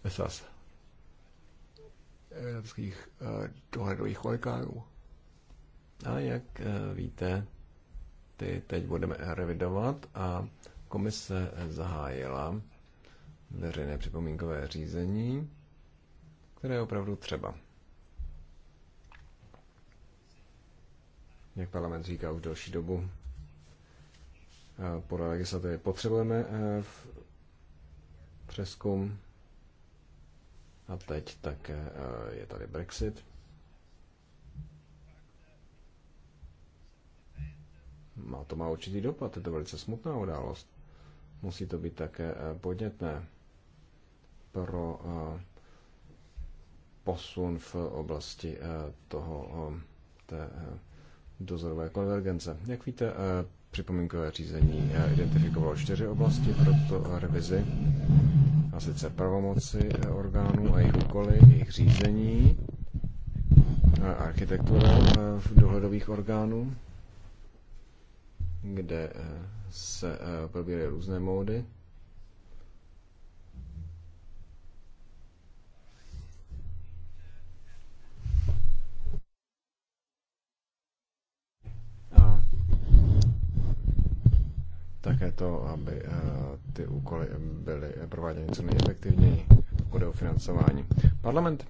[SPEAKER 4] SAS evropských eh, dohledových oligárů. A jak eh, víte, ty teď budeme revidovat a komise zahájila veřejné připomínkové řízení, které je opravdu třeba. jak parlament říká už delší dobu, eh, podle legislativy potřebujeme eh, v přeskum. A teď také eh, je tady Brexit. Má to má určitý dopad, je to velice smutná událost. Musí to být také podnětné pro posun v oblasti toho té dozorové konvergence. Jak víte, eh, připomínkové řízení eh, identifikovalo čtyři oblasti pro to revizi, a sice pravomoci eh, orgánů a jejich úkoly, jejich řízení, architektura dohledových orgánů, kde se probíraly různé módy také to, aby eh, ty úkoly byly prováděny co nejefektivněji, pokud o financování. Parlament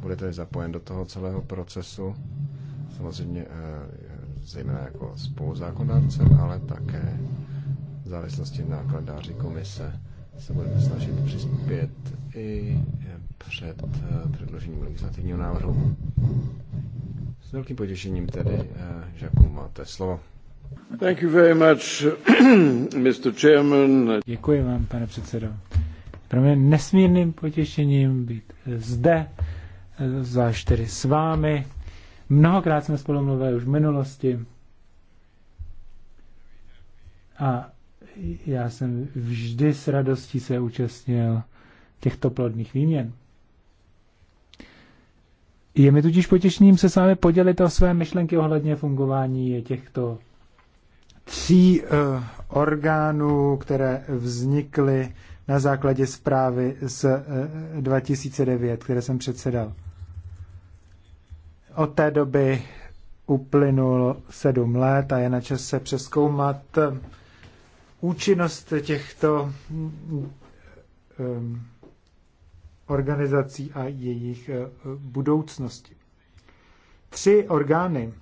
[SPEAKER 4] bude tedy zapojen do toho celého procesu, samozřejmě eh, zejména jako spoluzákonodárce, ale také v závislosti na kalendáři komise se budeme snažit přispět i eh, před předložením legislativního návrhu. S velkým potěšením tedy, Žaku, máte slovo. Děkuji
[SPEAKER 3] vám, pane předsedo. Pro mě nesmírným potěšením být zde, zvlášť tedy s vámi. Mnohokrát jsme spolu mluvili už v minulosti. A já jsem vždy s radostí se účastnil těchto plodných výměn. Je mi tudíž potěšením se s vámi podělit o své myšlenky ohledně fungování těchto tří eh, orgánů, které vznikly na základě zprávy z 2009, eh, které jsem předsedal. Od té doby uplynul sedm let a je na čase přeskoumat eh, účinnost těchto organizací a jejich budoucnosti. Tři orgány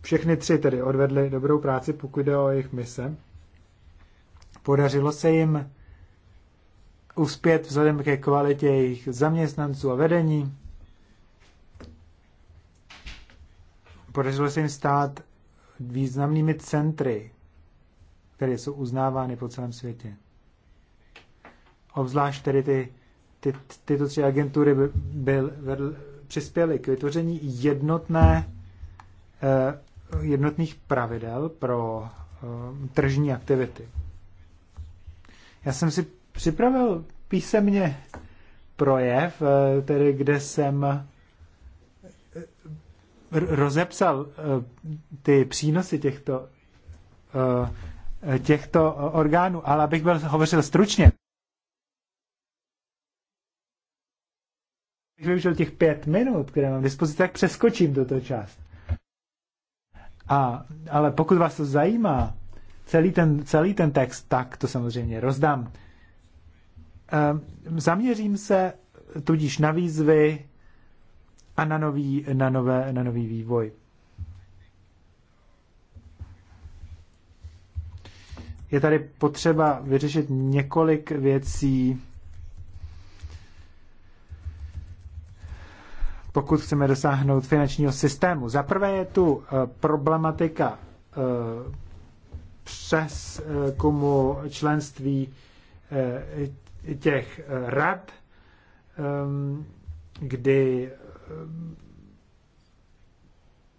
[SPEAKER 3] všechny tři tedy odvedli dobrou práci, pokud jde o jejich mise. Podařilo se jim uspět vzhledem ke kvalitě jejich zaměstnanců a vedení. Podařilo se jim stát významnými centry, které jsou uznávány po celém světě. Obzvlášť tedy ty, ty, tyto tři agentury by, by, by, přispěly k vytvoření jednotné Eh, jednotných pravidel pro eh, tržní aktivity. Já jsem si připravil písemně projev, eh, tedy kde jsem rozepsal ty přínosy těchto, těchto orgánů, ale abych byl, hovořil stručně. Když využil těch pět minut, které mám dispozici, tak přeskočím tuto část. A, ale pokud vás to zajímá, celý ten, celý ten text, tak to samozřejmě rozdám. Ehm, zaměřím se tudíž na výzvy a na nový, na nové, na nový vývoj. Je tady potřeba vyřešit několik věcí, pokud chceme dosáhnout finančního systému. Za prvé je tu eh, problematika eh, přes eh, komu členství těch rad, ehm, kdy ehm,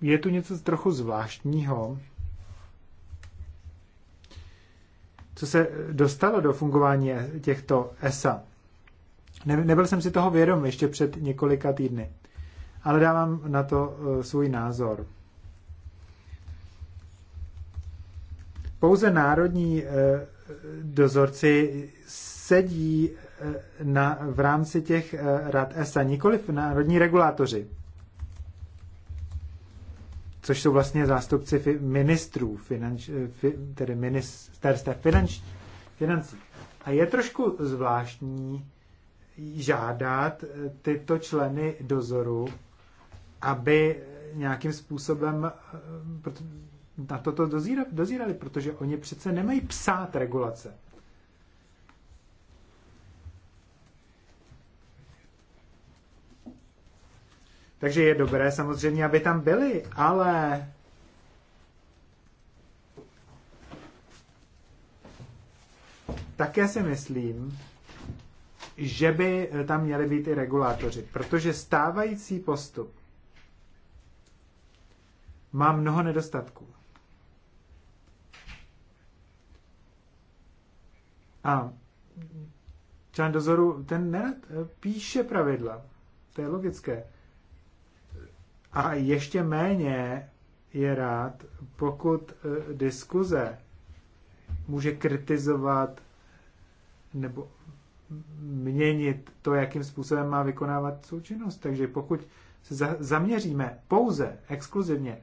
[SPEAKER 3] je tu něco trochu zvláštního, co se dostalo do fungování těchto ESA. Nebyl jsem si toho vědom ještě před několika týdny ale dávám na to eh, svůj názor. Pouze národní eh, dozorci sedí eh, na, v rámci těch rad ESA, v národní regulátoři, což jsou vlastně zástupci ministrů, finanč, tedy ministerstva finanční, financí. A je trošku zvláštní žádat tyto členy dozoru, aby nějakým způsobem eh, na toto dozírali, protože oni přece nemají psát regulace. Takže je dobré samozřejmě, aby tam byli, ale také si myslím, že by tam měli být i regulátoři, protože stávající postup má mnoho nedostatků. A člen dozoru, ten nerad píše pravidla. To je logické. A ještě méně je rád, pokud e, diskuze může kritizovat nebo měnit to, jakým způsobem má vykonávat součinnost. Takže pokud se zaměříme pouze exkluzivně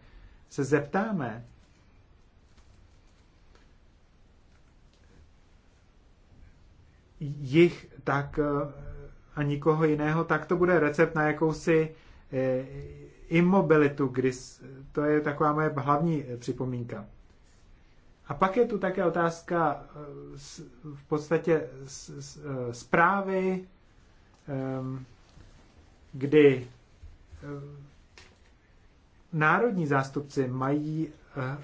[SPEAKER 3] se zeptáme, jich tak eh, a nikoho jiného, tak to bude recept na jakousi eh, imobilitu, když to je taková moje hlavní eh, připomínka. A pak je tu také otázka v podstatě zprávy, ehm, kdy národní zástupci mají eh,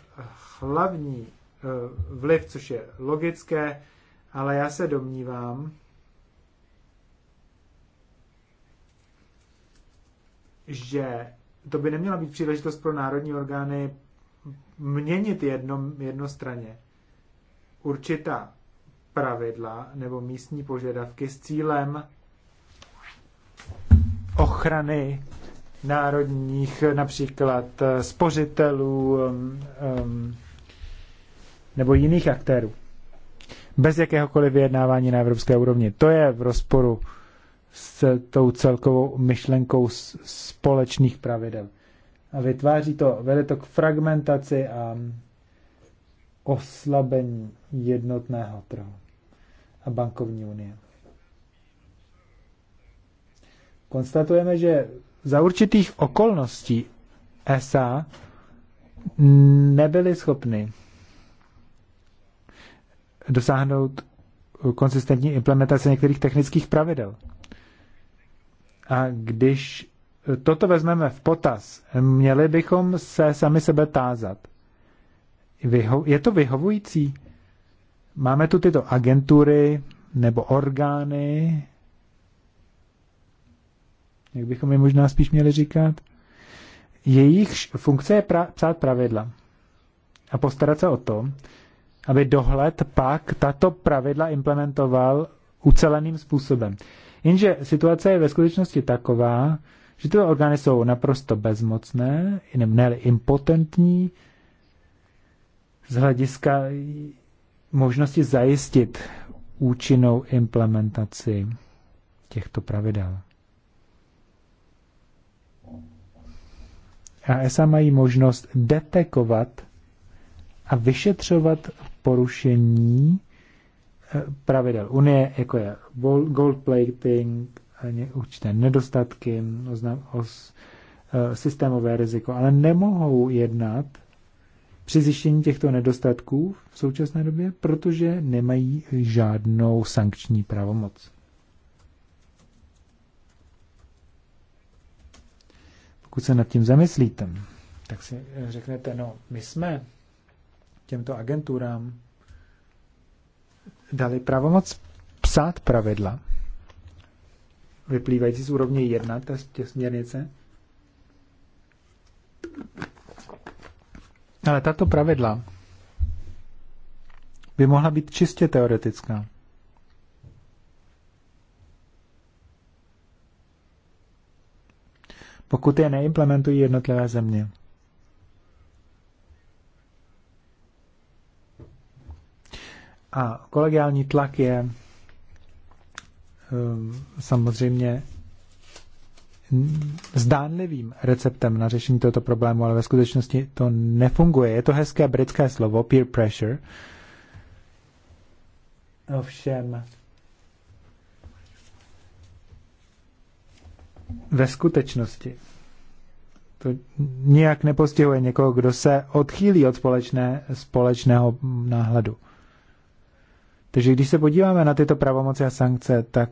[SPEAKER 3] hlavní eh, vliv, což je logické, ale já se domnívám, že to by neměla být příležitost pro národní orgány měnit jedno, jednostranně určitá pravidla nebo místní požadavky s cílem ochrany národních například eh, spořitelů mm, mm, nebo jiných aktérů. Bez jakéhokoliv vyjednávání na evropské úrovni. To je v rozporu s tou celkovou myšlenkou společných pravidel. A vytváří to, vede to k fragmentaci a oslabení jednotného trhu a bankovní unie. Konstatujeme, že za určitých okolností ESA nebyli schopni dosáhnout konsistentní implementace některých technických pravidel. A když toto vezmeme v potaz, měli bychom se sami sebe tázat. Je to vyhovující? Máme tu tyto agentury nebo orgány, jak bychom je možná spíš měli říkat, jejich funkce je pra- psát pravidla a postarat se o to, aby dohled pak tato pravidla implementoval uceleným způsobem. Jenže situace je ve skutečnosti taková, že ty orgány jsou naprosto bezmocné, ne impotentní, z hlediska možnosti zajistit účinnou implementaci těchto pravidel. a ESA mají možnost detekovat a vyšetřovat porušení eh, pravidel Unie, jako je gold plating, určité nedostatky, oznam, os, eh, systémové riziko, ale nemohou jednat při zjištění těchto nedostatků v současné době, protože nemají žádnou sankční pravomoc. Pokud se nad tím zamyslíte, tak si řeknete, no, my jsme těmto agenturám dali pravomoc psát pravidla, vyplývající z úrovně 1 té směrnice. Ale tato pravidla by mohla být čistě teoretická. pokud je neimplementují jednotlivé země. A kolegiální tlak je eh, samozřejmě zdánlivým receptem na řešení tohoto problému, ale ve skutečnosti to nefunguje. Je to hezké britské slovo, peer pressure. Ovšem, ve skutečnosti to nijak nepostihuje někoho, kdo se odchýlí od společné, společného náhledu. Takže když se podíváme na tyto pravomoci a sankce, tak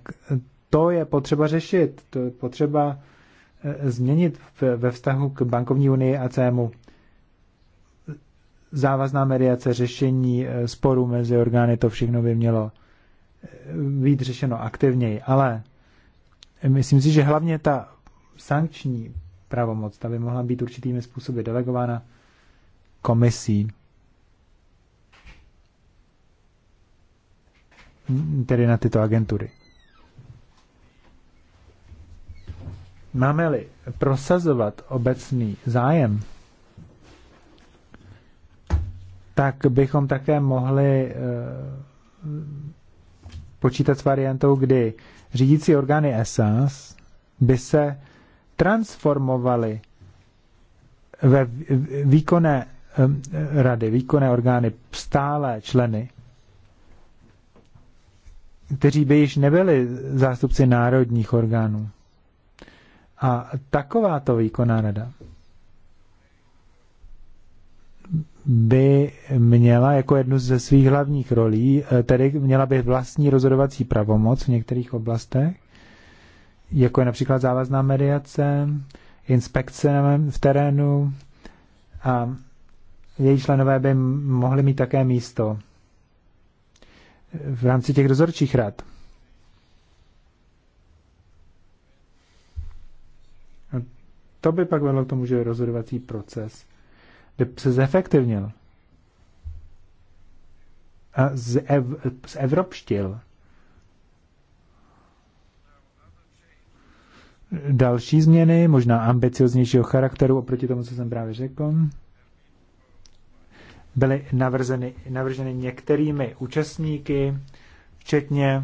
[SPEAKER 3] to je potřeba řešit, to je potřeba eh, změnit ve vztahu k bankovní unii a CMU. Závazná mediace, řešení eh, sporů mezi orgány, to všechno by mělo eh, být řešeno aktivněji, ale Myslím si, že hlavně ta sankční pravomoc, ta by mohla být určitými způsoby delegována komisí. Hm, tedy na tyto agentury. Máme-li prosazovat obecný zájem, tak bychom také mohli eh, počítat s variantou, kdy řídící orgány ESAS by se transformovaly ve výkonné rady, výkonné orgány, stále členy, kteří by již nebyli zástupci národních orgánů. A takováto výkonná rada by měla jako jednu ze svých hlavních rolí, eh, tedy měla by vlastní rozhodovací pravomoc v některých oblastech, jako je například závazná mediace, inspekce v terénu a její členové by mohli mít také místo v rámci těch dozorčích rad. A to by pak vedlo k tomu, že rozhodovací proces kdy se zefektivnil a zev, zevropštil. Další změny, možná ambicioznějšího charakteru oproti tomu, co jsem právě řekl, byly navrženy, navrženy některými účastníky, včetně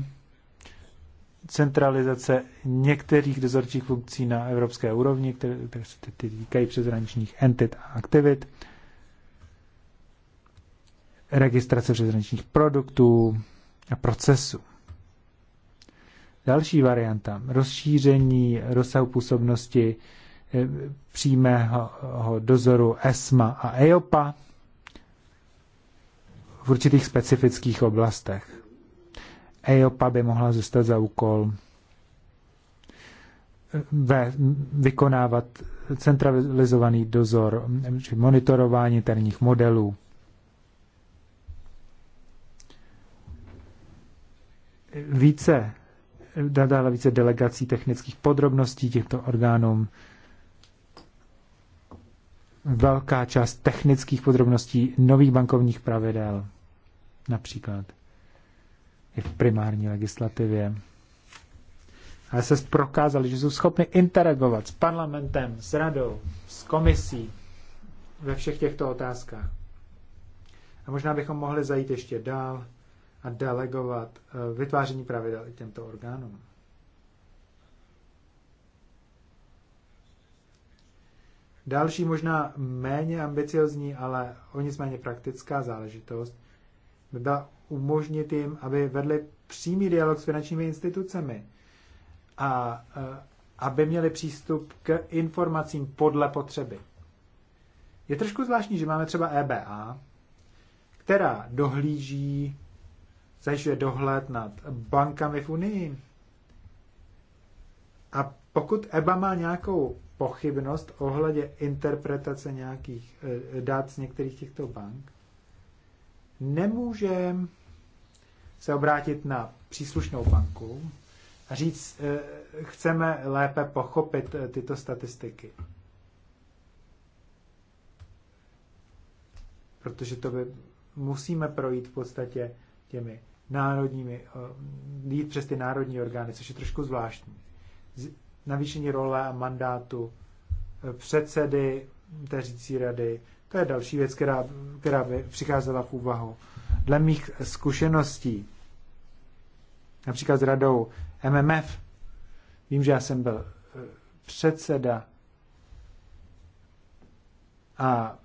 [SPEAKER 3] centralizace některých dozorčích funkcí na evropské úrovni, které, které se týkají přeshraničních entit a aktivit, registrace přeshraničních produktů a procesů. Další varianta, rozšíření rozsahu působnosti eh, přímého dozoru ESMA a EOPA v určitých specifických oblastech. EIOPA by mohla zůstat za úkol eh, ve, vykonávat centralizovaný dozor či monitorování terních modelů. Více, dále více delegací technických podrobností těchto orgánům Velká část technických podrobností nových bankovních pravidel například i v primární legislativě. Ale se prokázali, že jsou schopni interagovat s parlamentem, s radou, s komisí ve všech těchto otázkách. A možná bychom mohli zajít ještě dál a delegovat eh, vytváření pravidel i těmto orgánům. Další možná méně ambiciozní, ale o nic méně praktická záležitost by byla umožnit jim, aby vedli přímý dialog s finančními institucemi a e, aby měli přístup k informacím podle potřeby. Je trošku zvláštní, že máme třeba EBA, která dohlíží, zajišťuje dohled nad bankami v Unii. A pokud EBA má nějakou pochybnost ohledě interpretace nějakých e, dat z některých těchto bank, nemůžeme se obrátit na příslušnou banku a říct, eh, chceme lépe pochopit eh, tyto statistiky. Protože to by musíme projít v podstatě těmi národními, eh, jít přes ty národní orgány, což je trošku zvláštní. Navýšení role a mandátu předsedy té řící rady, to je další věc, která, která by přicházela v úvahu. Dle mých zkušeností, například s radou MMF, vím, že já jsem byl eh, předseda a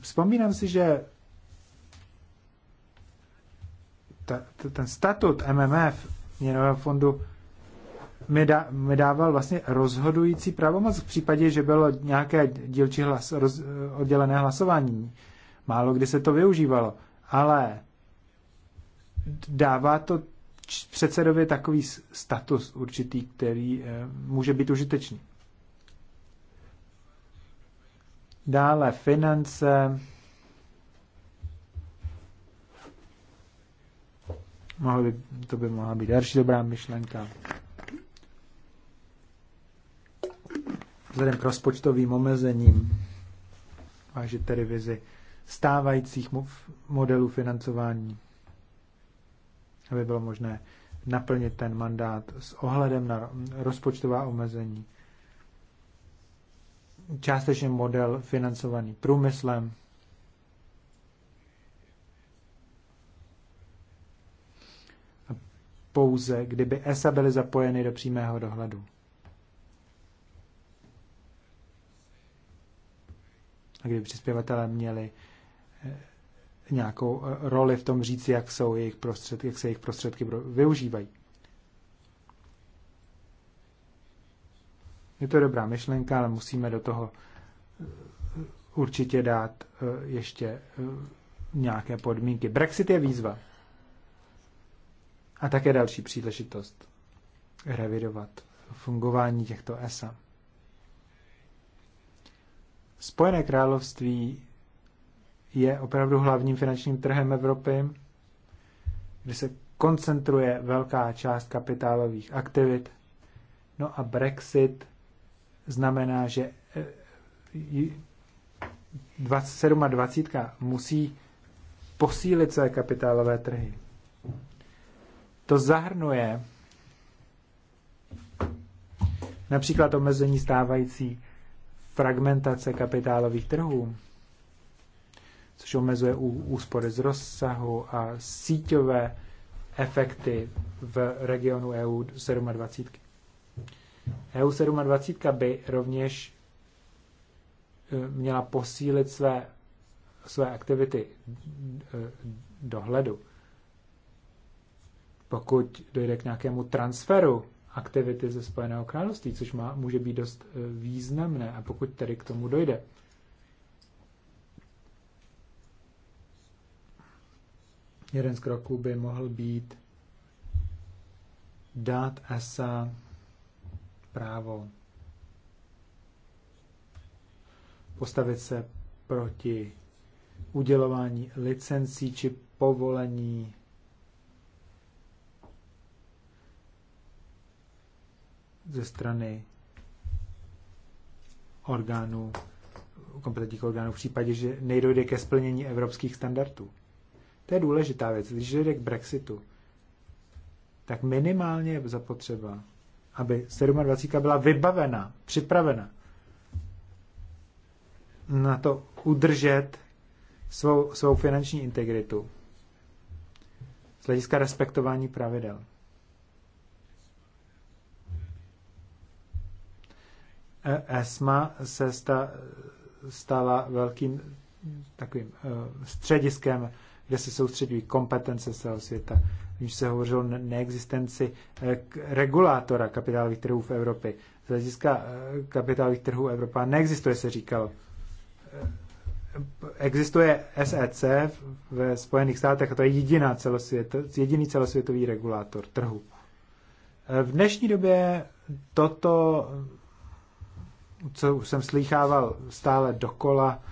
[SPEAKER 3] vzpomínám si, že ta, ta, ten statut MMF, měnového fondu, mi, da, mi dával vlastně rozhodující pravomoc v případě, že bylo nějaké dílčí hlas, roz, oddělené hlasování. Málo kdy se to využívalo ale dává to předsedově takový status určitý, který eh, může být užitečný. Dále finance. Mohlo by, to by mohla být další dobrá myšlenka. Vzhledem k rozpočtovým omezením vážit televizi. vizi stávajících modelů financování, aby bylo možné naplnit ten mandát s ohledem na rozpočtová omezení. Částečně model financovaný průmyslem. A pouze kdyby ESA byly zapojeny do přímého dohledu. A kdyby přispěvatelé měli nějakou eh, roli v tom říci jak, jsou jejich prostředky, jak se jejich prostředky využívají. Je to dobrá myšlenka, ale musíme do toho eh, určitě dát eh, ještě nějaké podmínky. Brexit je výzva. A také další příležitost revidovat fungování těchto ESA. Spojené království je opravdu hlavním finančním trhem Evropy, kde se koncentruje velká část kapitálových aktivit. No a Brexit znamená, že 27 a 20 musí posílit své kapitálové trhy. To zahrnuje například omezení stávající fragmentace kapitálových trhů, což omezuje úspory z rozsahu a síťové efekty v regionu EU 27. EU 27 by rovněž eh, měla posílit své, své aktivity eh, dohledu. Pokud dojde k nějakému transferu aktivity ze Spojeného království, což má, může být dost eh, významné, a pokud tedy k tomu dojde, Jeden z kroků by mohl být dát ESA právo postavit se proti udělování licencí či povolení ze strany orgánů, kompetentních orgánů v případě, že nejdojde ke splnění evropských standardů. To je důležitá věc. Když jde k Brexitu, tak minimálně je zapotřeba, aby 27 byla vybavena, připravena na to udržet svou, svou finanční integritu z hlediska respektování pravidel. E, ESMA se sta, stala velkým takovým e, střediskem kde se soustředují kompetence celého světa. Když se hovořilo o neexistenci eh, regulátora kapitálových trhů v Evropě. Z hlediska eh, kapitálových trhů Evropa neexistuje, se říkalo. Eh, existuje SEC ve Spojených státech a to je jediná celosvěto, jediný celosvětový regulátor trhu. V dnešní době toto, co jsem slýchával stále dokola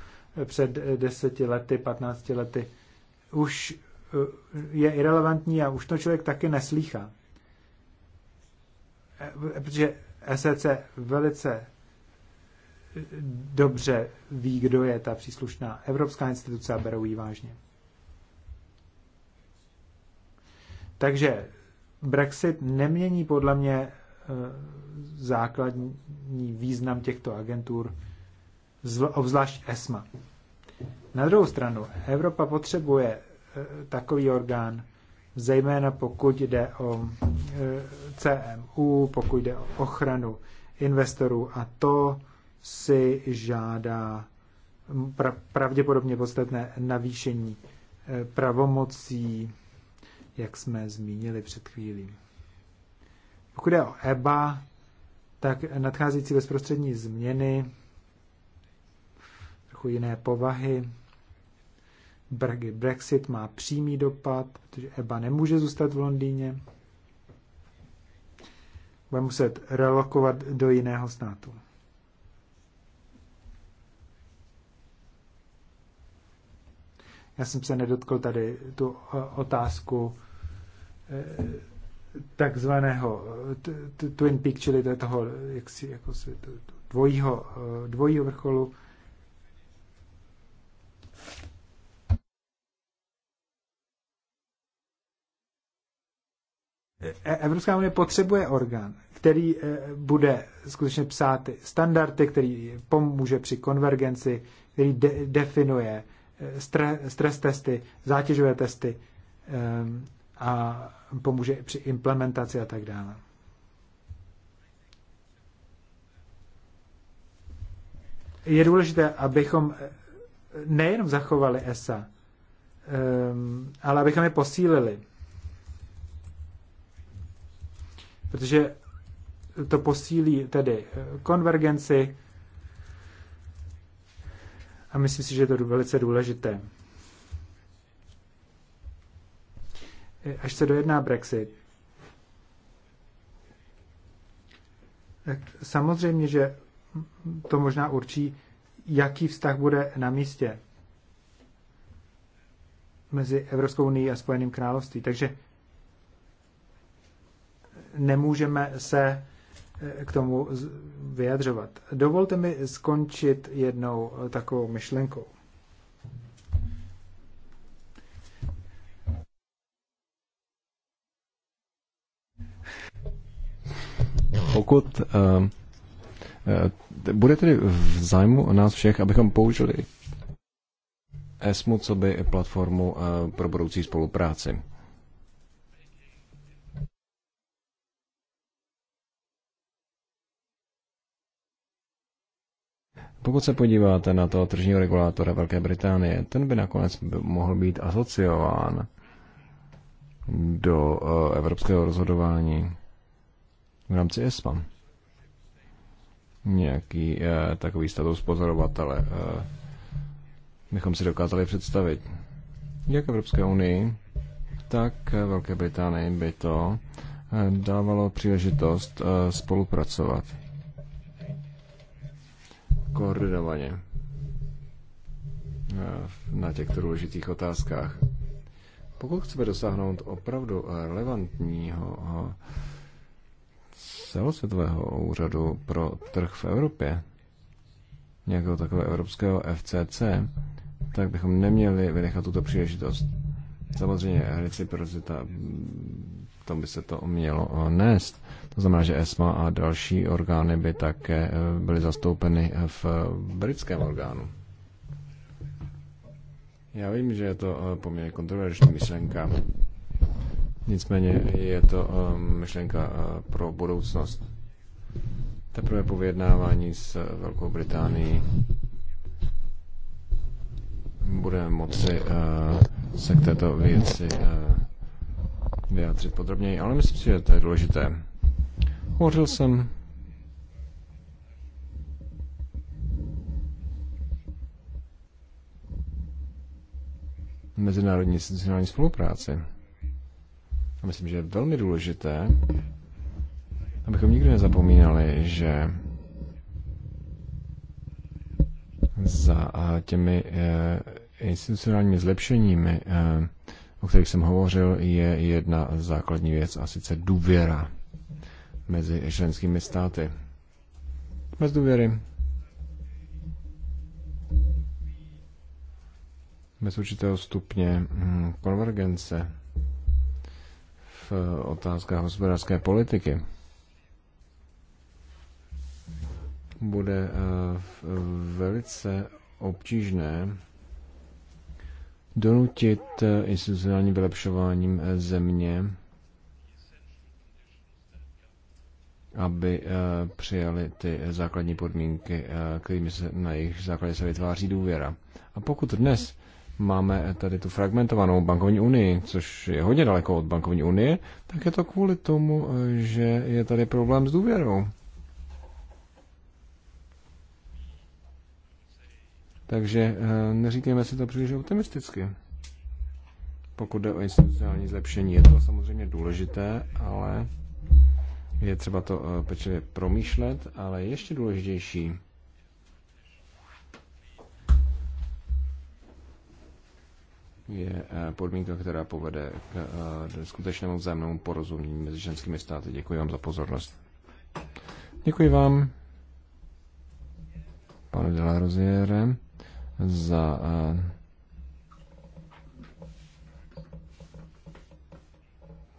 [SPEAKER 3] před deseti lety, patnácti lety, už eh, je irrelevantní a už to člověk taky neslýchá. Eh, protože SEC velice eh, dobře ví, kdo je ta příslušná evropská instituce a berou ji vážně. Takže Brexit nemění podle mě základní význam těchto agentur, obzvlášť ESMA. Na druhou stranu, Evropa potřebuje eh, takový orgán, zejména pokud jde o eh, CMU, pokud jde o ochranu investorů a to si žádá pravděpodobně podstatné navýšení eh, pravomocí, jak jsme zmínili před chvílí. Pokud jde o EBA, tak nadcházející bezprostřední změny trochu jiné povahy, Brexit má přímý dopad, protože EBA nemůže zůstat v Londýně. Bude muset relokovat do jiného státu. Já jsem se nedotkl tady tu eh, otázku eh, takzvaného Twin Peak, čili toho jaksi, jako dvojího, eh, dvojího vrcholu. E, Evropská unie potřebuje orgán, který e, bude skutečně psát standardy, který pomůže při konvergenci, který de- definuje e, stres, stres testy, zátěžové testy a pomůže při implementaci a tak dále. Je důležité, abychom nejenom zachovali ESA, ale abychom je posílili protože to posílí tedy eh, konvergenci a myslím si, že je to velice důležité. Eh, až se dojedná Brexit, tak samozřejmě, že to možná určí, jaký vztah bude na místě mezi Evropskou unii a Spojeným království. Takže nemůžeme se eh, k tomu vyjadřovat. Dovolte mi skončit jednou takovou myšlenkou.
[SPEAKER 4] Pokud uh, uh, bude tedy v zájmu nás všech, abychom použili ESMU, co by platformu uh, pro budoucí spolupráci. Pokud se podíváte na toho tržního regulátora Velké Británie, ten by nakonec mohl být asociován do eh, evropského rozhodování v rámci ESPA. Nějaký eh, takový status pozorovatele eh, bychom si dokázali představit. Jak Evropské unii, tak Velké Británii by to eh, dávalo příležitost eh, spolupracovat koordinovaně eh, na těchto důležitých otázkách. Pokud chceme dosáhnout opravdu eh, relevantního eh, celosvětového úřadu pro trh v Evropě, nějakého takového evropského FCC, tak bychom neměli vynechat tuto příležitost. Samozřejmě reciprocita, tam mm, by se to mělo nést. To znamená, že ESMA a další orgány by také eh, byly zastoupeny eh, v britském orgánu. Já vím, že je to eh, poměrně kontroverzní myšlenka. Nicméně je to myšlenka pro budoucnost. Teprve po vyjednávání s Velkou Británií budeme moci se k této věci vyjádřit podrobněji, ale myslím si, že to je důležité. Hovořil jsem mezinárodní institucionální spolupráci. A myslím, že je velmi důležité, abychom nikdy nezapomínali, že za eh, těmi eh, institucionálními zlepšeními, eh, o kterých jsem hovořil, je jedna základní věc a sice důvěra mezi členskými státy. Bez důvěry. Bez určitého stupně hm, konvergence v otázkách hospodářské politiky bude eh, velice obtížné donutit eh, institucionálním vylepšováním eh, země aby eh, přijali ty základní podmínky, eh, kterými se, na jejich základě se vytváří důvěra. A pokud dnes máme tady tu fragmentovanou bankovní unii, což je hodně daleko od bankovní unie, tak je to kvůli tomu, eh, že je tady problém s důvěrou. Takže neříkejme si to příliš optimisticky. Pokud jde o institucionální zlepšení, je to samozřejmě důležité, ale je třeba to eh, pečlivě promýšlet, ale ještě důležitější je eh, podmínka, která povede k eh, skutečnému vzájemnému porozumění mezi ženskými státy. Děkuji vám za pozornost. Děkuji vám, pane de la Rosiere, za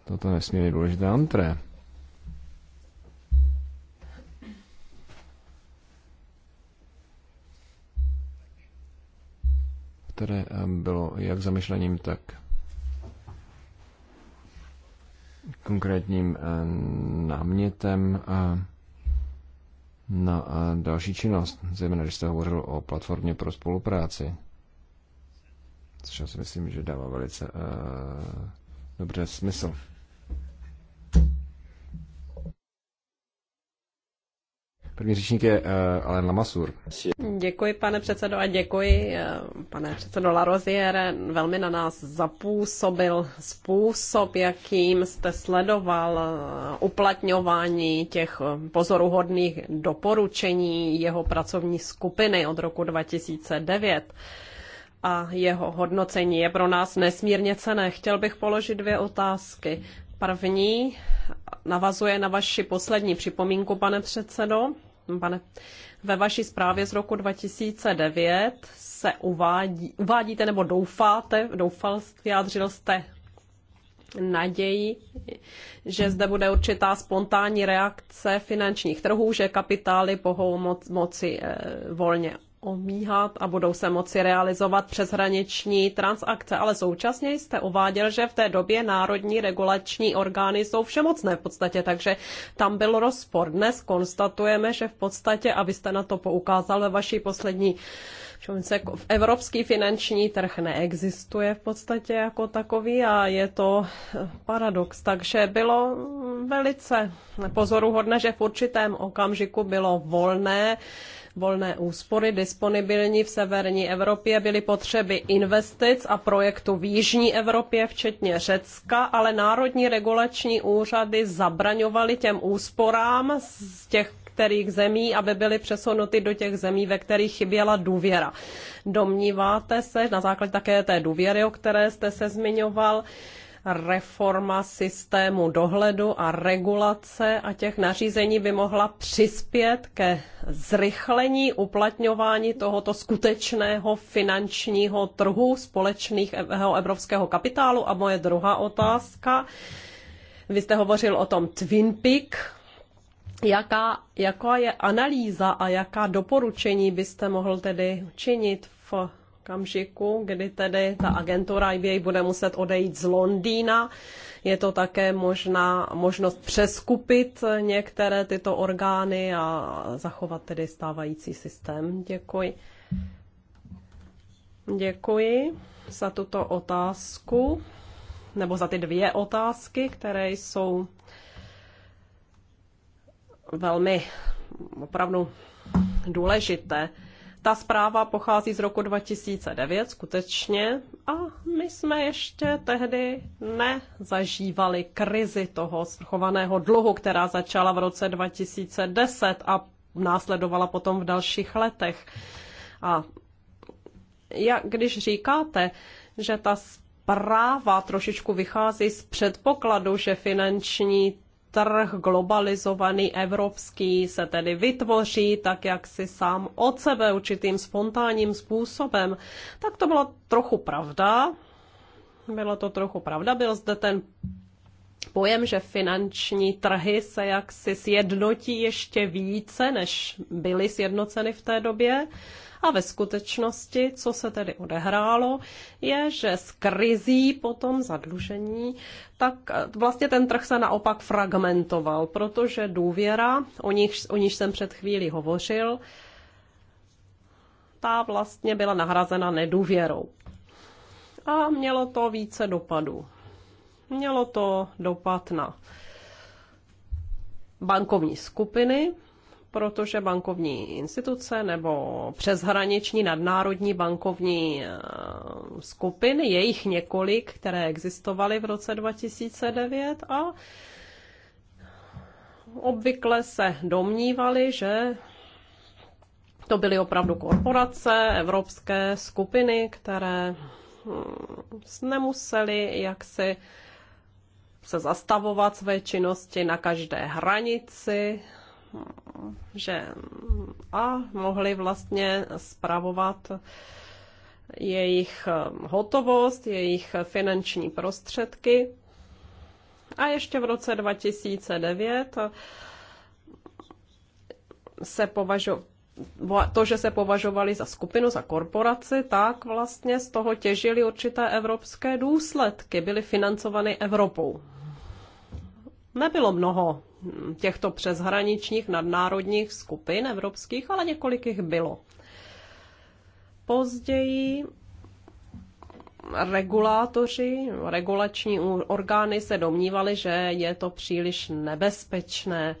[SPEAKER 4] toto nesmírně důležité antré. které bylo jak zamišlením, tak konkrétním námětem na další činnost, zejména když jste hovořil o platformě pro spolupráci, což já si myslím, že dává velice eh, dobře smysl. První řečník je uh, eh, Alen Lamasur.
[SPEAKER 2] Děkuji, pane předsedo, a děkuji, eh, pane předsedo Larozier. Velmi na nás zapůsobil způsob, jakým jste sledoval eh, uplatňování těch pozoruhodných doporučení jeho pracovní skupiny od roku 2009 a jeho hodnocení je pro nás nesmírně cené. Chtěl bych položit dvě otázky. První navazuje na vaši poslední připomínku, pane předsedo, pane. Ve vaší zprávě z roku 2009 se uvádí, uvádíte nebo doufáte, doufal, vyjádřil jste naději, že zde bude určitá spontánní reakce finančních trhů, že kapitály mohou moci eh, volně omíhat a budou se moci realizovat přeshraniční transakce, ale současně jste uváděl, že v té době národní regulační orgány jsou všemocné v podstatě, takže tam byl rozpor. Dnes konstatujeme, že v podstatě, a vy jste na to poukázal ve vaší poslední se v evropský finanční trh neexistuje v podstatě jako takový a je to paradox. Takže bylo velice pozoruhodné, že v určitém okamžiku bylo volné volné úspory disponibilní v severní Evropě byly potřeby investic a projektů v jižní Evropě, včetně Řecka, ale národní regulační úřady zabraňovaly těm úsporám z těch kterých zemí, aby byly přesunuty do těch zemí, ve kterých chyběla důvěra. Domníváte se, na základě také té důvěry, o které jste se zmiňoval, reforma systému dohledu a regulace a těch nařízení by mohla přispět ke zrychlení uplatňování tohoto skutečného finančního trhu společného evropského kapitálu. A moje druhá otázka. Vy jste hovořil o tom Twin Peak, Jaká, jaká je analýza a jaká doporučení byste mohl tedy učinit v okamžiku, kdy tedy ta agentura IBA bude muset odejít z Londýna. Je to také možná možnost přeskupit některé tyto orgány a zachovat tedy stávající systém. Děkuji. Děkuji za tuto otázku, nebo za ty dvě otázky, které jsou velmi opravdu důležité. Ta zpráva pochází z roku 2009 skutečně a my jsme ještě tehdy nezažívali krizi toho schovaného dluhu, která začala v roce 2010 a následovala potom v dalších letech. A jak když říkáte, že ta zpráva trošičku vychází z předpokladu, že finanční trh globalizovaný evropský se tedy vytvoří tak, jak si sám od sebe určitým spontánním způsobem. Tak to byla trochu pravda. Byla to trochu pravda. Byl zde ten pojem, že finanční trhy se jaksi sjednotí ještě více, než byly sjednoceny v té době. A ve skutečnosti, co se tedy odehrálo, je, že s krizí potom zadlužení, tak eh, vlastně ten trh se naopak fragmentoval, protože důvěra, o níž, o níž jsem před chvílí hovořil, ta vlastně byla nahrazena nedůvěrou. A mělo to více dopadů. Mělo to dopad na bankovní skupiny, protože bankovní instituce nebo přeshraniční nadnárodní bankovní eh, skupiny, jejich několik, které existovaly v roce 2009 a obvykle se domnívali, že to byly opravdu korporace, evropské skupiny, které hm, nemuseli jaksi se zastavovat své činnosti na každé hranici že a mohli vlastně spravovat jejich eh, hotovost, jejich finanční prostředky. A ještě v roce 2009 se považo, to, že se považovali za skupinu, za korporaci, tak vlastně z toho těžili určité evropské důsledky, byly financovány Evropou. Nebylo mnoho těchto přeshraničních nadnárodních skupin evropských, ale několik jich bylo. Později regulátoři, regulační orgány se domnívali, že je to příliš nebezpečné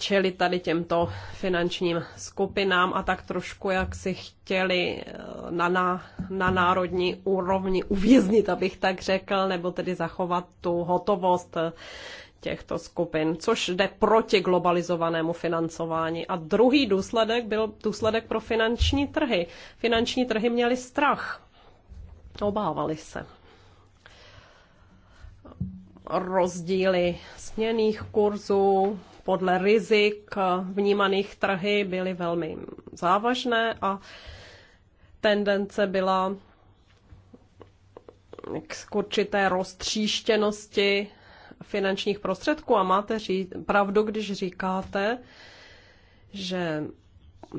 [SPEAKER 2] čeli tady těmto finančním skupinám a tak trošku, jak si chtěli eh, na, na, na národní úrovni uvěznit, abych tak řekl, nebo tedy zachovat tu hotovost eh, těchto skupin, což jde proti globalizovanému financování. A druhý důsledek byl důsledek pro finanční trhy. Finanční trhy měly strach, obávali se rozdíly směných kurzů, podle rizik vnímaných trhy byly velmi závažné a tendence byla k určité roztříštěnosti finančních prostředků a máte ří, pravdu, když říkáte, že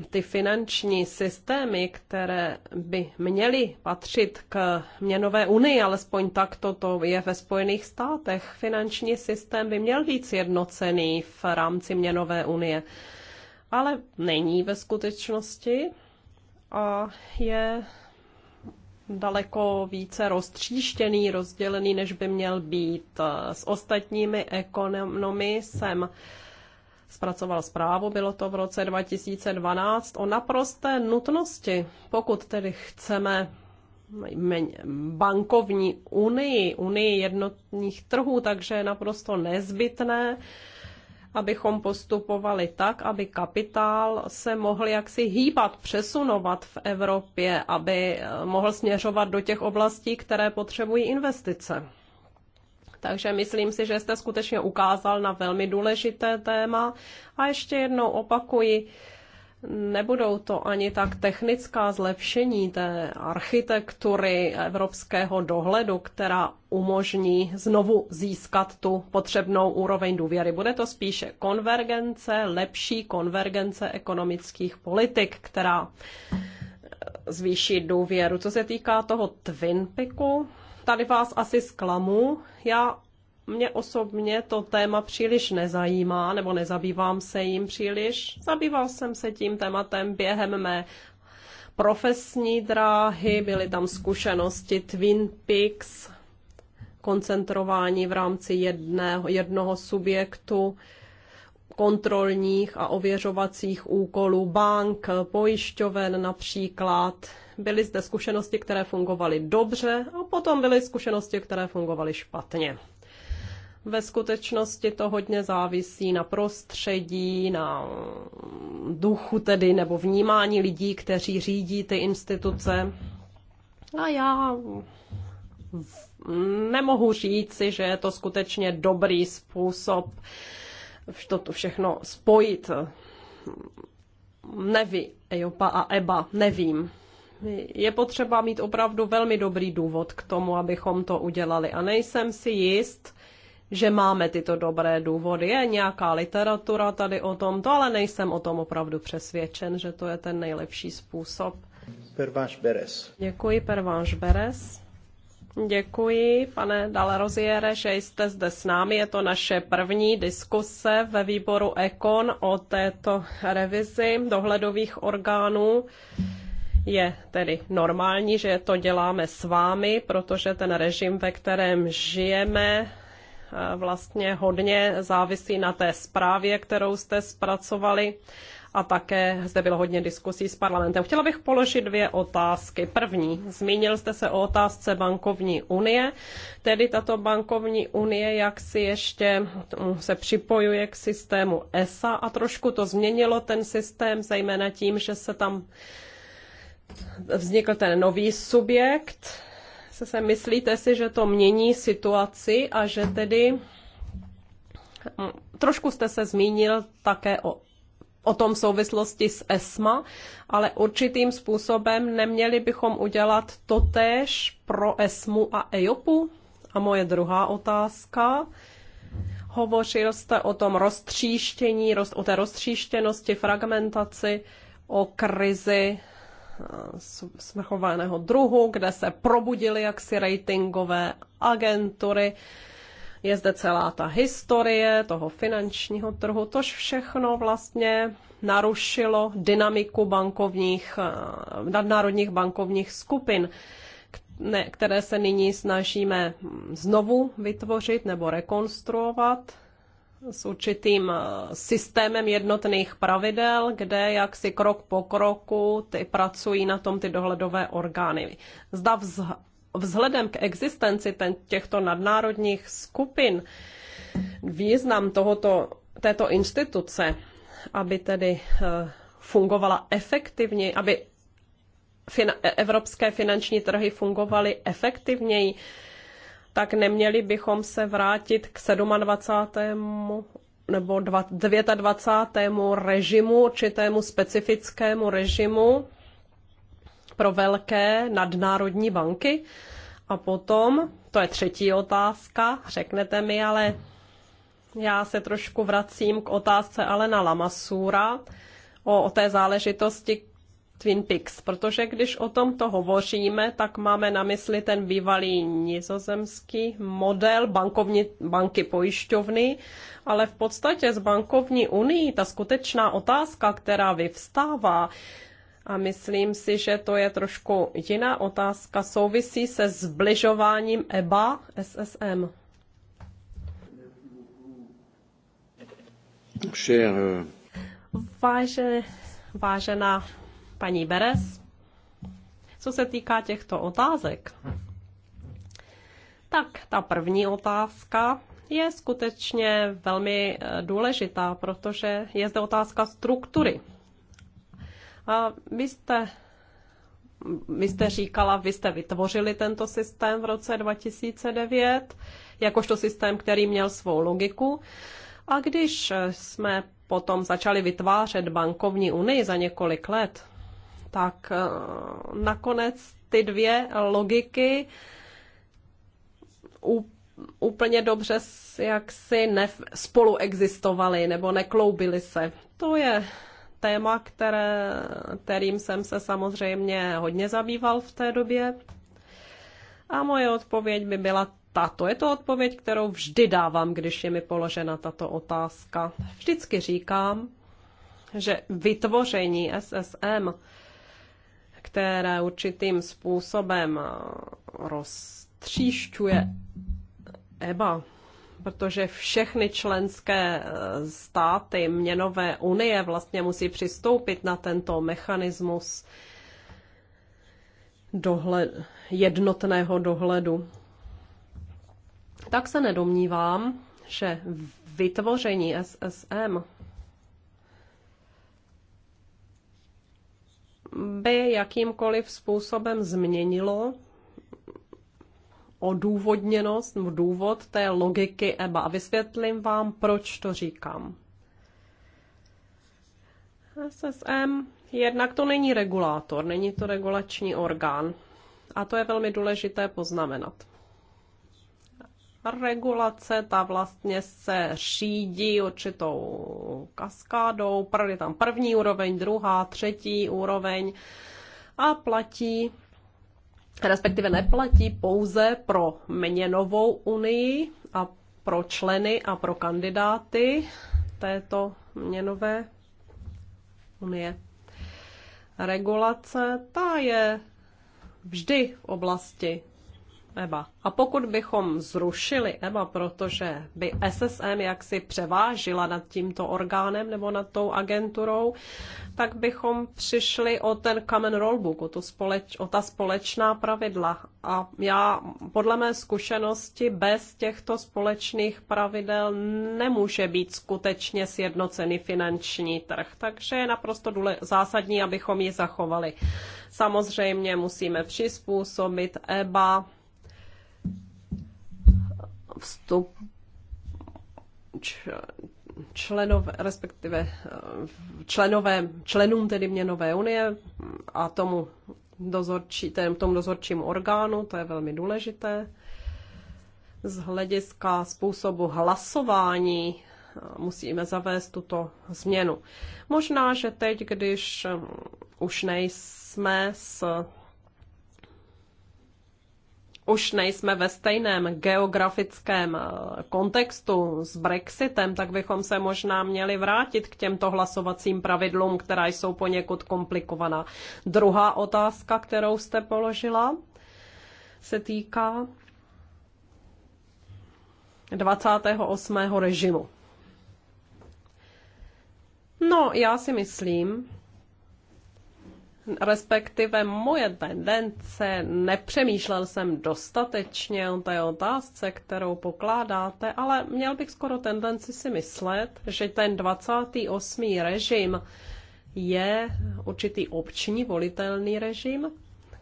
[SPEAKER 2] ty finanční systémy, které by měly patřit k měnové unii, alespoň tak toto je ve Spojených státech, finanční systém by měl být jednocený v rámci měnové unie, ale není ve skutečnosti a je daleko více roztříštěný, rozdělený, než by měl být. S ostatními ekonomy jsem zpracoval zprávu, bylo to v roce 2012, o naprosté nutnosti, pokud tedy chceme bankovní unii, unii jednotných trhů, takže je naprosto nezbytné, abychom postupovali tak, aby kapitál se mohl jaksi hýbat, přesunovat v Evropě, aby eh, mohl směřovat do těch oblastí, které potřebují investice. Takže myslím si, že jste skutečně ukázal na velmi důležité téma. A ještě jednou opakuji, nebudou to ani tak technická zlepšení té architektury evropského dohledu, která umožní znovu získat tu potřebnou úroveň důvěry. Bude to spíše konvergence, lepší konvergence ekonomických politik, která zvýší důvěru. Co se týká toho Twin tady vás asi zklamu. Já mě osobně to téma příliš nezajímá, nebo nezabývám se jim příliš. Zabýval jsem se tím tématem během mé profesní dráhy, byly tam zkušenosti Twin Peaks, koncentrování v rámci jedného, jednoho subjektu kontrolních a ověřovacích úkolů bank, pojišťoven například. Byly zde zkušenosti, které fungovaly dobře a potom byly zkušenosti, které fungovaly špatně. Ve skutečnosti to hodně závisí na prostředí, na duchu tedy, nebo vnímání lidí, kteří řídí ty instituce. A já nemohu říci, že je to skutečně dobrý způsob, toto všechno spojit. Nevy, Ejopa a EBA, nevím. Je potřeba mít opravdu velmi dobrý důvod k tomu, abychom to udělali. A nejsem si jist, že máme tyto dobré důvody. Je nějaká literatura tady o tomto, ale nejsem o tom opravdu přesvědčen, že to je ten nejlepší způsob.
[SPEAKER 3] Perváš Beres.
[SPEAKER 2] Děkuji, Pervanš Beres. Děkuji, pane Daleroziere, že jste zde s námi. Je to naše první diskuse ve výboru Ekon o této revizi dohledových orgánů. Je tedy normální, že to děláme s vámi, protože ten režim, ve kterém žijeme, eh, vlastně hodně závisí na té zprávě, kterou jste zpracovali a také zde bylo hodně diskusí s parlamentem. Chtěla bych položit dvě otázky. První, zmínil jste se o otázce bankovní unie, tedy tato bankovní unie, jak si ještě se připojuje k systému ESA a trošku to změnilo ten systém, zejména tím, že se tam vznikl ten nový subjekt, se, se myslíte si, že to mění situaci a že tedy mm, trošku jste se zmínil také o o tom souvislosti s ESMA, ale určitým způsobem neměli bychom udělat totéž pro ESMu a EIOPu? A moje druhá otázka. Hovořil jste o tom roztříštění, o té roztříštěnosti, fragmentaci, o krizi eh, smrchovaného druhu, kde se probudily jaksi ratingové agentury je zde celá ta historie toho finančního trhu, tož všechno vlastně narušilo dynamiku bankovních, eh, nadnárodních bankovních skupin, které se nyní snažíme hm, znovu vytvořit nebo rekonstruovat s určitým eh, systémem jednotných pravidel, kde jak si krok po kroku ty pracují na tom ty dohledové orgány. Zda vzhledem k existenci ten, těchto nadnárodních skupin význam tohoto, této instituce, aby tedy eh, fungovala efektivně, aby fina, e, evropské finanční trhy fungovaly efektivněji, tak neměli bychom se vrátit k 27 nebo 29. režimu, určitému specifickému režimu, pro velké nadnárodní banky? A potom, to je třetí otázka, řeknete mi, ale já se trošku vracím k otázce Alena Lamasura o, o té záležitosti Twin Peaks, protože když o tomto hovoříme, tak máme na mysli ten bývalý nizozemský model bankovní, banky pojišťovny, ale v podstatě z bankovní unii ta skutečná otázka, která vyvstává, a myslím si, že to je trošku jiná otázka. Souvisí se zbližováním EBA SSM. Eh. Váže, vážená paní Beres, co se týká těchto otázek, tak ta první otázka je skutečně velmi eh, důležitá, protože je zde otázka struktury a vy jste, vy jste říkala, vy jste vytvořili tento systém v roce 2009, jakožto systém, který měl svou logiku. A když jsme potom začali vytvářet bankovní unii za několik let, tak eh, nakonec ty dvě logiky úplně dobře jaksi ne, spolu existovaly nebo nekloubily se. To je téma, které, kterým jsem se samozřejmě hodně zabýval v té době. A moje odpověď by byla tato. Je to odpověď, kterou vždy dávám, když je mi položena tato otázka. Vždycky říkám, že vytvoření SSM, které určitým způsobem roztříšťuje EBA, protože všechny členské eh, státy měnové unie vlastně musí přistoupit na tento mechanismus dohled, jednotného dohledu. Tak se nedomnívám, že vytvoření SSM by jakýmkoliv způsobem změnilo odůvodněnost nebo důvod té logiky EBA a vysvětlím vám, proč to říkám. SSM jednak to není regulátor, není to regulační orgán. A to je velmi důležité poznamenat. Regulace, ta vlastně se řídí určitou kaskádou, je tam první úroveň, druhá, třetí úroveň a platí respektive neplatí pouze pro měnovou unii a pro členy a pro kandidáty této měnové unie. Regulace ta je vždy v oblasti EBA. A pokud bychom zrušili EBA, protože by SSM jaksi převážila nad tímto orgánem nebo nad tou agenturou, tak bychom přišli o ten Common Rollbook, o, tu společ, o ta společná pravidla. A já podle mé zkušenosti bez těchto společných pravidel nemůže být skutečně sjednocený finanční trh. Takže je naprosto důle, zásadní, abychom ji zachovali. Samozřejmě musíme přizpůsobit EBA vstup členové, respektive eh, členové, členům tedy měnové unie a tomu, dozorčí, tomu dozorčímu orgánu, to je velmi důležité. Z hlediska způsobu hlasování eh, musíme zavést tuto změnu. Možná, že teď, když eh, už nejsme s už nejsme ve stejném geografickém eh, kontextu s Brexitem, tak bychom se možná měli vrátit k těmto hlasovacím pravidlům, která jsou poněkud komplikovaná. Druhá otázka, kterou jste položila, se týká 28. režimu. No, já si myslím, respektive moje tendence, nepřemýšlel jsem dostatečně o té otázce, kterou pokládáte, ale měl bych skoro tendenci si myslet, že ten 28. režim je určitý obční volitelný režim,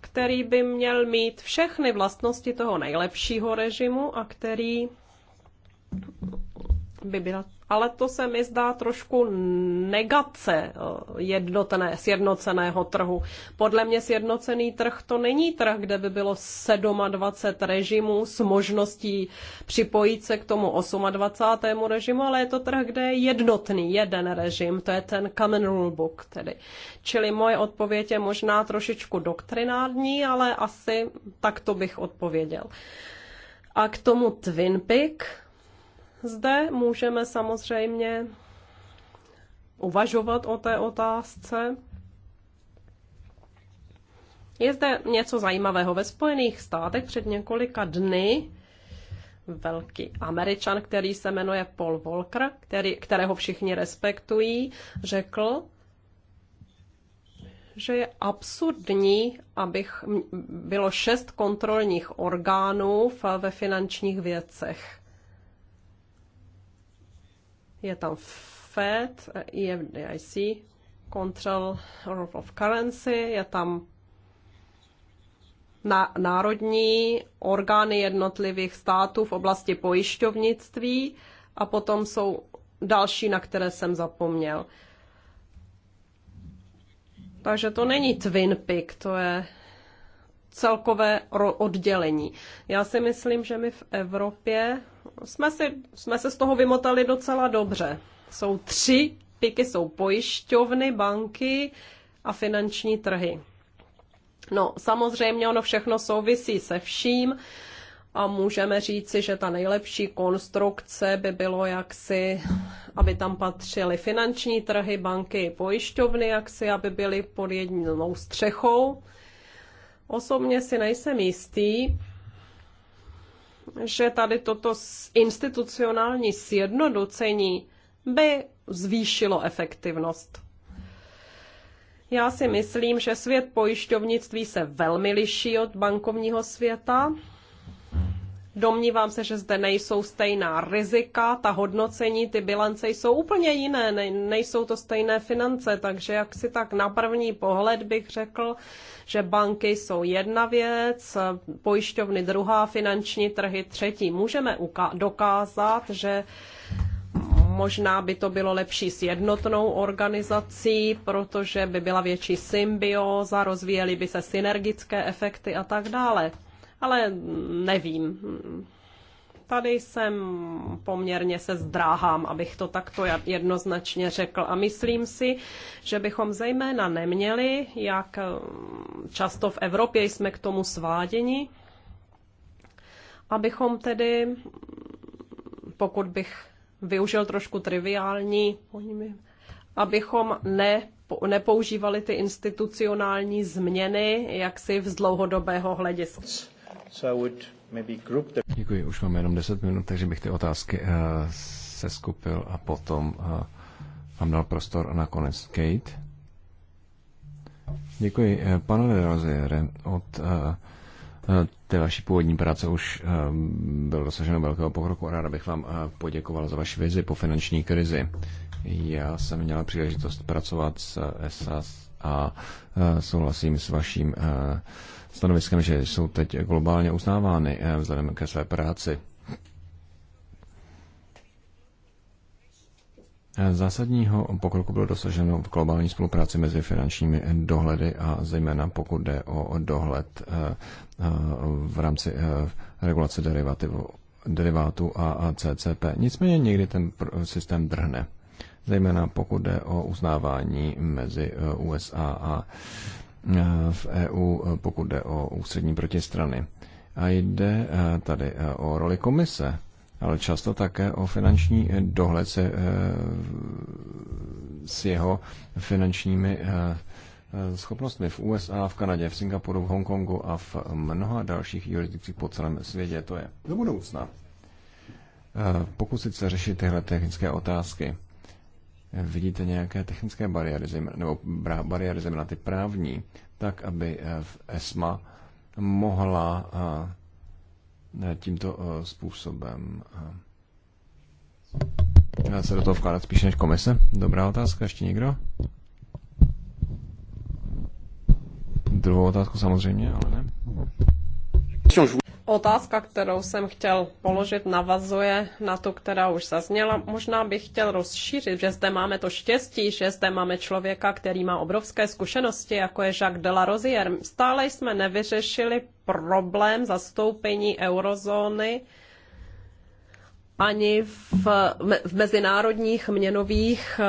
[SPEAKER 2] který by měl mít všechny vlastnosti toho nejlepšího režimu a který by byla, ale to se mi zdá trošku negace eh, jednotné, sjednoceného trhu. Podle mě sjednocený trh to není trh, kde by bylo 27 režimů s možností připojit se k tomu 28. režimu, ale je to trh, kde je jednotný jeden režim, to je ten common rule book tedy. Čili moje odpověď je možná trošičku doktrinární, ale asi takto bych odpověděl. A k tomu Twin Peak, zde můžeme samozřejmě uvažovat o té otázce. Je zde něco zajímavého. Ve Spojených státech před několika dny velký američan, který se jmenuje Paul Volcker, který, kterého všichni respektují, řekl, že je absurdní, abych bylo šest kontrolních orgánů ve finančních věcech. Je tam FED, EFDIC, Control of Currency, je tam na, národní orgány jednotlivých států v oblasti pojišťovnictví a potom jsou další, na které jsem zapomněl. Takže to není Twin Peak, to je celkové oddělení. Já si myslím, že my v Evropě jsme, si, jsme se z toho vymotali docela dobře. Jsou tři piky, jsou pojišťovny, banky a finanční trhy. No, samozřejmě ono všechno souvisí se vším a můžeme říci, že ta nejlepší konstrukce by bylo jaksi, aby tam patřily finanční trhy, banky, pojišťovny, jaksi, aby byly pod jednou střechou. Osobně si nejsem jistý, že tady toto institucionální sjednocení by zvýšilo efektivnost. Já si myslím, že svět pojišťovnictví se velmi liší od bankovního světa Domnívám se, že zde nejsou stejná rizika, ta hodnocení, ty bilance jsou úplně jiné, ne, nejsou to stejné finance, takže jak si tak na první pohled bych řekl, že banky jsou jedna věc, pojišťovny druhá, finanční trhy třetí. Můžeme dokázat, že možná by to bylo lepší s jednotnou organizací, protože by byla větší symbioza, rozvíjely by se synergické efekty a tak dále ale nevím. Tady jsem poměrně se zdráhám, abych to takto jednoznačně řekl. A myslím si, že bychom zejména neměli, jak eh, často v Evropě jsme k tomu sváděni, abychom tedy, pokud bych využil trošku triviální, abychom ne, nepoužívali ty institucionální změny jaksi z dlouhodobého hlediska.
[SPEAKER 4] Děkuji, už máme jenom 10 minut, takže bych ty otázky uh, seskupil a potom uh, vám dal prostor na konec Kate. Děkuji. Eh, pane Roziere, od uh, té vaší původní práce už uh, bylo dosaženo velkého pokroku a ráda bych vám uh, poděkoval za vaši vizi po finanční krizi. Já jsem měla příležitost pracovat s ESAS a souhlasím s vaším stanoviskem, že jsou teď globálně uznávány eh, vzhledem ke své práci. Eh, zásadního pokroku bylo dosaženo v globální spolupráci mezi finančními dohledy a zejména pokud jde o dohled eh, v rámci regulace derivativu, derivátu a CCP. Nicméně někdy ten systém drhne, zejména pokud jde o uznávání mezi USA a Eh, v EU, eh, pokud jde o ústřední protistrany. A jde eh, tady o roli komise, ale často také o finanční dohled se, s jeho finančními schopnostmi v USA, v Kanadě, v Singapuru, v Hongkongu a v mnoha dalších jurisdikcích po celém světě. To je do budoucna. Pokusit se řešit tyhle technické otázky vidíte nějaké technické bariéry, nebo bariéry zejména ty právní, tak aby eh, v ESMA mohla eh, eh, tímto způsobem se do toho vkládat spíše než komise? Dobrá otázka, ještě někdo? Druhou otázku samozřejmě, ale ne.
[SPEAKER 2] Otázka, kterou jsem chtěl položit, navazuje na tu, která už zazněla. Možná bych chtěl rozšířit, že zde máme to štěstí, že zde máme člověka, který má obrovské zkušenosti, jako je Jacques Delarozier. Stále jsme nevyřešili problém zastoupení eurozóny ani v, v mezinárodních měnových eh,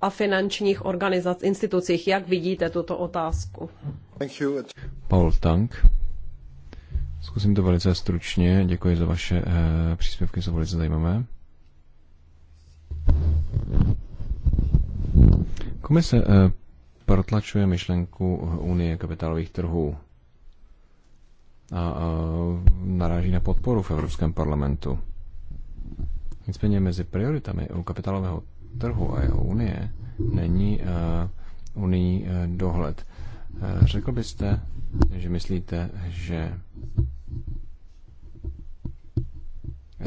[SPEAKER 2] a finančních organizacích institucích. Jak vidíte tuto otázku?
[SPEAKER 4] Paul Tank. Zkusím to velice stručně. Děkuji za vaše eh, příspěvky, jsou velice zajímavé. Komise eh, protlačuje myšlenku Unie kapitálových trhů a eh, naráží na podporu v Evropském parlamentu. Nicméně mezi prioritami u kapitálového trhu a jeho unie není uh, unijní uh, dohled. Uh, řekl byste, že myslíte, že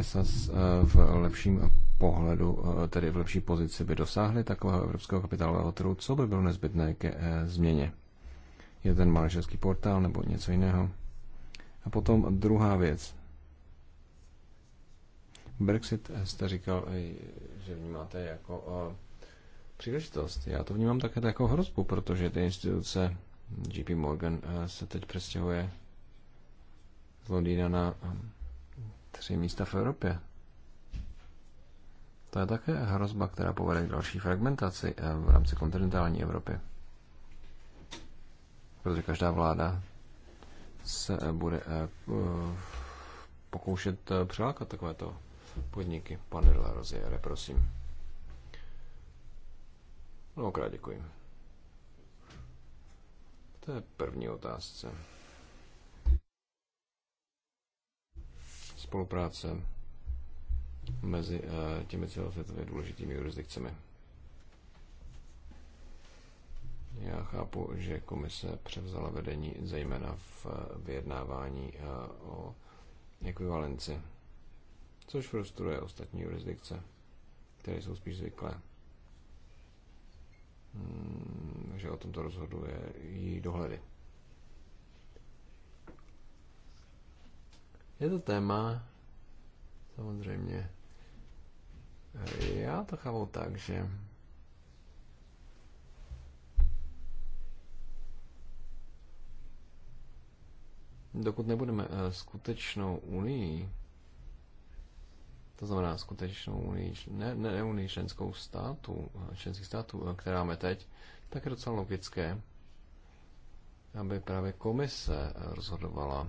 [SPEAKER 4] SAS eh, v lepším pohledu, eh, tedy v lepší pozici by dosáhly takového evropského kapitálového trhu, co by bylo nezbytné ke eh, změně? Je ten manažerský portál nebo něco jiného? A potom druhá věc. Brexit jste říkal, že vnímáte jako příležitost. Já to vnímám také jako hrozbu, protože ty instituce JP Morgan se teď přestěhuje z Londýna na tři místa v Evropě. To je také hrozba, která povede k další fragmentaci eh, v rámci kontinentální Evropy. Protože každá vláda se eh, bude eh, pokoušet přilákat takovéto podniky. Pane La Roziere, prosím. Mnohokrát děkuji. To je první otázce. spolupráce mezi eh, těmi celosvětově důležitými jurisdikcemi. Já chápu, že komise převzala vedení zejména v eh, vyjednávání eh, o ekvivalenci, což frustruje ostatní jurisdikce, které jsou spíš zvyklé. Hmm, že o tomto rozhoduje její dohledy. Je to téma, samozřejmě. E, já to chápu tak, že dokud nebudeme e, skutečnou unii, to znamená skutečnou unii, ne, ne unii členskou státu, e, členských států, která máme teď, tak je docela logické, aby právě komise rozhodovala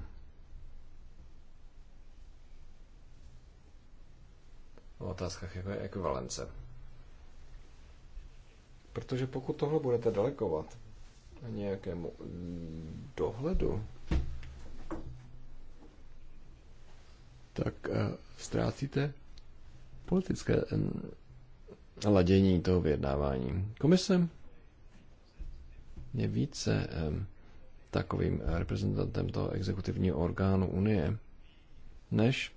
[SPEAKER 4] o otázkách jako je ekvivalence. Protože pokud tohle budete delegovat nějakému dohledu, tak eh, ztrácíte politické eh, ladění toho vyjednávání. Komise je více eh, takovým reprezentantem toho exekutivního orgánu Unie, než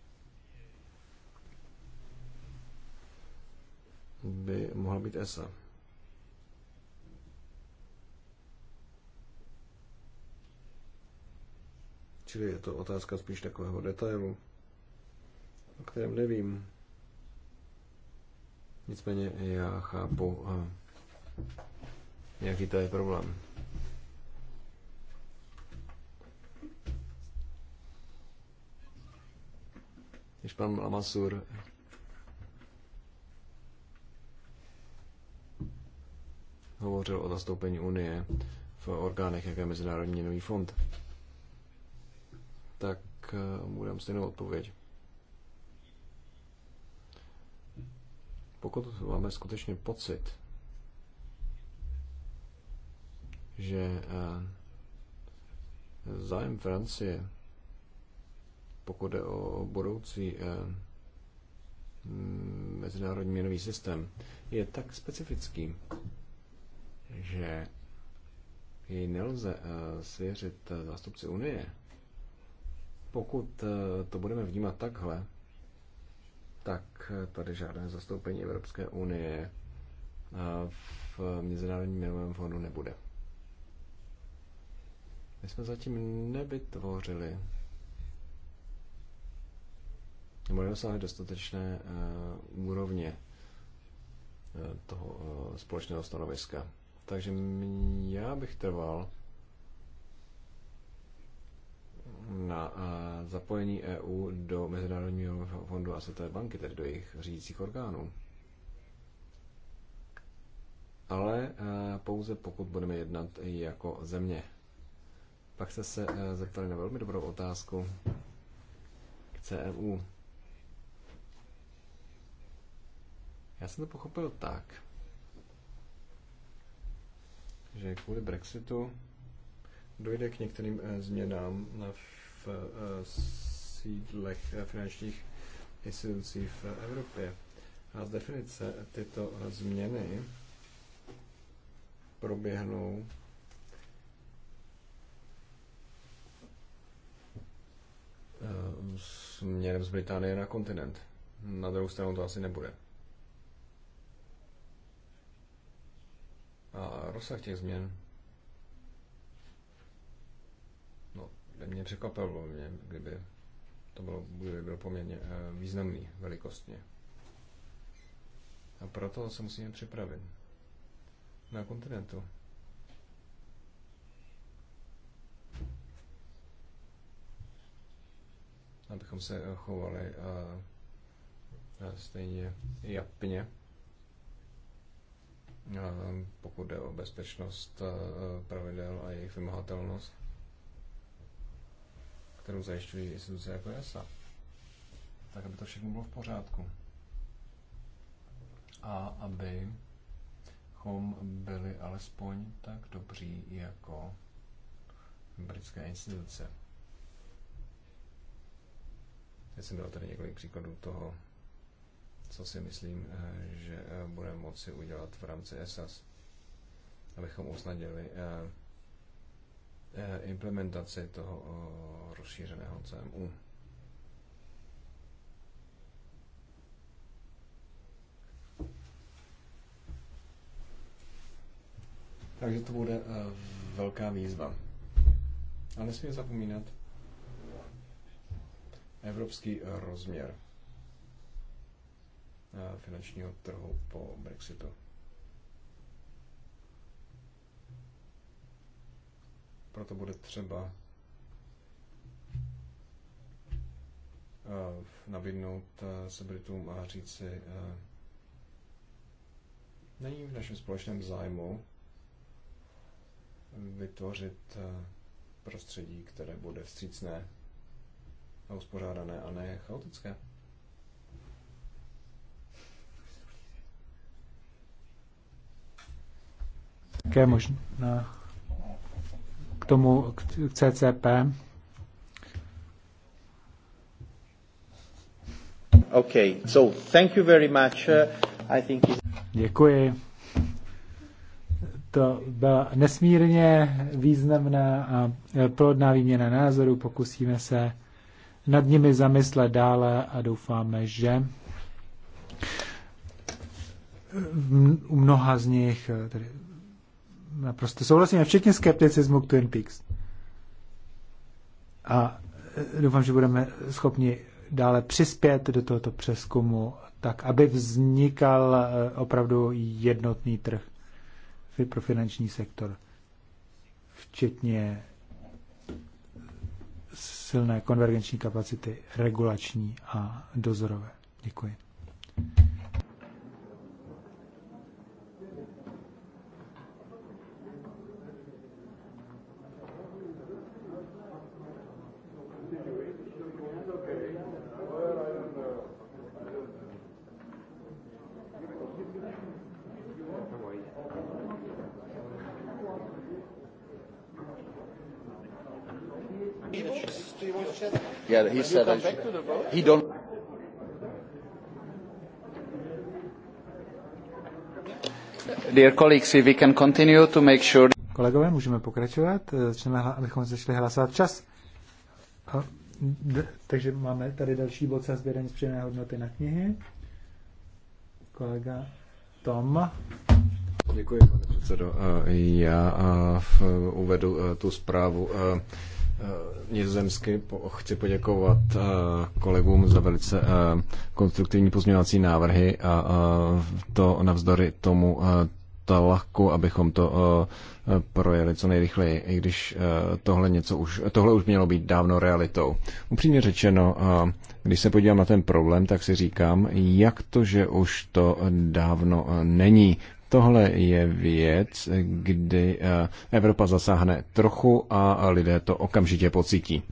[SPEAKER 4] by mohla být ESA. Čili je to otázka spíš takového detailu, o kterém nevím. Nicméně já chápu, jaký to je problém. Když pan Lamasur hovořil o zastoupení Unie v orgánech, jaké je Mezinárodní měnový fond, tak eh, mu dám stejnou odpověď. Pokud máme skutečně pocit, že eh, zájem Francie, pokud jde o budoucí eh, mezinárodní měnový systém, je tak specifický, že jej nelze eh, svěřit eh, zástupci Unie, pokud eh, to budeme vnímat takhle, tak tady žádné zastoupení Evropské unie v Mezinárodním měnovém fondu nebude. My jsme zatím nevytvořili nebo nedosáhli dostatečné úrovně toho společného stanoviska. Takže já bych trval na zapojení EU do Mezinárodního fondu a Světové banky, tedy do jejich řídících orgánů. Ale pouze pokud budeme jednat jako země. Pak jste se zeptali na velmi dobrou otázku k CMU. Já jsem to pochopil tak, že kvůli Brexitu dojde k některým eh, změnám v eh, sídlech eh, finančních institucí v Evropě. A z definice tyto změny proběhnou směrem z Británie na kontinent. Na druhou stranu to asi nebude. A rozsah těch změn no, mě překvapilo mě, kdyby to bylo, kdyby byl poměrně eh, významný velikostně. A proto se musíme připravit na kontinentu. Abychom se chovali a, eh, eh, stejně japně pokud jde o bezpečnost pravidel a jejich vymahatelnost, kterou zajišťují instituce jako ESA. Tak, aby to všechno bylo v pořádku. A aby abychom byli alespoň tak dobří jako britské instituce. Já jsem dal tady několik příkladů toho, co si myslím, eh, že eh, budeme moci udělat v rámci ESAS, abychom usnadili eh, implementaci toho rozšířeného CMU. Takže to bude velká výzva. A nesmíme zapomínat evropský rozměr. Eh, finančního trhu po Brexitu. Proto bude třeba eh, nabídnout eh, se Britům a říci, není v našem společném zájmu vytvořit prostředí, které bude vstřícné a uspořádané a ne chaotické.
[SPEAKER 3] k, možná k tomu k CCP. Okay, so thank you very much. Uh, I think Děkuji. To byla nesmírně významná a plodná výměna názorů. Pokusíme se nad nimi zamyslet dále a doufáme, že u mnoha z nich tedy naprosto souhlasím, včetně skepticismu k Twin Peaks. A e, doufám, že budeme schopni dále přispět do tohoto přeskumu, tak aby vznikal e, opravdu jednotný trh pro finanční sektor, včetně silné konvergenční kapacity regulační a dozorové. Děkuji.
[SPEAKER 1] said, he said, I should, he don't.
[SPEAKER 4] Dear colleagues, if we
[SPEAKER 3] can continue to make sure. Kolegové, můžeme pokračovat, začneme, abychom začali hlasovat čas. A, d, takže máme tady další bod za sběrem z hodnoty na knihy. Kolega Tom. Děkuji, pane předsedo.
[SPEAKER 4] E, já e, uvedu e, tu zprávu Eh, nizozemsky. Chci poděkovat eh, kolegům za velice eh, konstruktivní pozměňovací návrhy a to navzdory tomu ta tlaku, abychom to projeli co nejrychleji, i když tohle, něco už, tohle už mělo být dávno realitou. Upřímně řečeno, když se podívám na ten problém, tak si říkám, jak to, že už to dávno není. Tohle je věc, kdy eh, Evropa zasáhne trochu a lidé to okamžitě pocítí.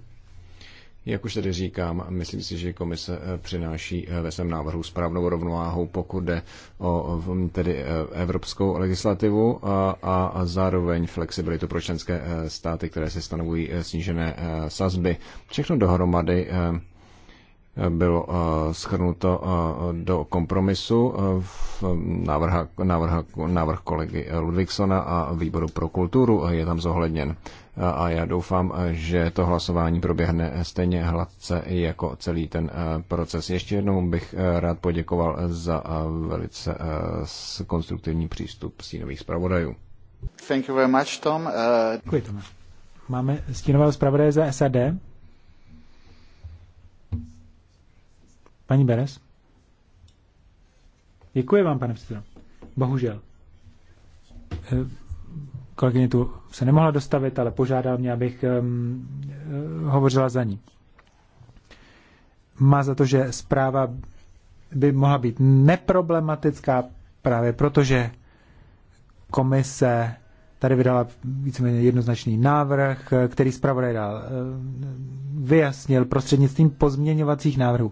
[SPEAKER 4] Jak už tedy říkám, myslím si, že komise eh, přináší eh, ve svém návrhu správnou rovnováhu, pokud jde o tedy evropskou legislativu a, a zároveň flexibilitu pro členské státy, které se stanovují snížené sazby. Všechno dohromady bylo eh, schrnuto eh, do kompromisu eh, v návrha, návrha, návrh kolegy Ludvíksona a výboru pro kulturu je tam zohledněn. A já doufám, že to hlasování proběhne stejně hladce jako celý ten proces. Ještě jednou bych rád poděkoval za velice konstruktivní přístup stínových zpravodajů. Thank you very much, Tom. Uh... Děkuji, Tome.
[SPEAKER 3] Máme stínového zpravodaje za SAD. Paní Beres? Děkuji vám, pane předsedo. Bohužel. Eh, kolegyně tu se nemohla dostavit, ale požádal mě, abych um, hovořila za ní. Má za to, že zpráva by mohla být neproblematická právě protože komise tady vydala víceméně jednoznačný návrh, který zpravodaj dal, eh, vyjasnil prostřednictvím pozměňovacích návrhů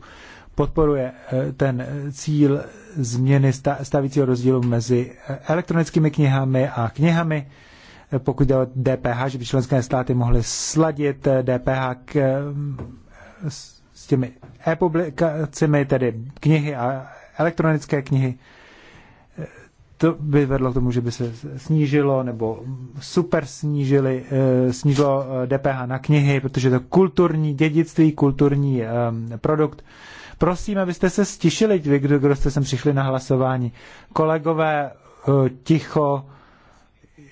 [SPEAKER 3] podporuje eh, ten cíl změny stavícího rozdílu mezi eh, elektronickými knihami a knihami, eh, pokud jde o DPH, že by členské státy mohly sladit DPH k, s těmi e-publikacemi, tedy knihy a elektronické knihy. To by vedlo k tomu, že by se snížilo nebo super snížili, snížilo DPH na knihy, protože to kulturní dědictví, kulturní produkt Prosím, abyste se stišili, vy, kdo, kdo jste sem přišli na hlasování. Kolegové, eh, ticho,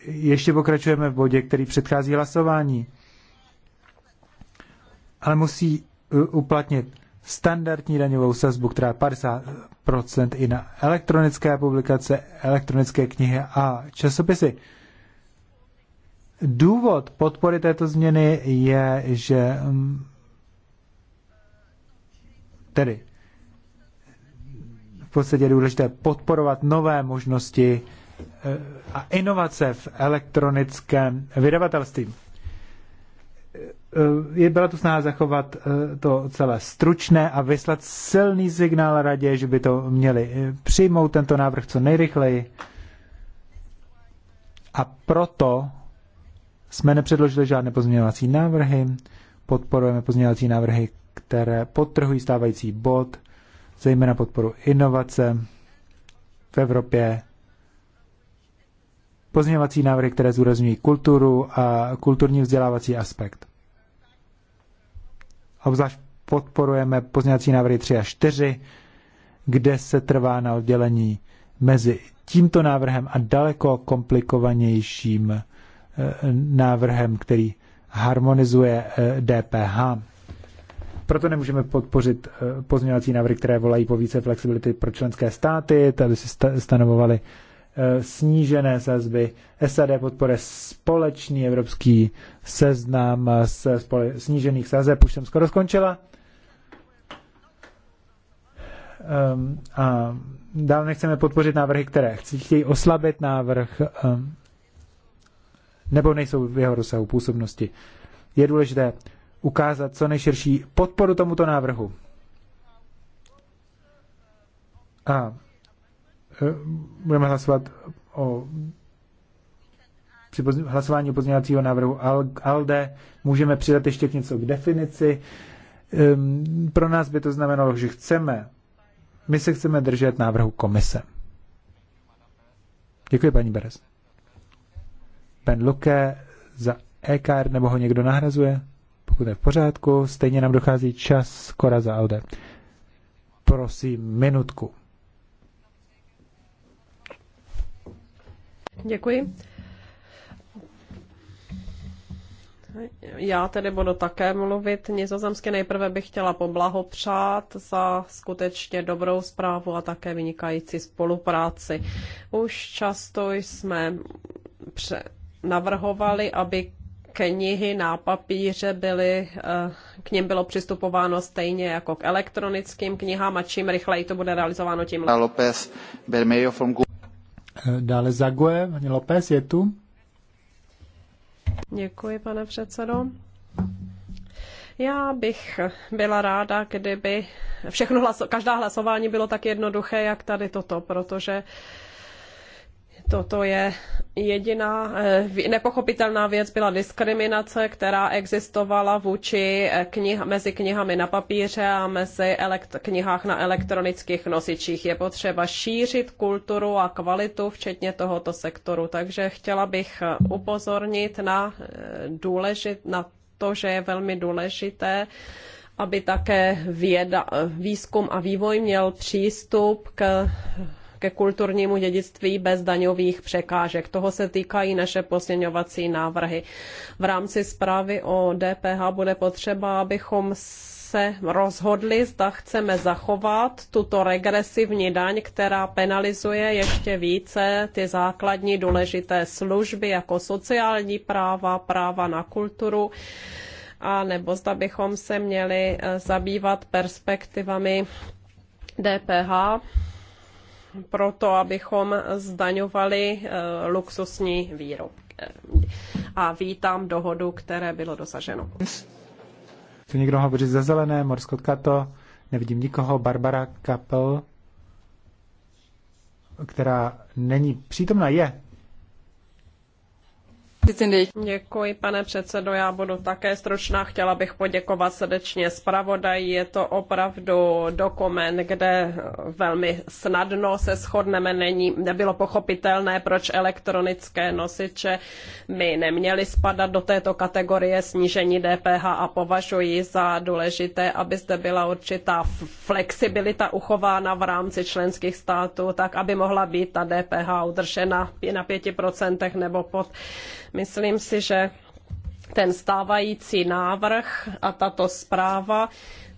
[SPEAKER 3] ještě pokračujeme v bodě, který předchází hlasování. Ale musí eh, uplatnit standardní daňovou sazbu, která je 50% i na elektronické publikace, elektronické knihy a časopisy. Důvod podpory této změny je, že mm, Tedy v podstatě je důležité podporovat nové možnosti eh, a inovace v elektronickém vydavatelství. Eh, je byla tu snaha zachovat eh, to celé stručné a vyslat silný signál radě, že by to měli přijmout tento návrh co nejrychleji. A proto jsme nepředložili žádné pozměňovací návrhy, podporujeme pozměňovací návrhy které podtrhují stávající bod, zejména podporu inovace v Evropě, pozměňovací návrhy, které zúrazňují kulturu a kulturní vzdělávací aspekt. Obzvlášť podporujeme pozměňovací návrhy 3 a 4, kde se trvá na oddělení mezi tímto návrhem a daleko komplikovanějším eh, návrhem, který harmonizuje DPH. Eh, proto nemůžeme podpořit eh, pozměňovací návrhy, které volají po více flexibility pro členské státy, tady si stanovovali eh, snížené sazby. SAD podpore společný evropský seznam eh, se spole- snížených sazeb. Už jsem skoro skončila. Um, a dál nechceme podpořit návrhy, které chtějí oslabit návrh um, nebo nejsou v jeho rozsahu působnosti. Je důležité ukázat co nejširší podporu tomuto návrhu. A e, budeme hlasovat o při hlasování o pozměňovacího návrhu ALDE můžeme přidat ještě k něco k definici. Ehm, pro nás by to znamenalo, že chceme, my se chceme držet návrhu komise. Děkuji, paní Beres. Ben Luke za EKR nebo ho někdo nahrazuje? pokud je v pořádku, stejně nám dochází čas skora za Alde. Prosím, minutku.
[SPEAKER 2] Děkuji. Já tedy budu také mluvit nizozemsky. Nejprve bych chtěla poblahopřát za skutečně dobrou zprávu a také vynikající spolupráci. Už často jsme navrhovali, aby knihy na papíře byly, eh, k ním bylo přistupováno stejně jako k elektronickým knihám a čím rychleji to bude realizováno, tím lépe.
[SPEAKER 3] López Bermejo from eh, Dále Zague, paní López je tu.
[SPEAKER 2] Děkuji, pane předsedo. Já bych byla ráda, kdyby všechno hlaso- každá hlasování bylo tak jednoduché, jak tady toto, protože uh, Toto je jediná eh, nepochopitelná věc byla diskriminace, která existovala vůči eh, knih, mezi knihami na papíře a mezi elekt, knihách na elektronických nosičích. Je potřeba šířit kulturu a kvalitu, včetně tohoto sektoru. Takže chtěla bych eh, upozornit na, důležit, na to, že je velmi důležité, aby také věda, výzkum a vývoj měl přístup k ke kulturnímu dědictví bez daňových překážek. Toho se týkají naše pozměňovací návrhy. V rámci zprávy o DPH bude potřeba, abychom se rozhodli, zda chceme zachovat tuto regresivní daň, která penalizuje ještě více ty základní důležité služby jako sociální práva, práva na kulturu a nebo zda bychom se měli eh, zabývat perspektivami DPH pro to, abychom zdaňovali eh, luxusní výrobky. A vítám dohodu, které bylo dosaženo.
[SPEAKER 3] Tu někdo hovoří ze zelené, Morsko Kato, nevidím nikoho, Barbara Kapel, která není přítomna, je.
[SPEAKER 2] Děkuji, pane předsedo. Já budu také stručná. Chtěla bych poděkovat srdečně zpravodaji. Je to opravdu dokument, kde velmi snadno se shodneme. Není, nebylo pochopitelné, proč elektronické nosiče by neměly spadat do této kategorie snížení DPH a považuji za důležité, aby zde byla určitá flexibilita uchována v rámci členských států, tak aby mohla být ta DPH udržena na 5% nebo pod Myslím si, že ten stávající návrh a tato zpráva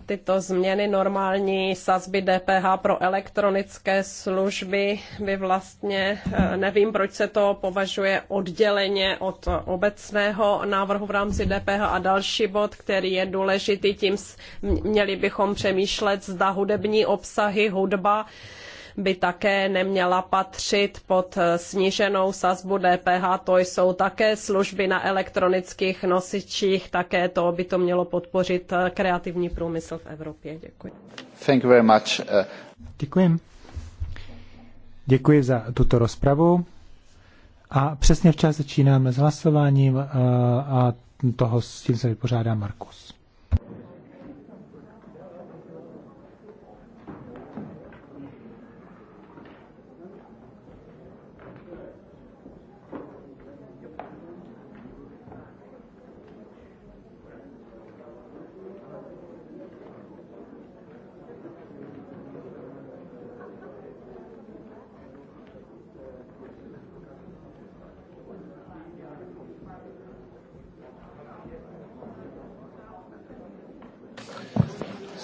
[SPEAKER 2] tyto změny normální sazby DPH pro elektronické služby by vlastně, eh, nevím, proč se to považuje odděleně od obecného návrhu v rámci DPH a další bod, který je důležitý, tím měli bychom přemýšlet, zda hudební obsahy, hudba, by také neměla patřit pod eh, sníženou sazbu DPH. To jsou také služby na elektronických nosičích, také to by to mělo podpořit eh, kreativní průmysl v Evropě. Děkuji.
[SPEAKER 3] Thank you very much. Eh. Děkuji. Děkuji za tuto rozpravu. A přesně včas začínáme s hlasováním a toho s tím se vypořádá Markus.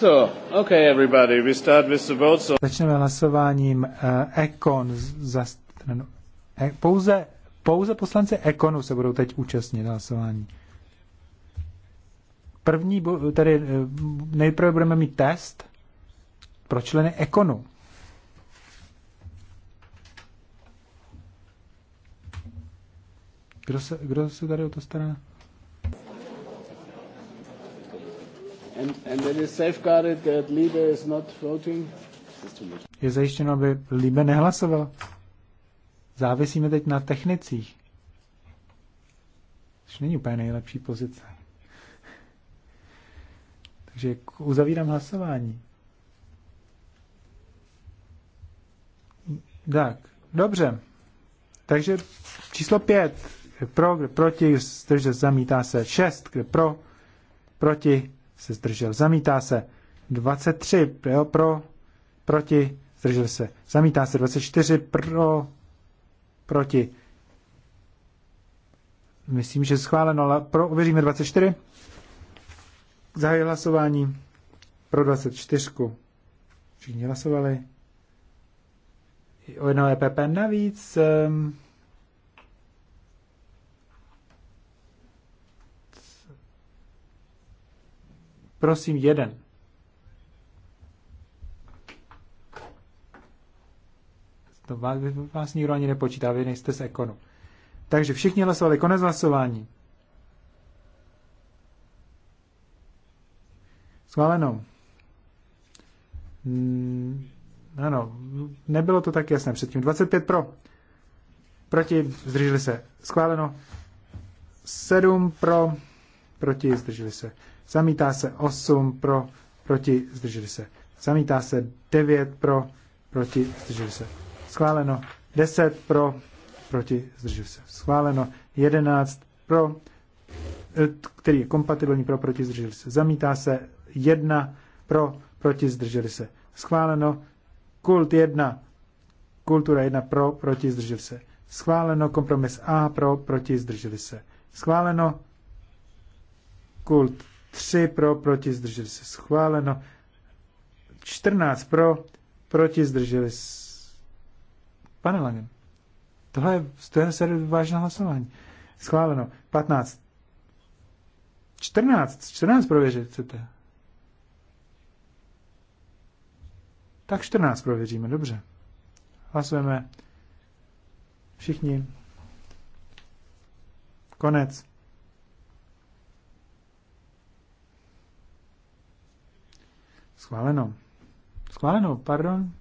[SPEAKER 1] So, okay everybody, we start with the vote. So...
[SPEAKER 3] Začneme hlasováním uh, Econ za stranu. E, pouze, pouze poslanci Econu se budou teď účastnit hlasování. První, tedy eh, nejprve budeme mít test pro členy Econu. Kdo se, kdo se tady o to stará?
[SPEAKER 1] And, and then safeguarded that is not voting?
[SPEAKER 3] Je zajištěno, aby Liebe nehlasoval. Závisíme teď na technicích. Což není úplně nejlepší pozice. Takže uzavírám hlasování. Tak, dobře. Takže číslo pět. Pro, kde proti, zdržet, zamítá se. šest. kde pro, proti, se zdržel, zamítá se. 23 jo, pro, proti, zdržel se, zamítá se. 24 pro, proti. Myslím, že schváleno, ale pro, ověříme 24. Zahajuje hlasování pro 24. Všichni hlasovali. O jedno EPP navíc. Um, Prosím, jeden. To vás, vás nikdo ani nepočítá, vy nejste z ekonu. Takže všichni hlasovali, konec hlasování. Schváleno. Mm, ano, nebylo to tak jasné předtím. 25 pro. Proti, zdrželi se. Schváleno. 7 pro. Proti, zdrželi se zamítá se 8 pro, proti, zdrželi se. Zamítá se 9 pro, proti, zdrželi se. Schváleno 10 pro, proti, zdrželi se. Schváleno 11 pro, eh, který je kompatibilní pro, proti, zdrželi se. Zamítá se 1 pro, proti, zdrželi se. Schváleno kult 1, kultura 1 pro, proti, zdrželi se. Schváleno kompromis A pro, proti, zdrželi se. Schváleno kult 3 pro, proti, zdrželi se schváleno. 14 pro, proti, zdrželi se... Pane Langen, tohle je, to je vážné hlasování. Schváleno. 15. 14. 14 prověřit chcete. Tak 14 prověříme, dobře. Hlasujeme. Všichni. Konec. Schváleno. Schváleno, pardon.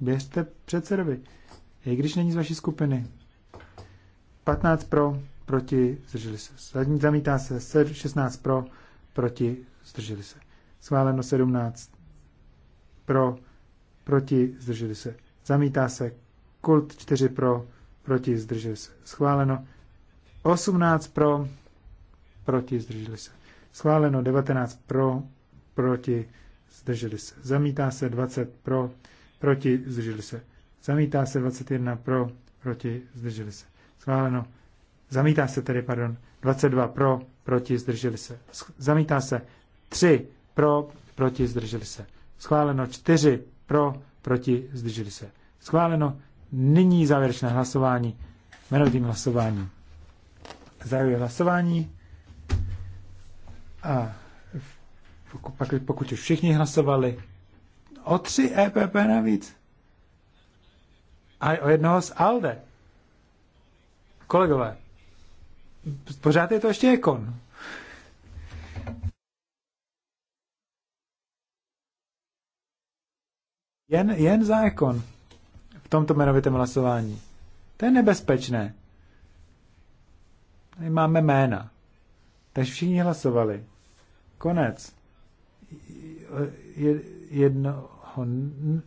[SPEAKER 3] Běžte předsedovi. I když není z vaší skupiny. 15 pro, proti, zdrželi se. Zamítá se 16 pro, proti, zdrželi se. Schváleno 17 pro, proti, zdrželi se. Zamítá se kult 4 pro, proti, zdrželi se. Schváleno 18 pro, proti, zdrželi se. Schváleno 19 pro, proti, zdrželi se. Zamítá se 20 pro, proti, zdrželi se. Zamítá se 21 pro, proti, zdrželi se. Schváleno. Zamítá se tedy, pardon, 22 pro, proti, zdrželi se. Zamítá se 3 pro, proti, zdrželi se. Schváleno 4 pro, proti, zdrželi se. Schváleno. Nyní závěrečné hlasování. Jmenovým hlasování Zahajuji hlasování. A pak, pokud už všichni hlasovali, o tři EPP navíc. A o jednoho z ALDE. Kolegové, pořád je to ještě ekon. Jen, jen za ekon v tomto jmenovitém hlasování. To je nebezpečné. Tady máme jména. Takže všichni hlasovali. Konec jednoho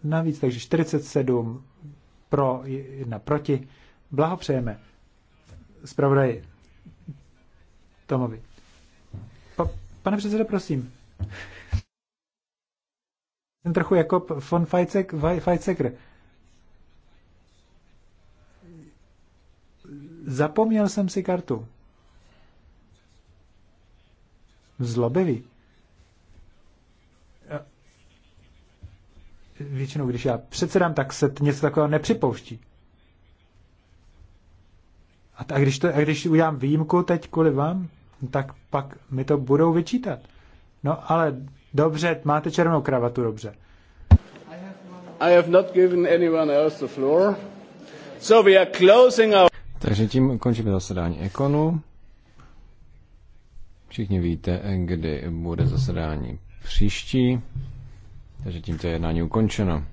[SPEAKER 3] navíc, takže 47 pro, jedna proti. Blahopřejeme zpravodaji Tomovi. Pa, pane předsedo, prosím. Jsem trochu jako von Fajcekr. Zapomněl jsem si kartu. Zlobivý. většinou, když já předsedám, tak se něco takového nepřipouští. A, t- a, když, to, a když udělám výjimku teď kvůli vám, tak pak mi to budou vyčítat. No ale dobře, máte černou kravatu, dobře.
[SPEAKER 4] I have not given
[SPEAKER 1] anyone else the floor. So we are closing our...
[SPEAKER 4] Takže tím končíme zasedání Ekonu. Všichni víte, kdy bude zasedání příští. Takže tímto je jednání ukončeno.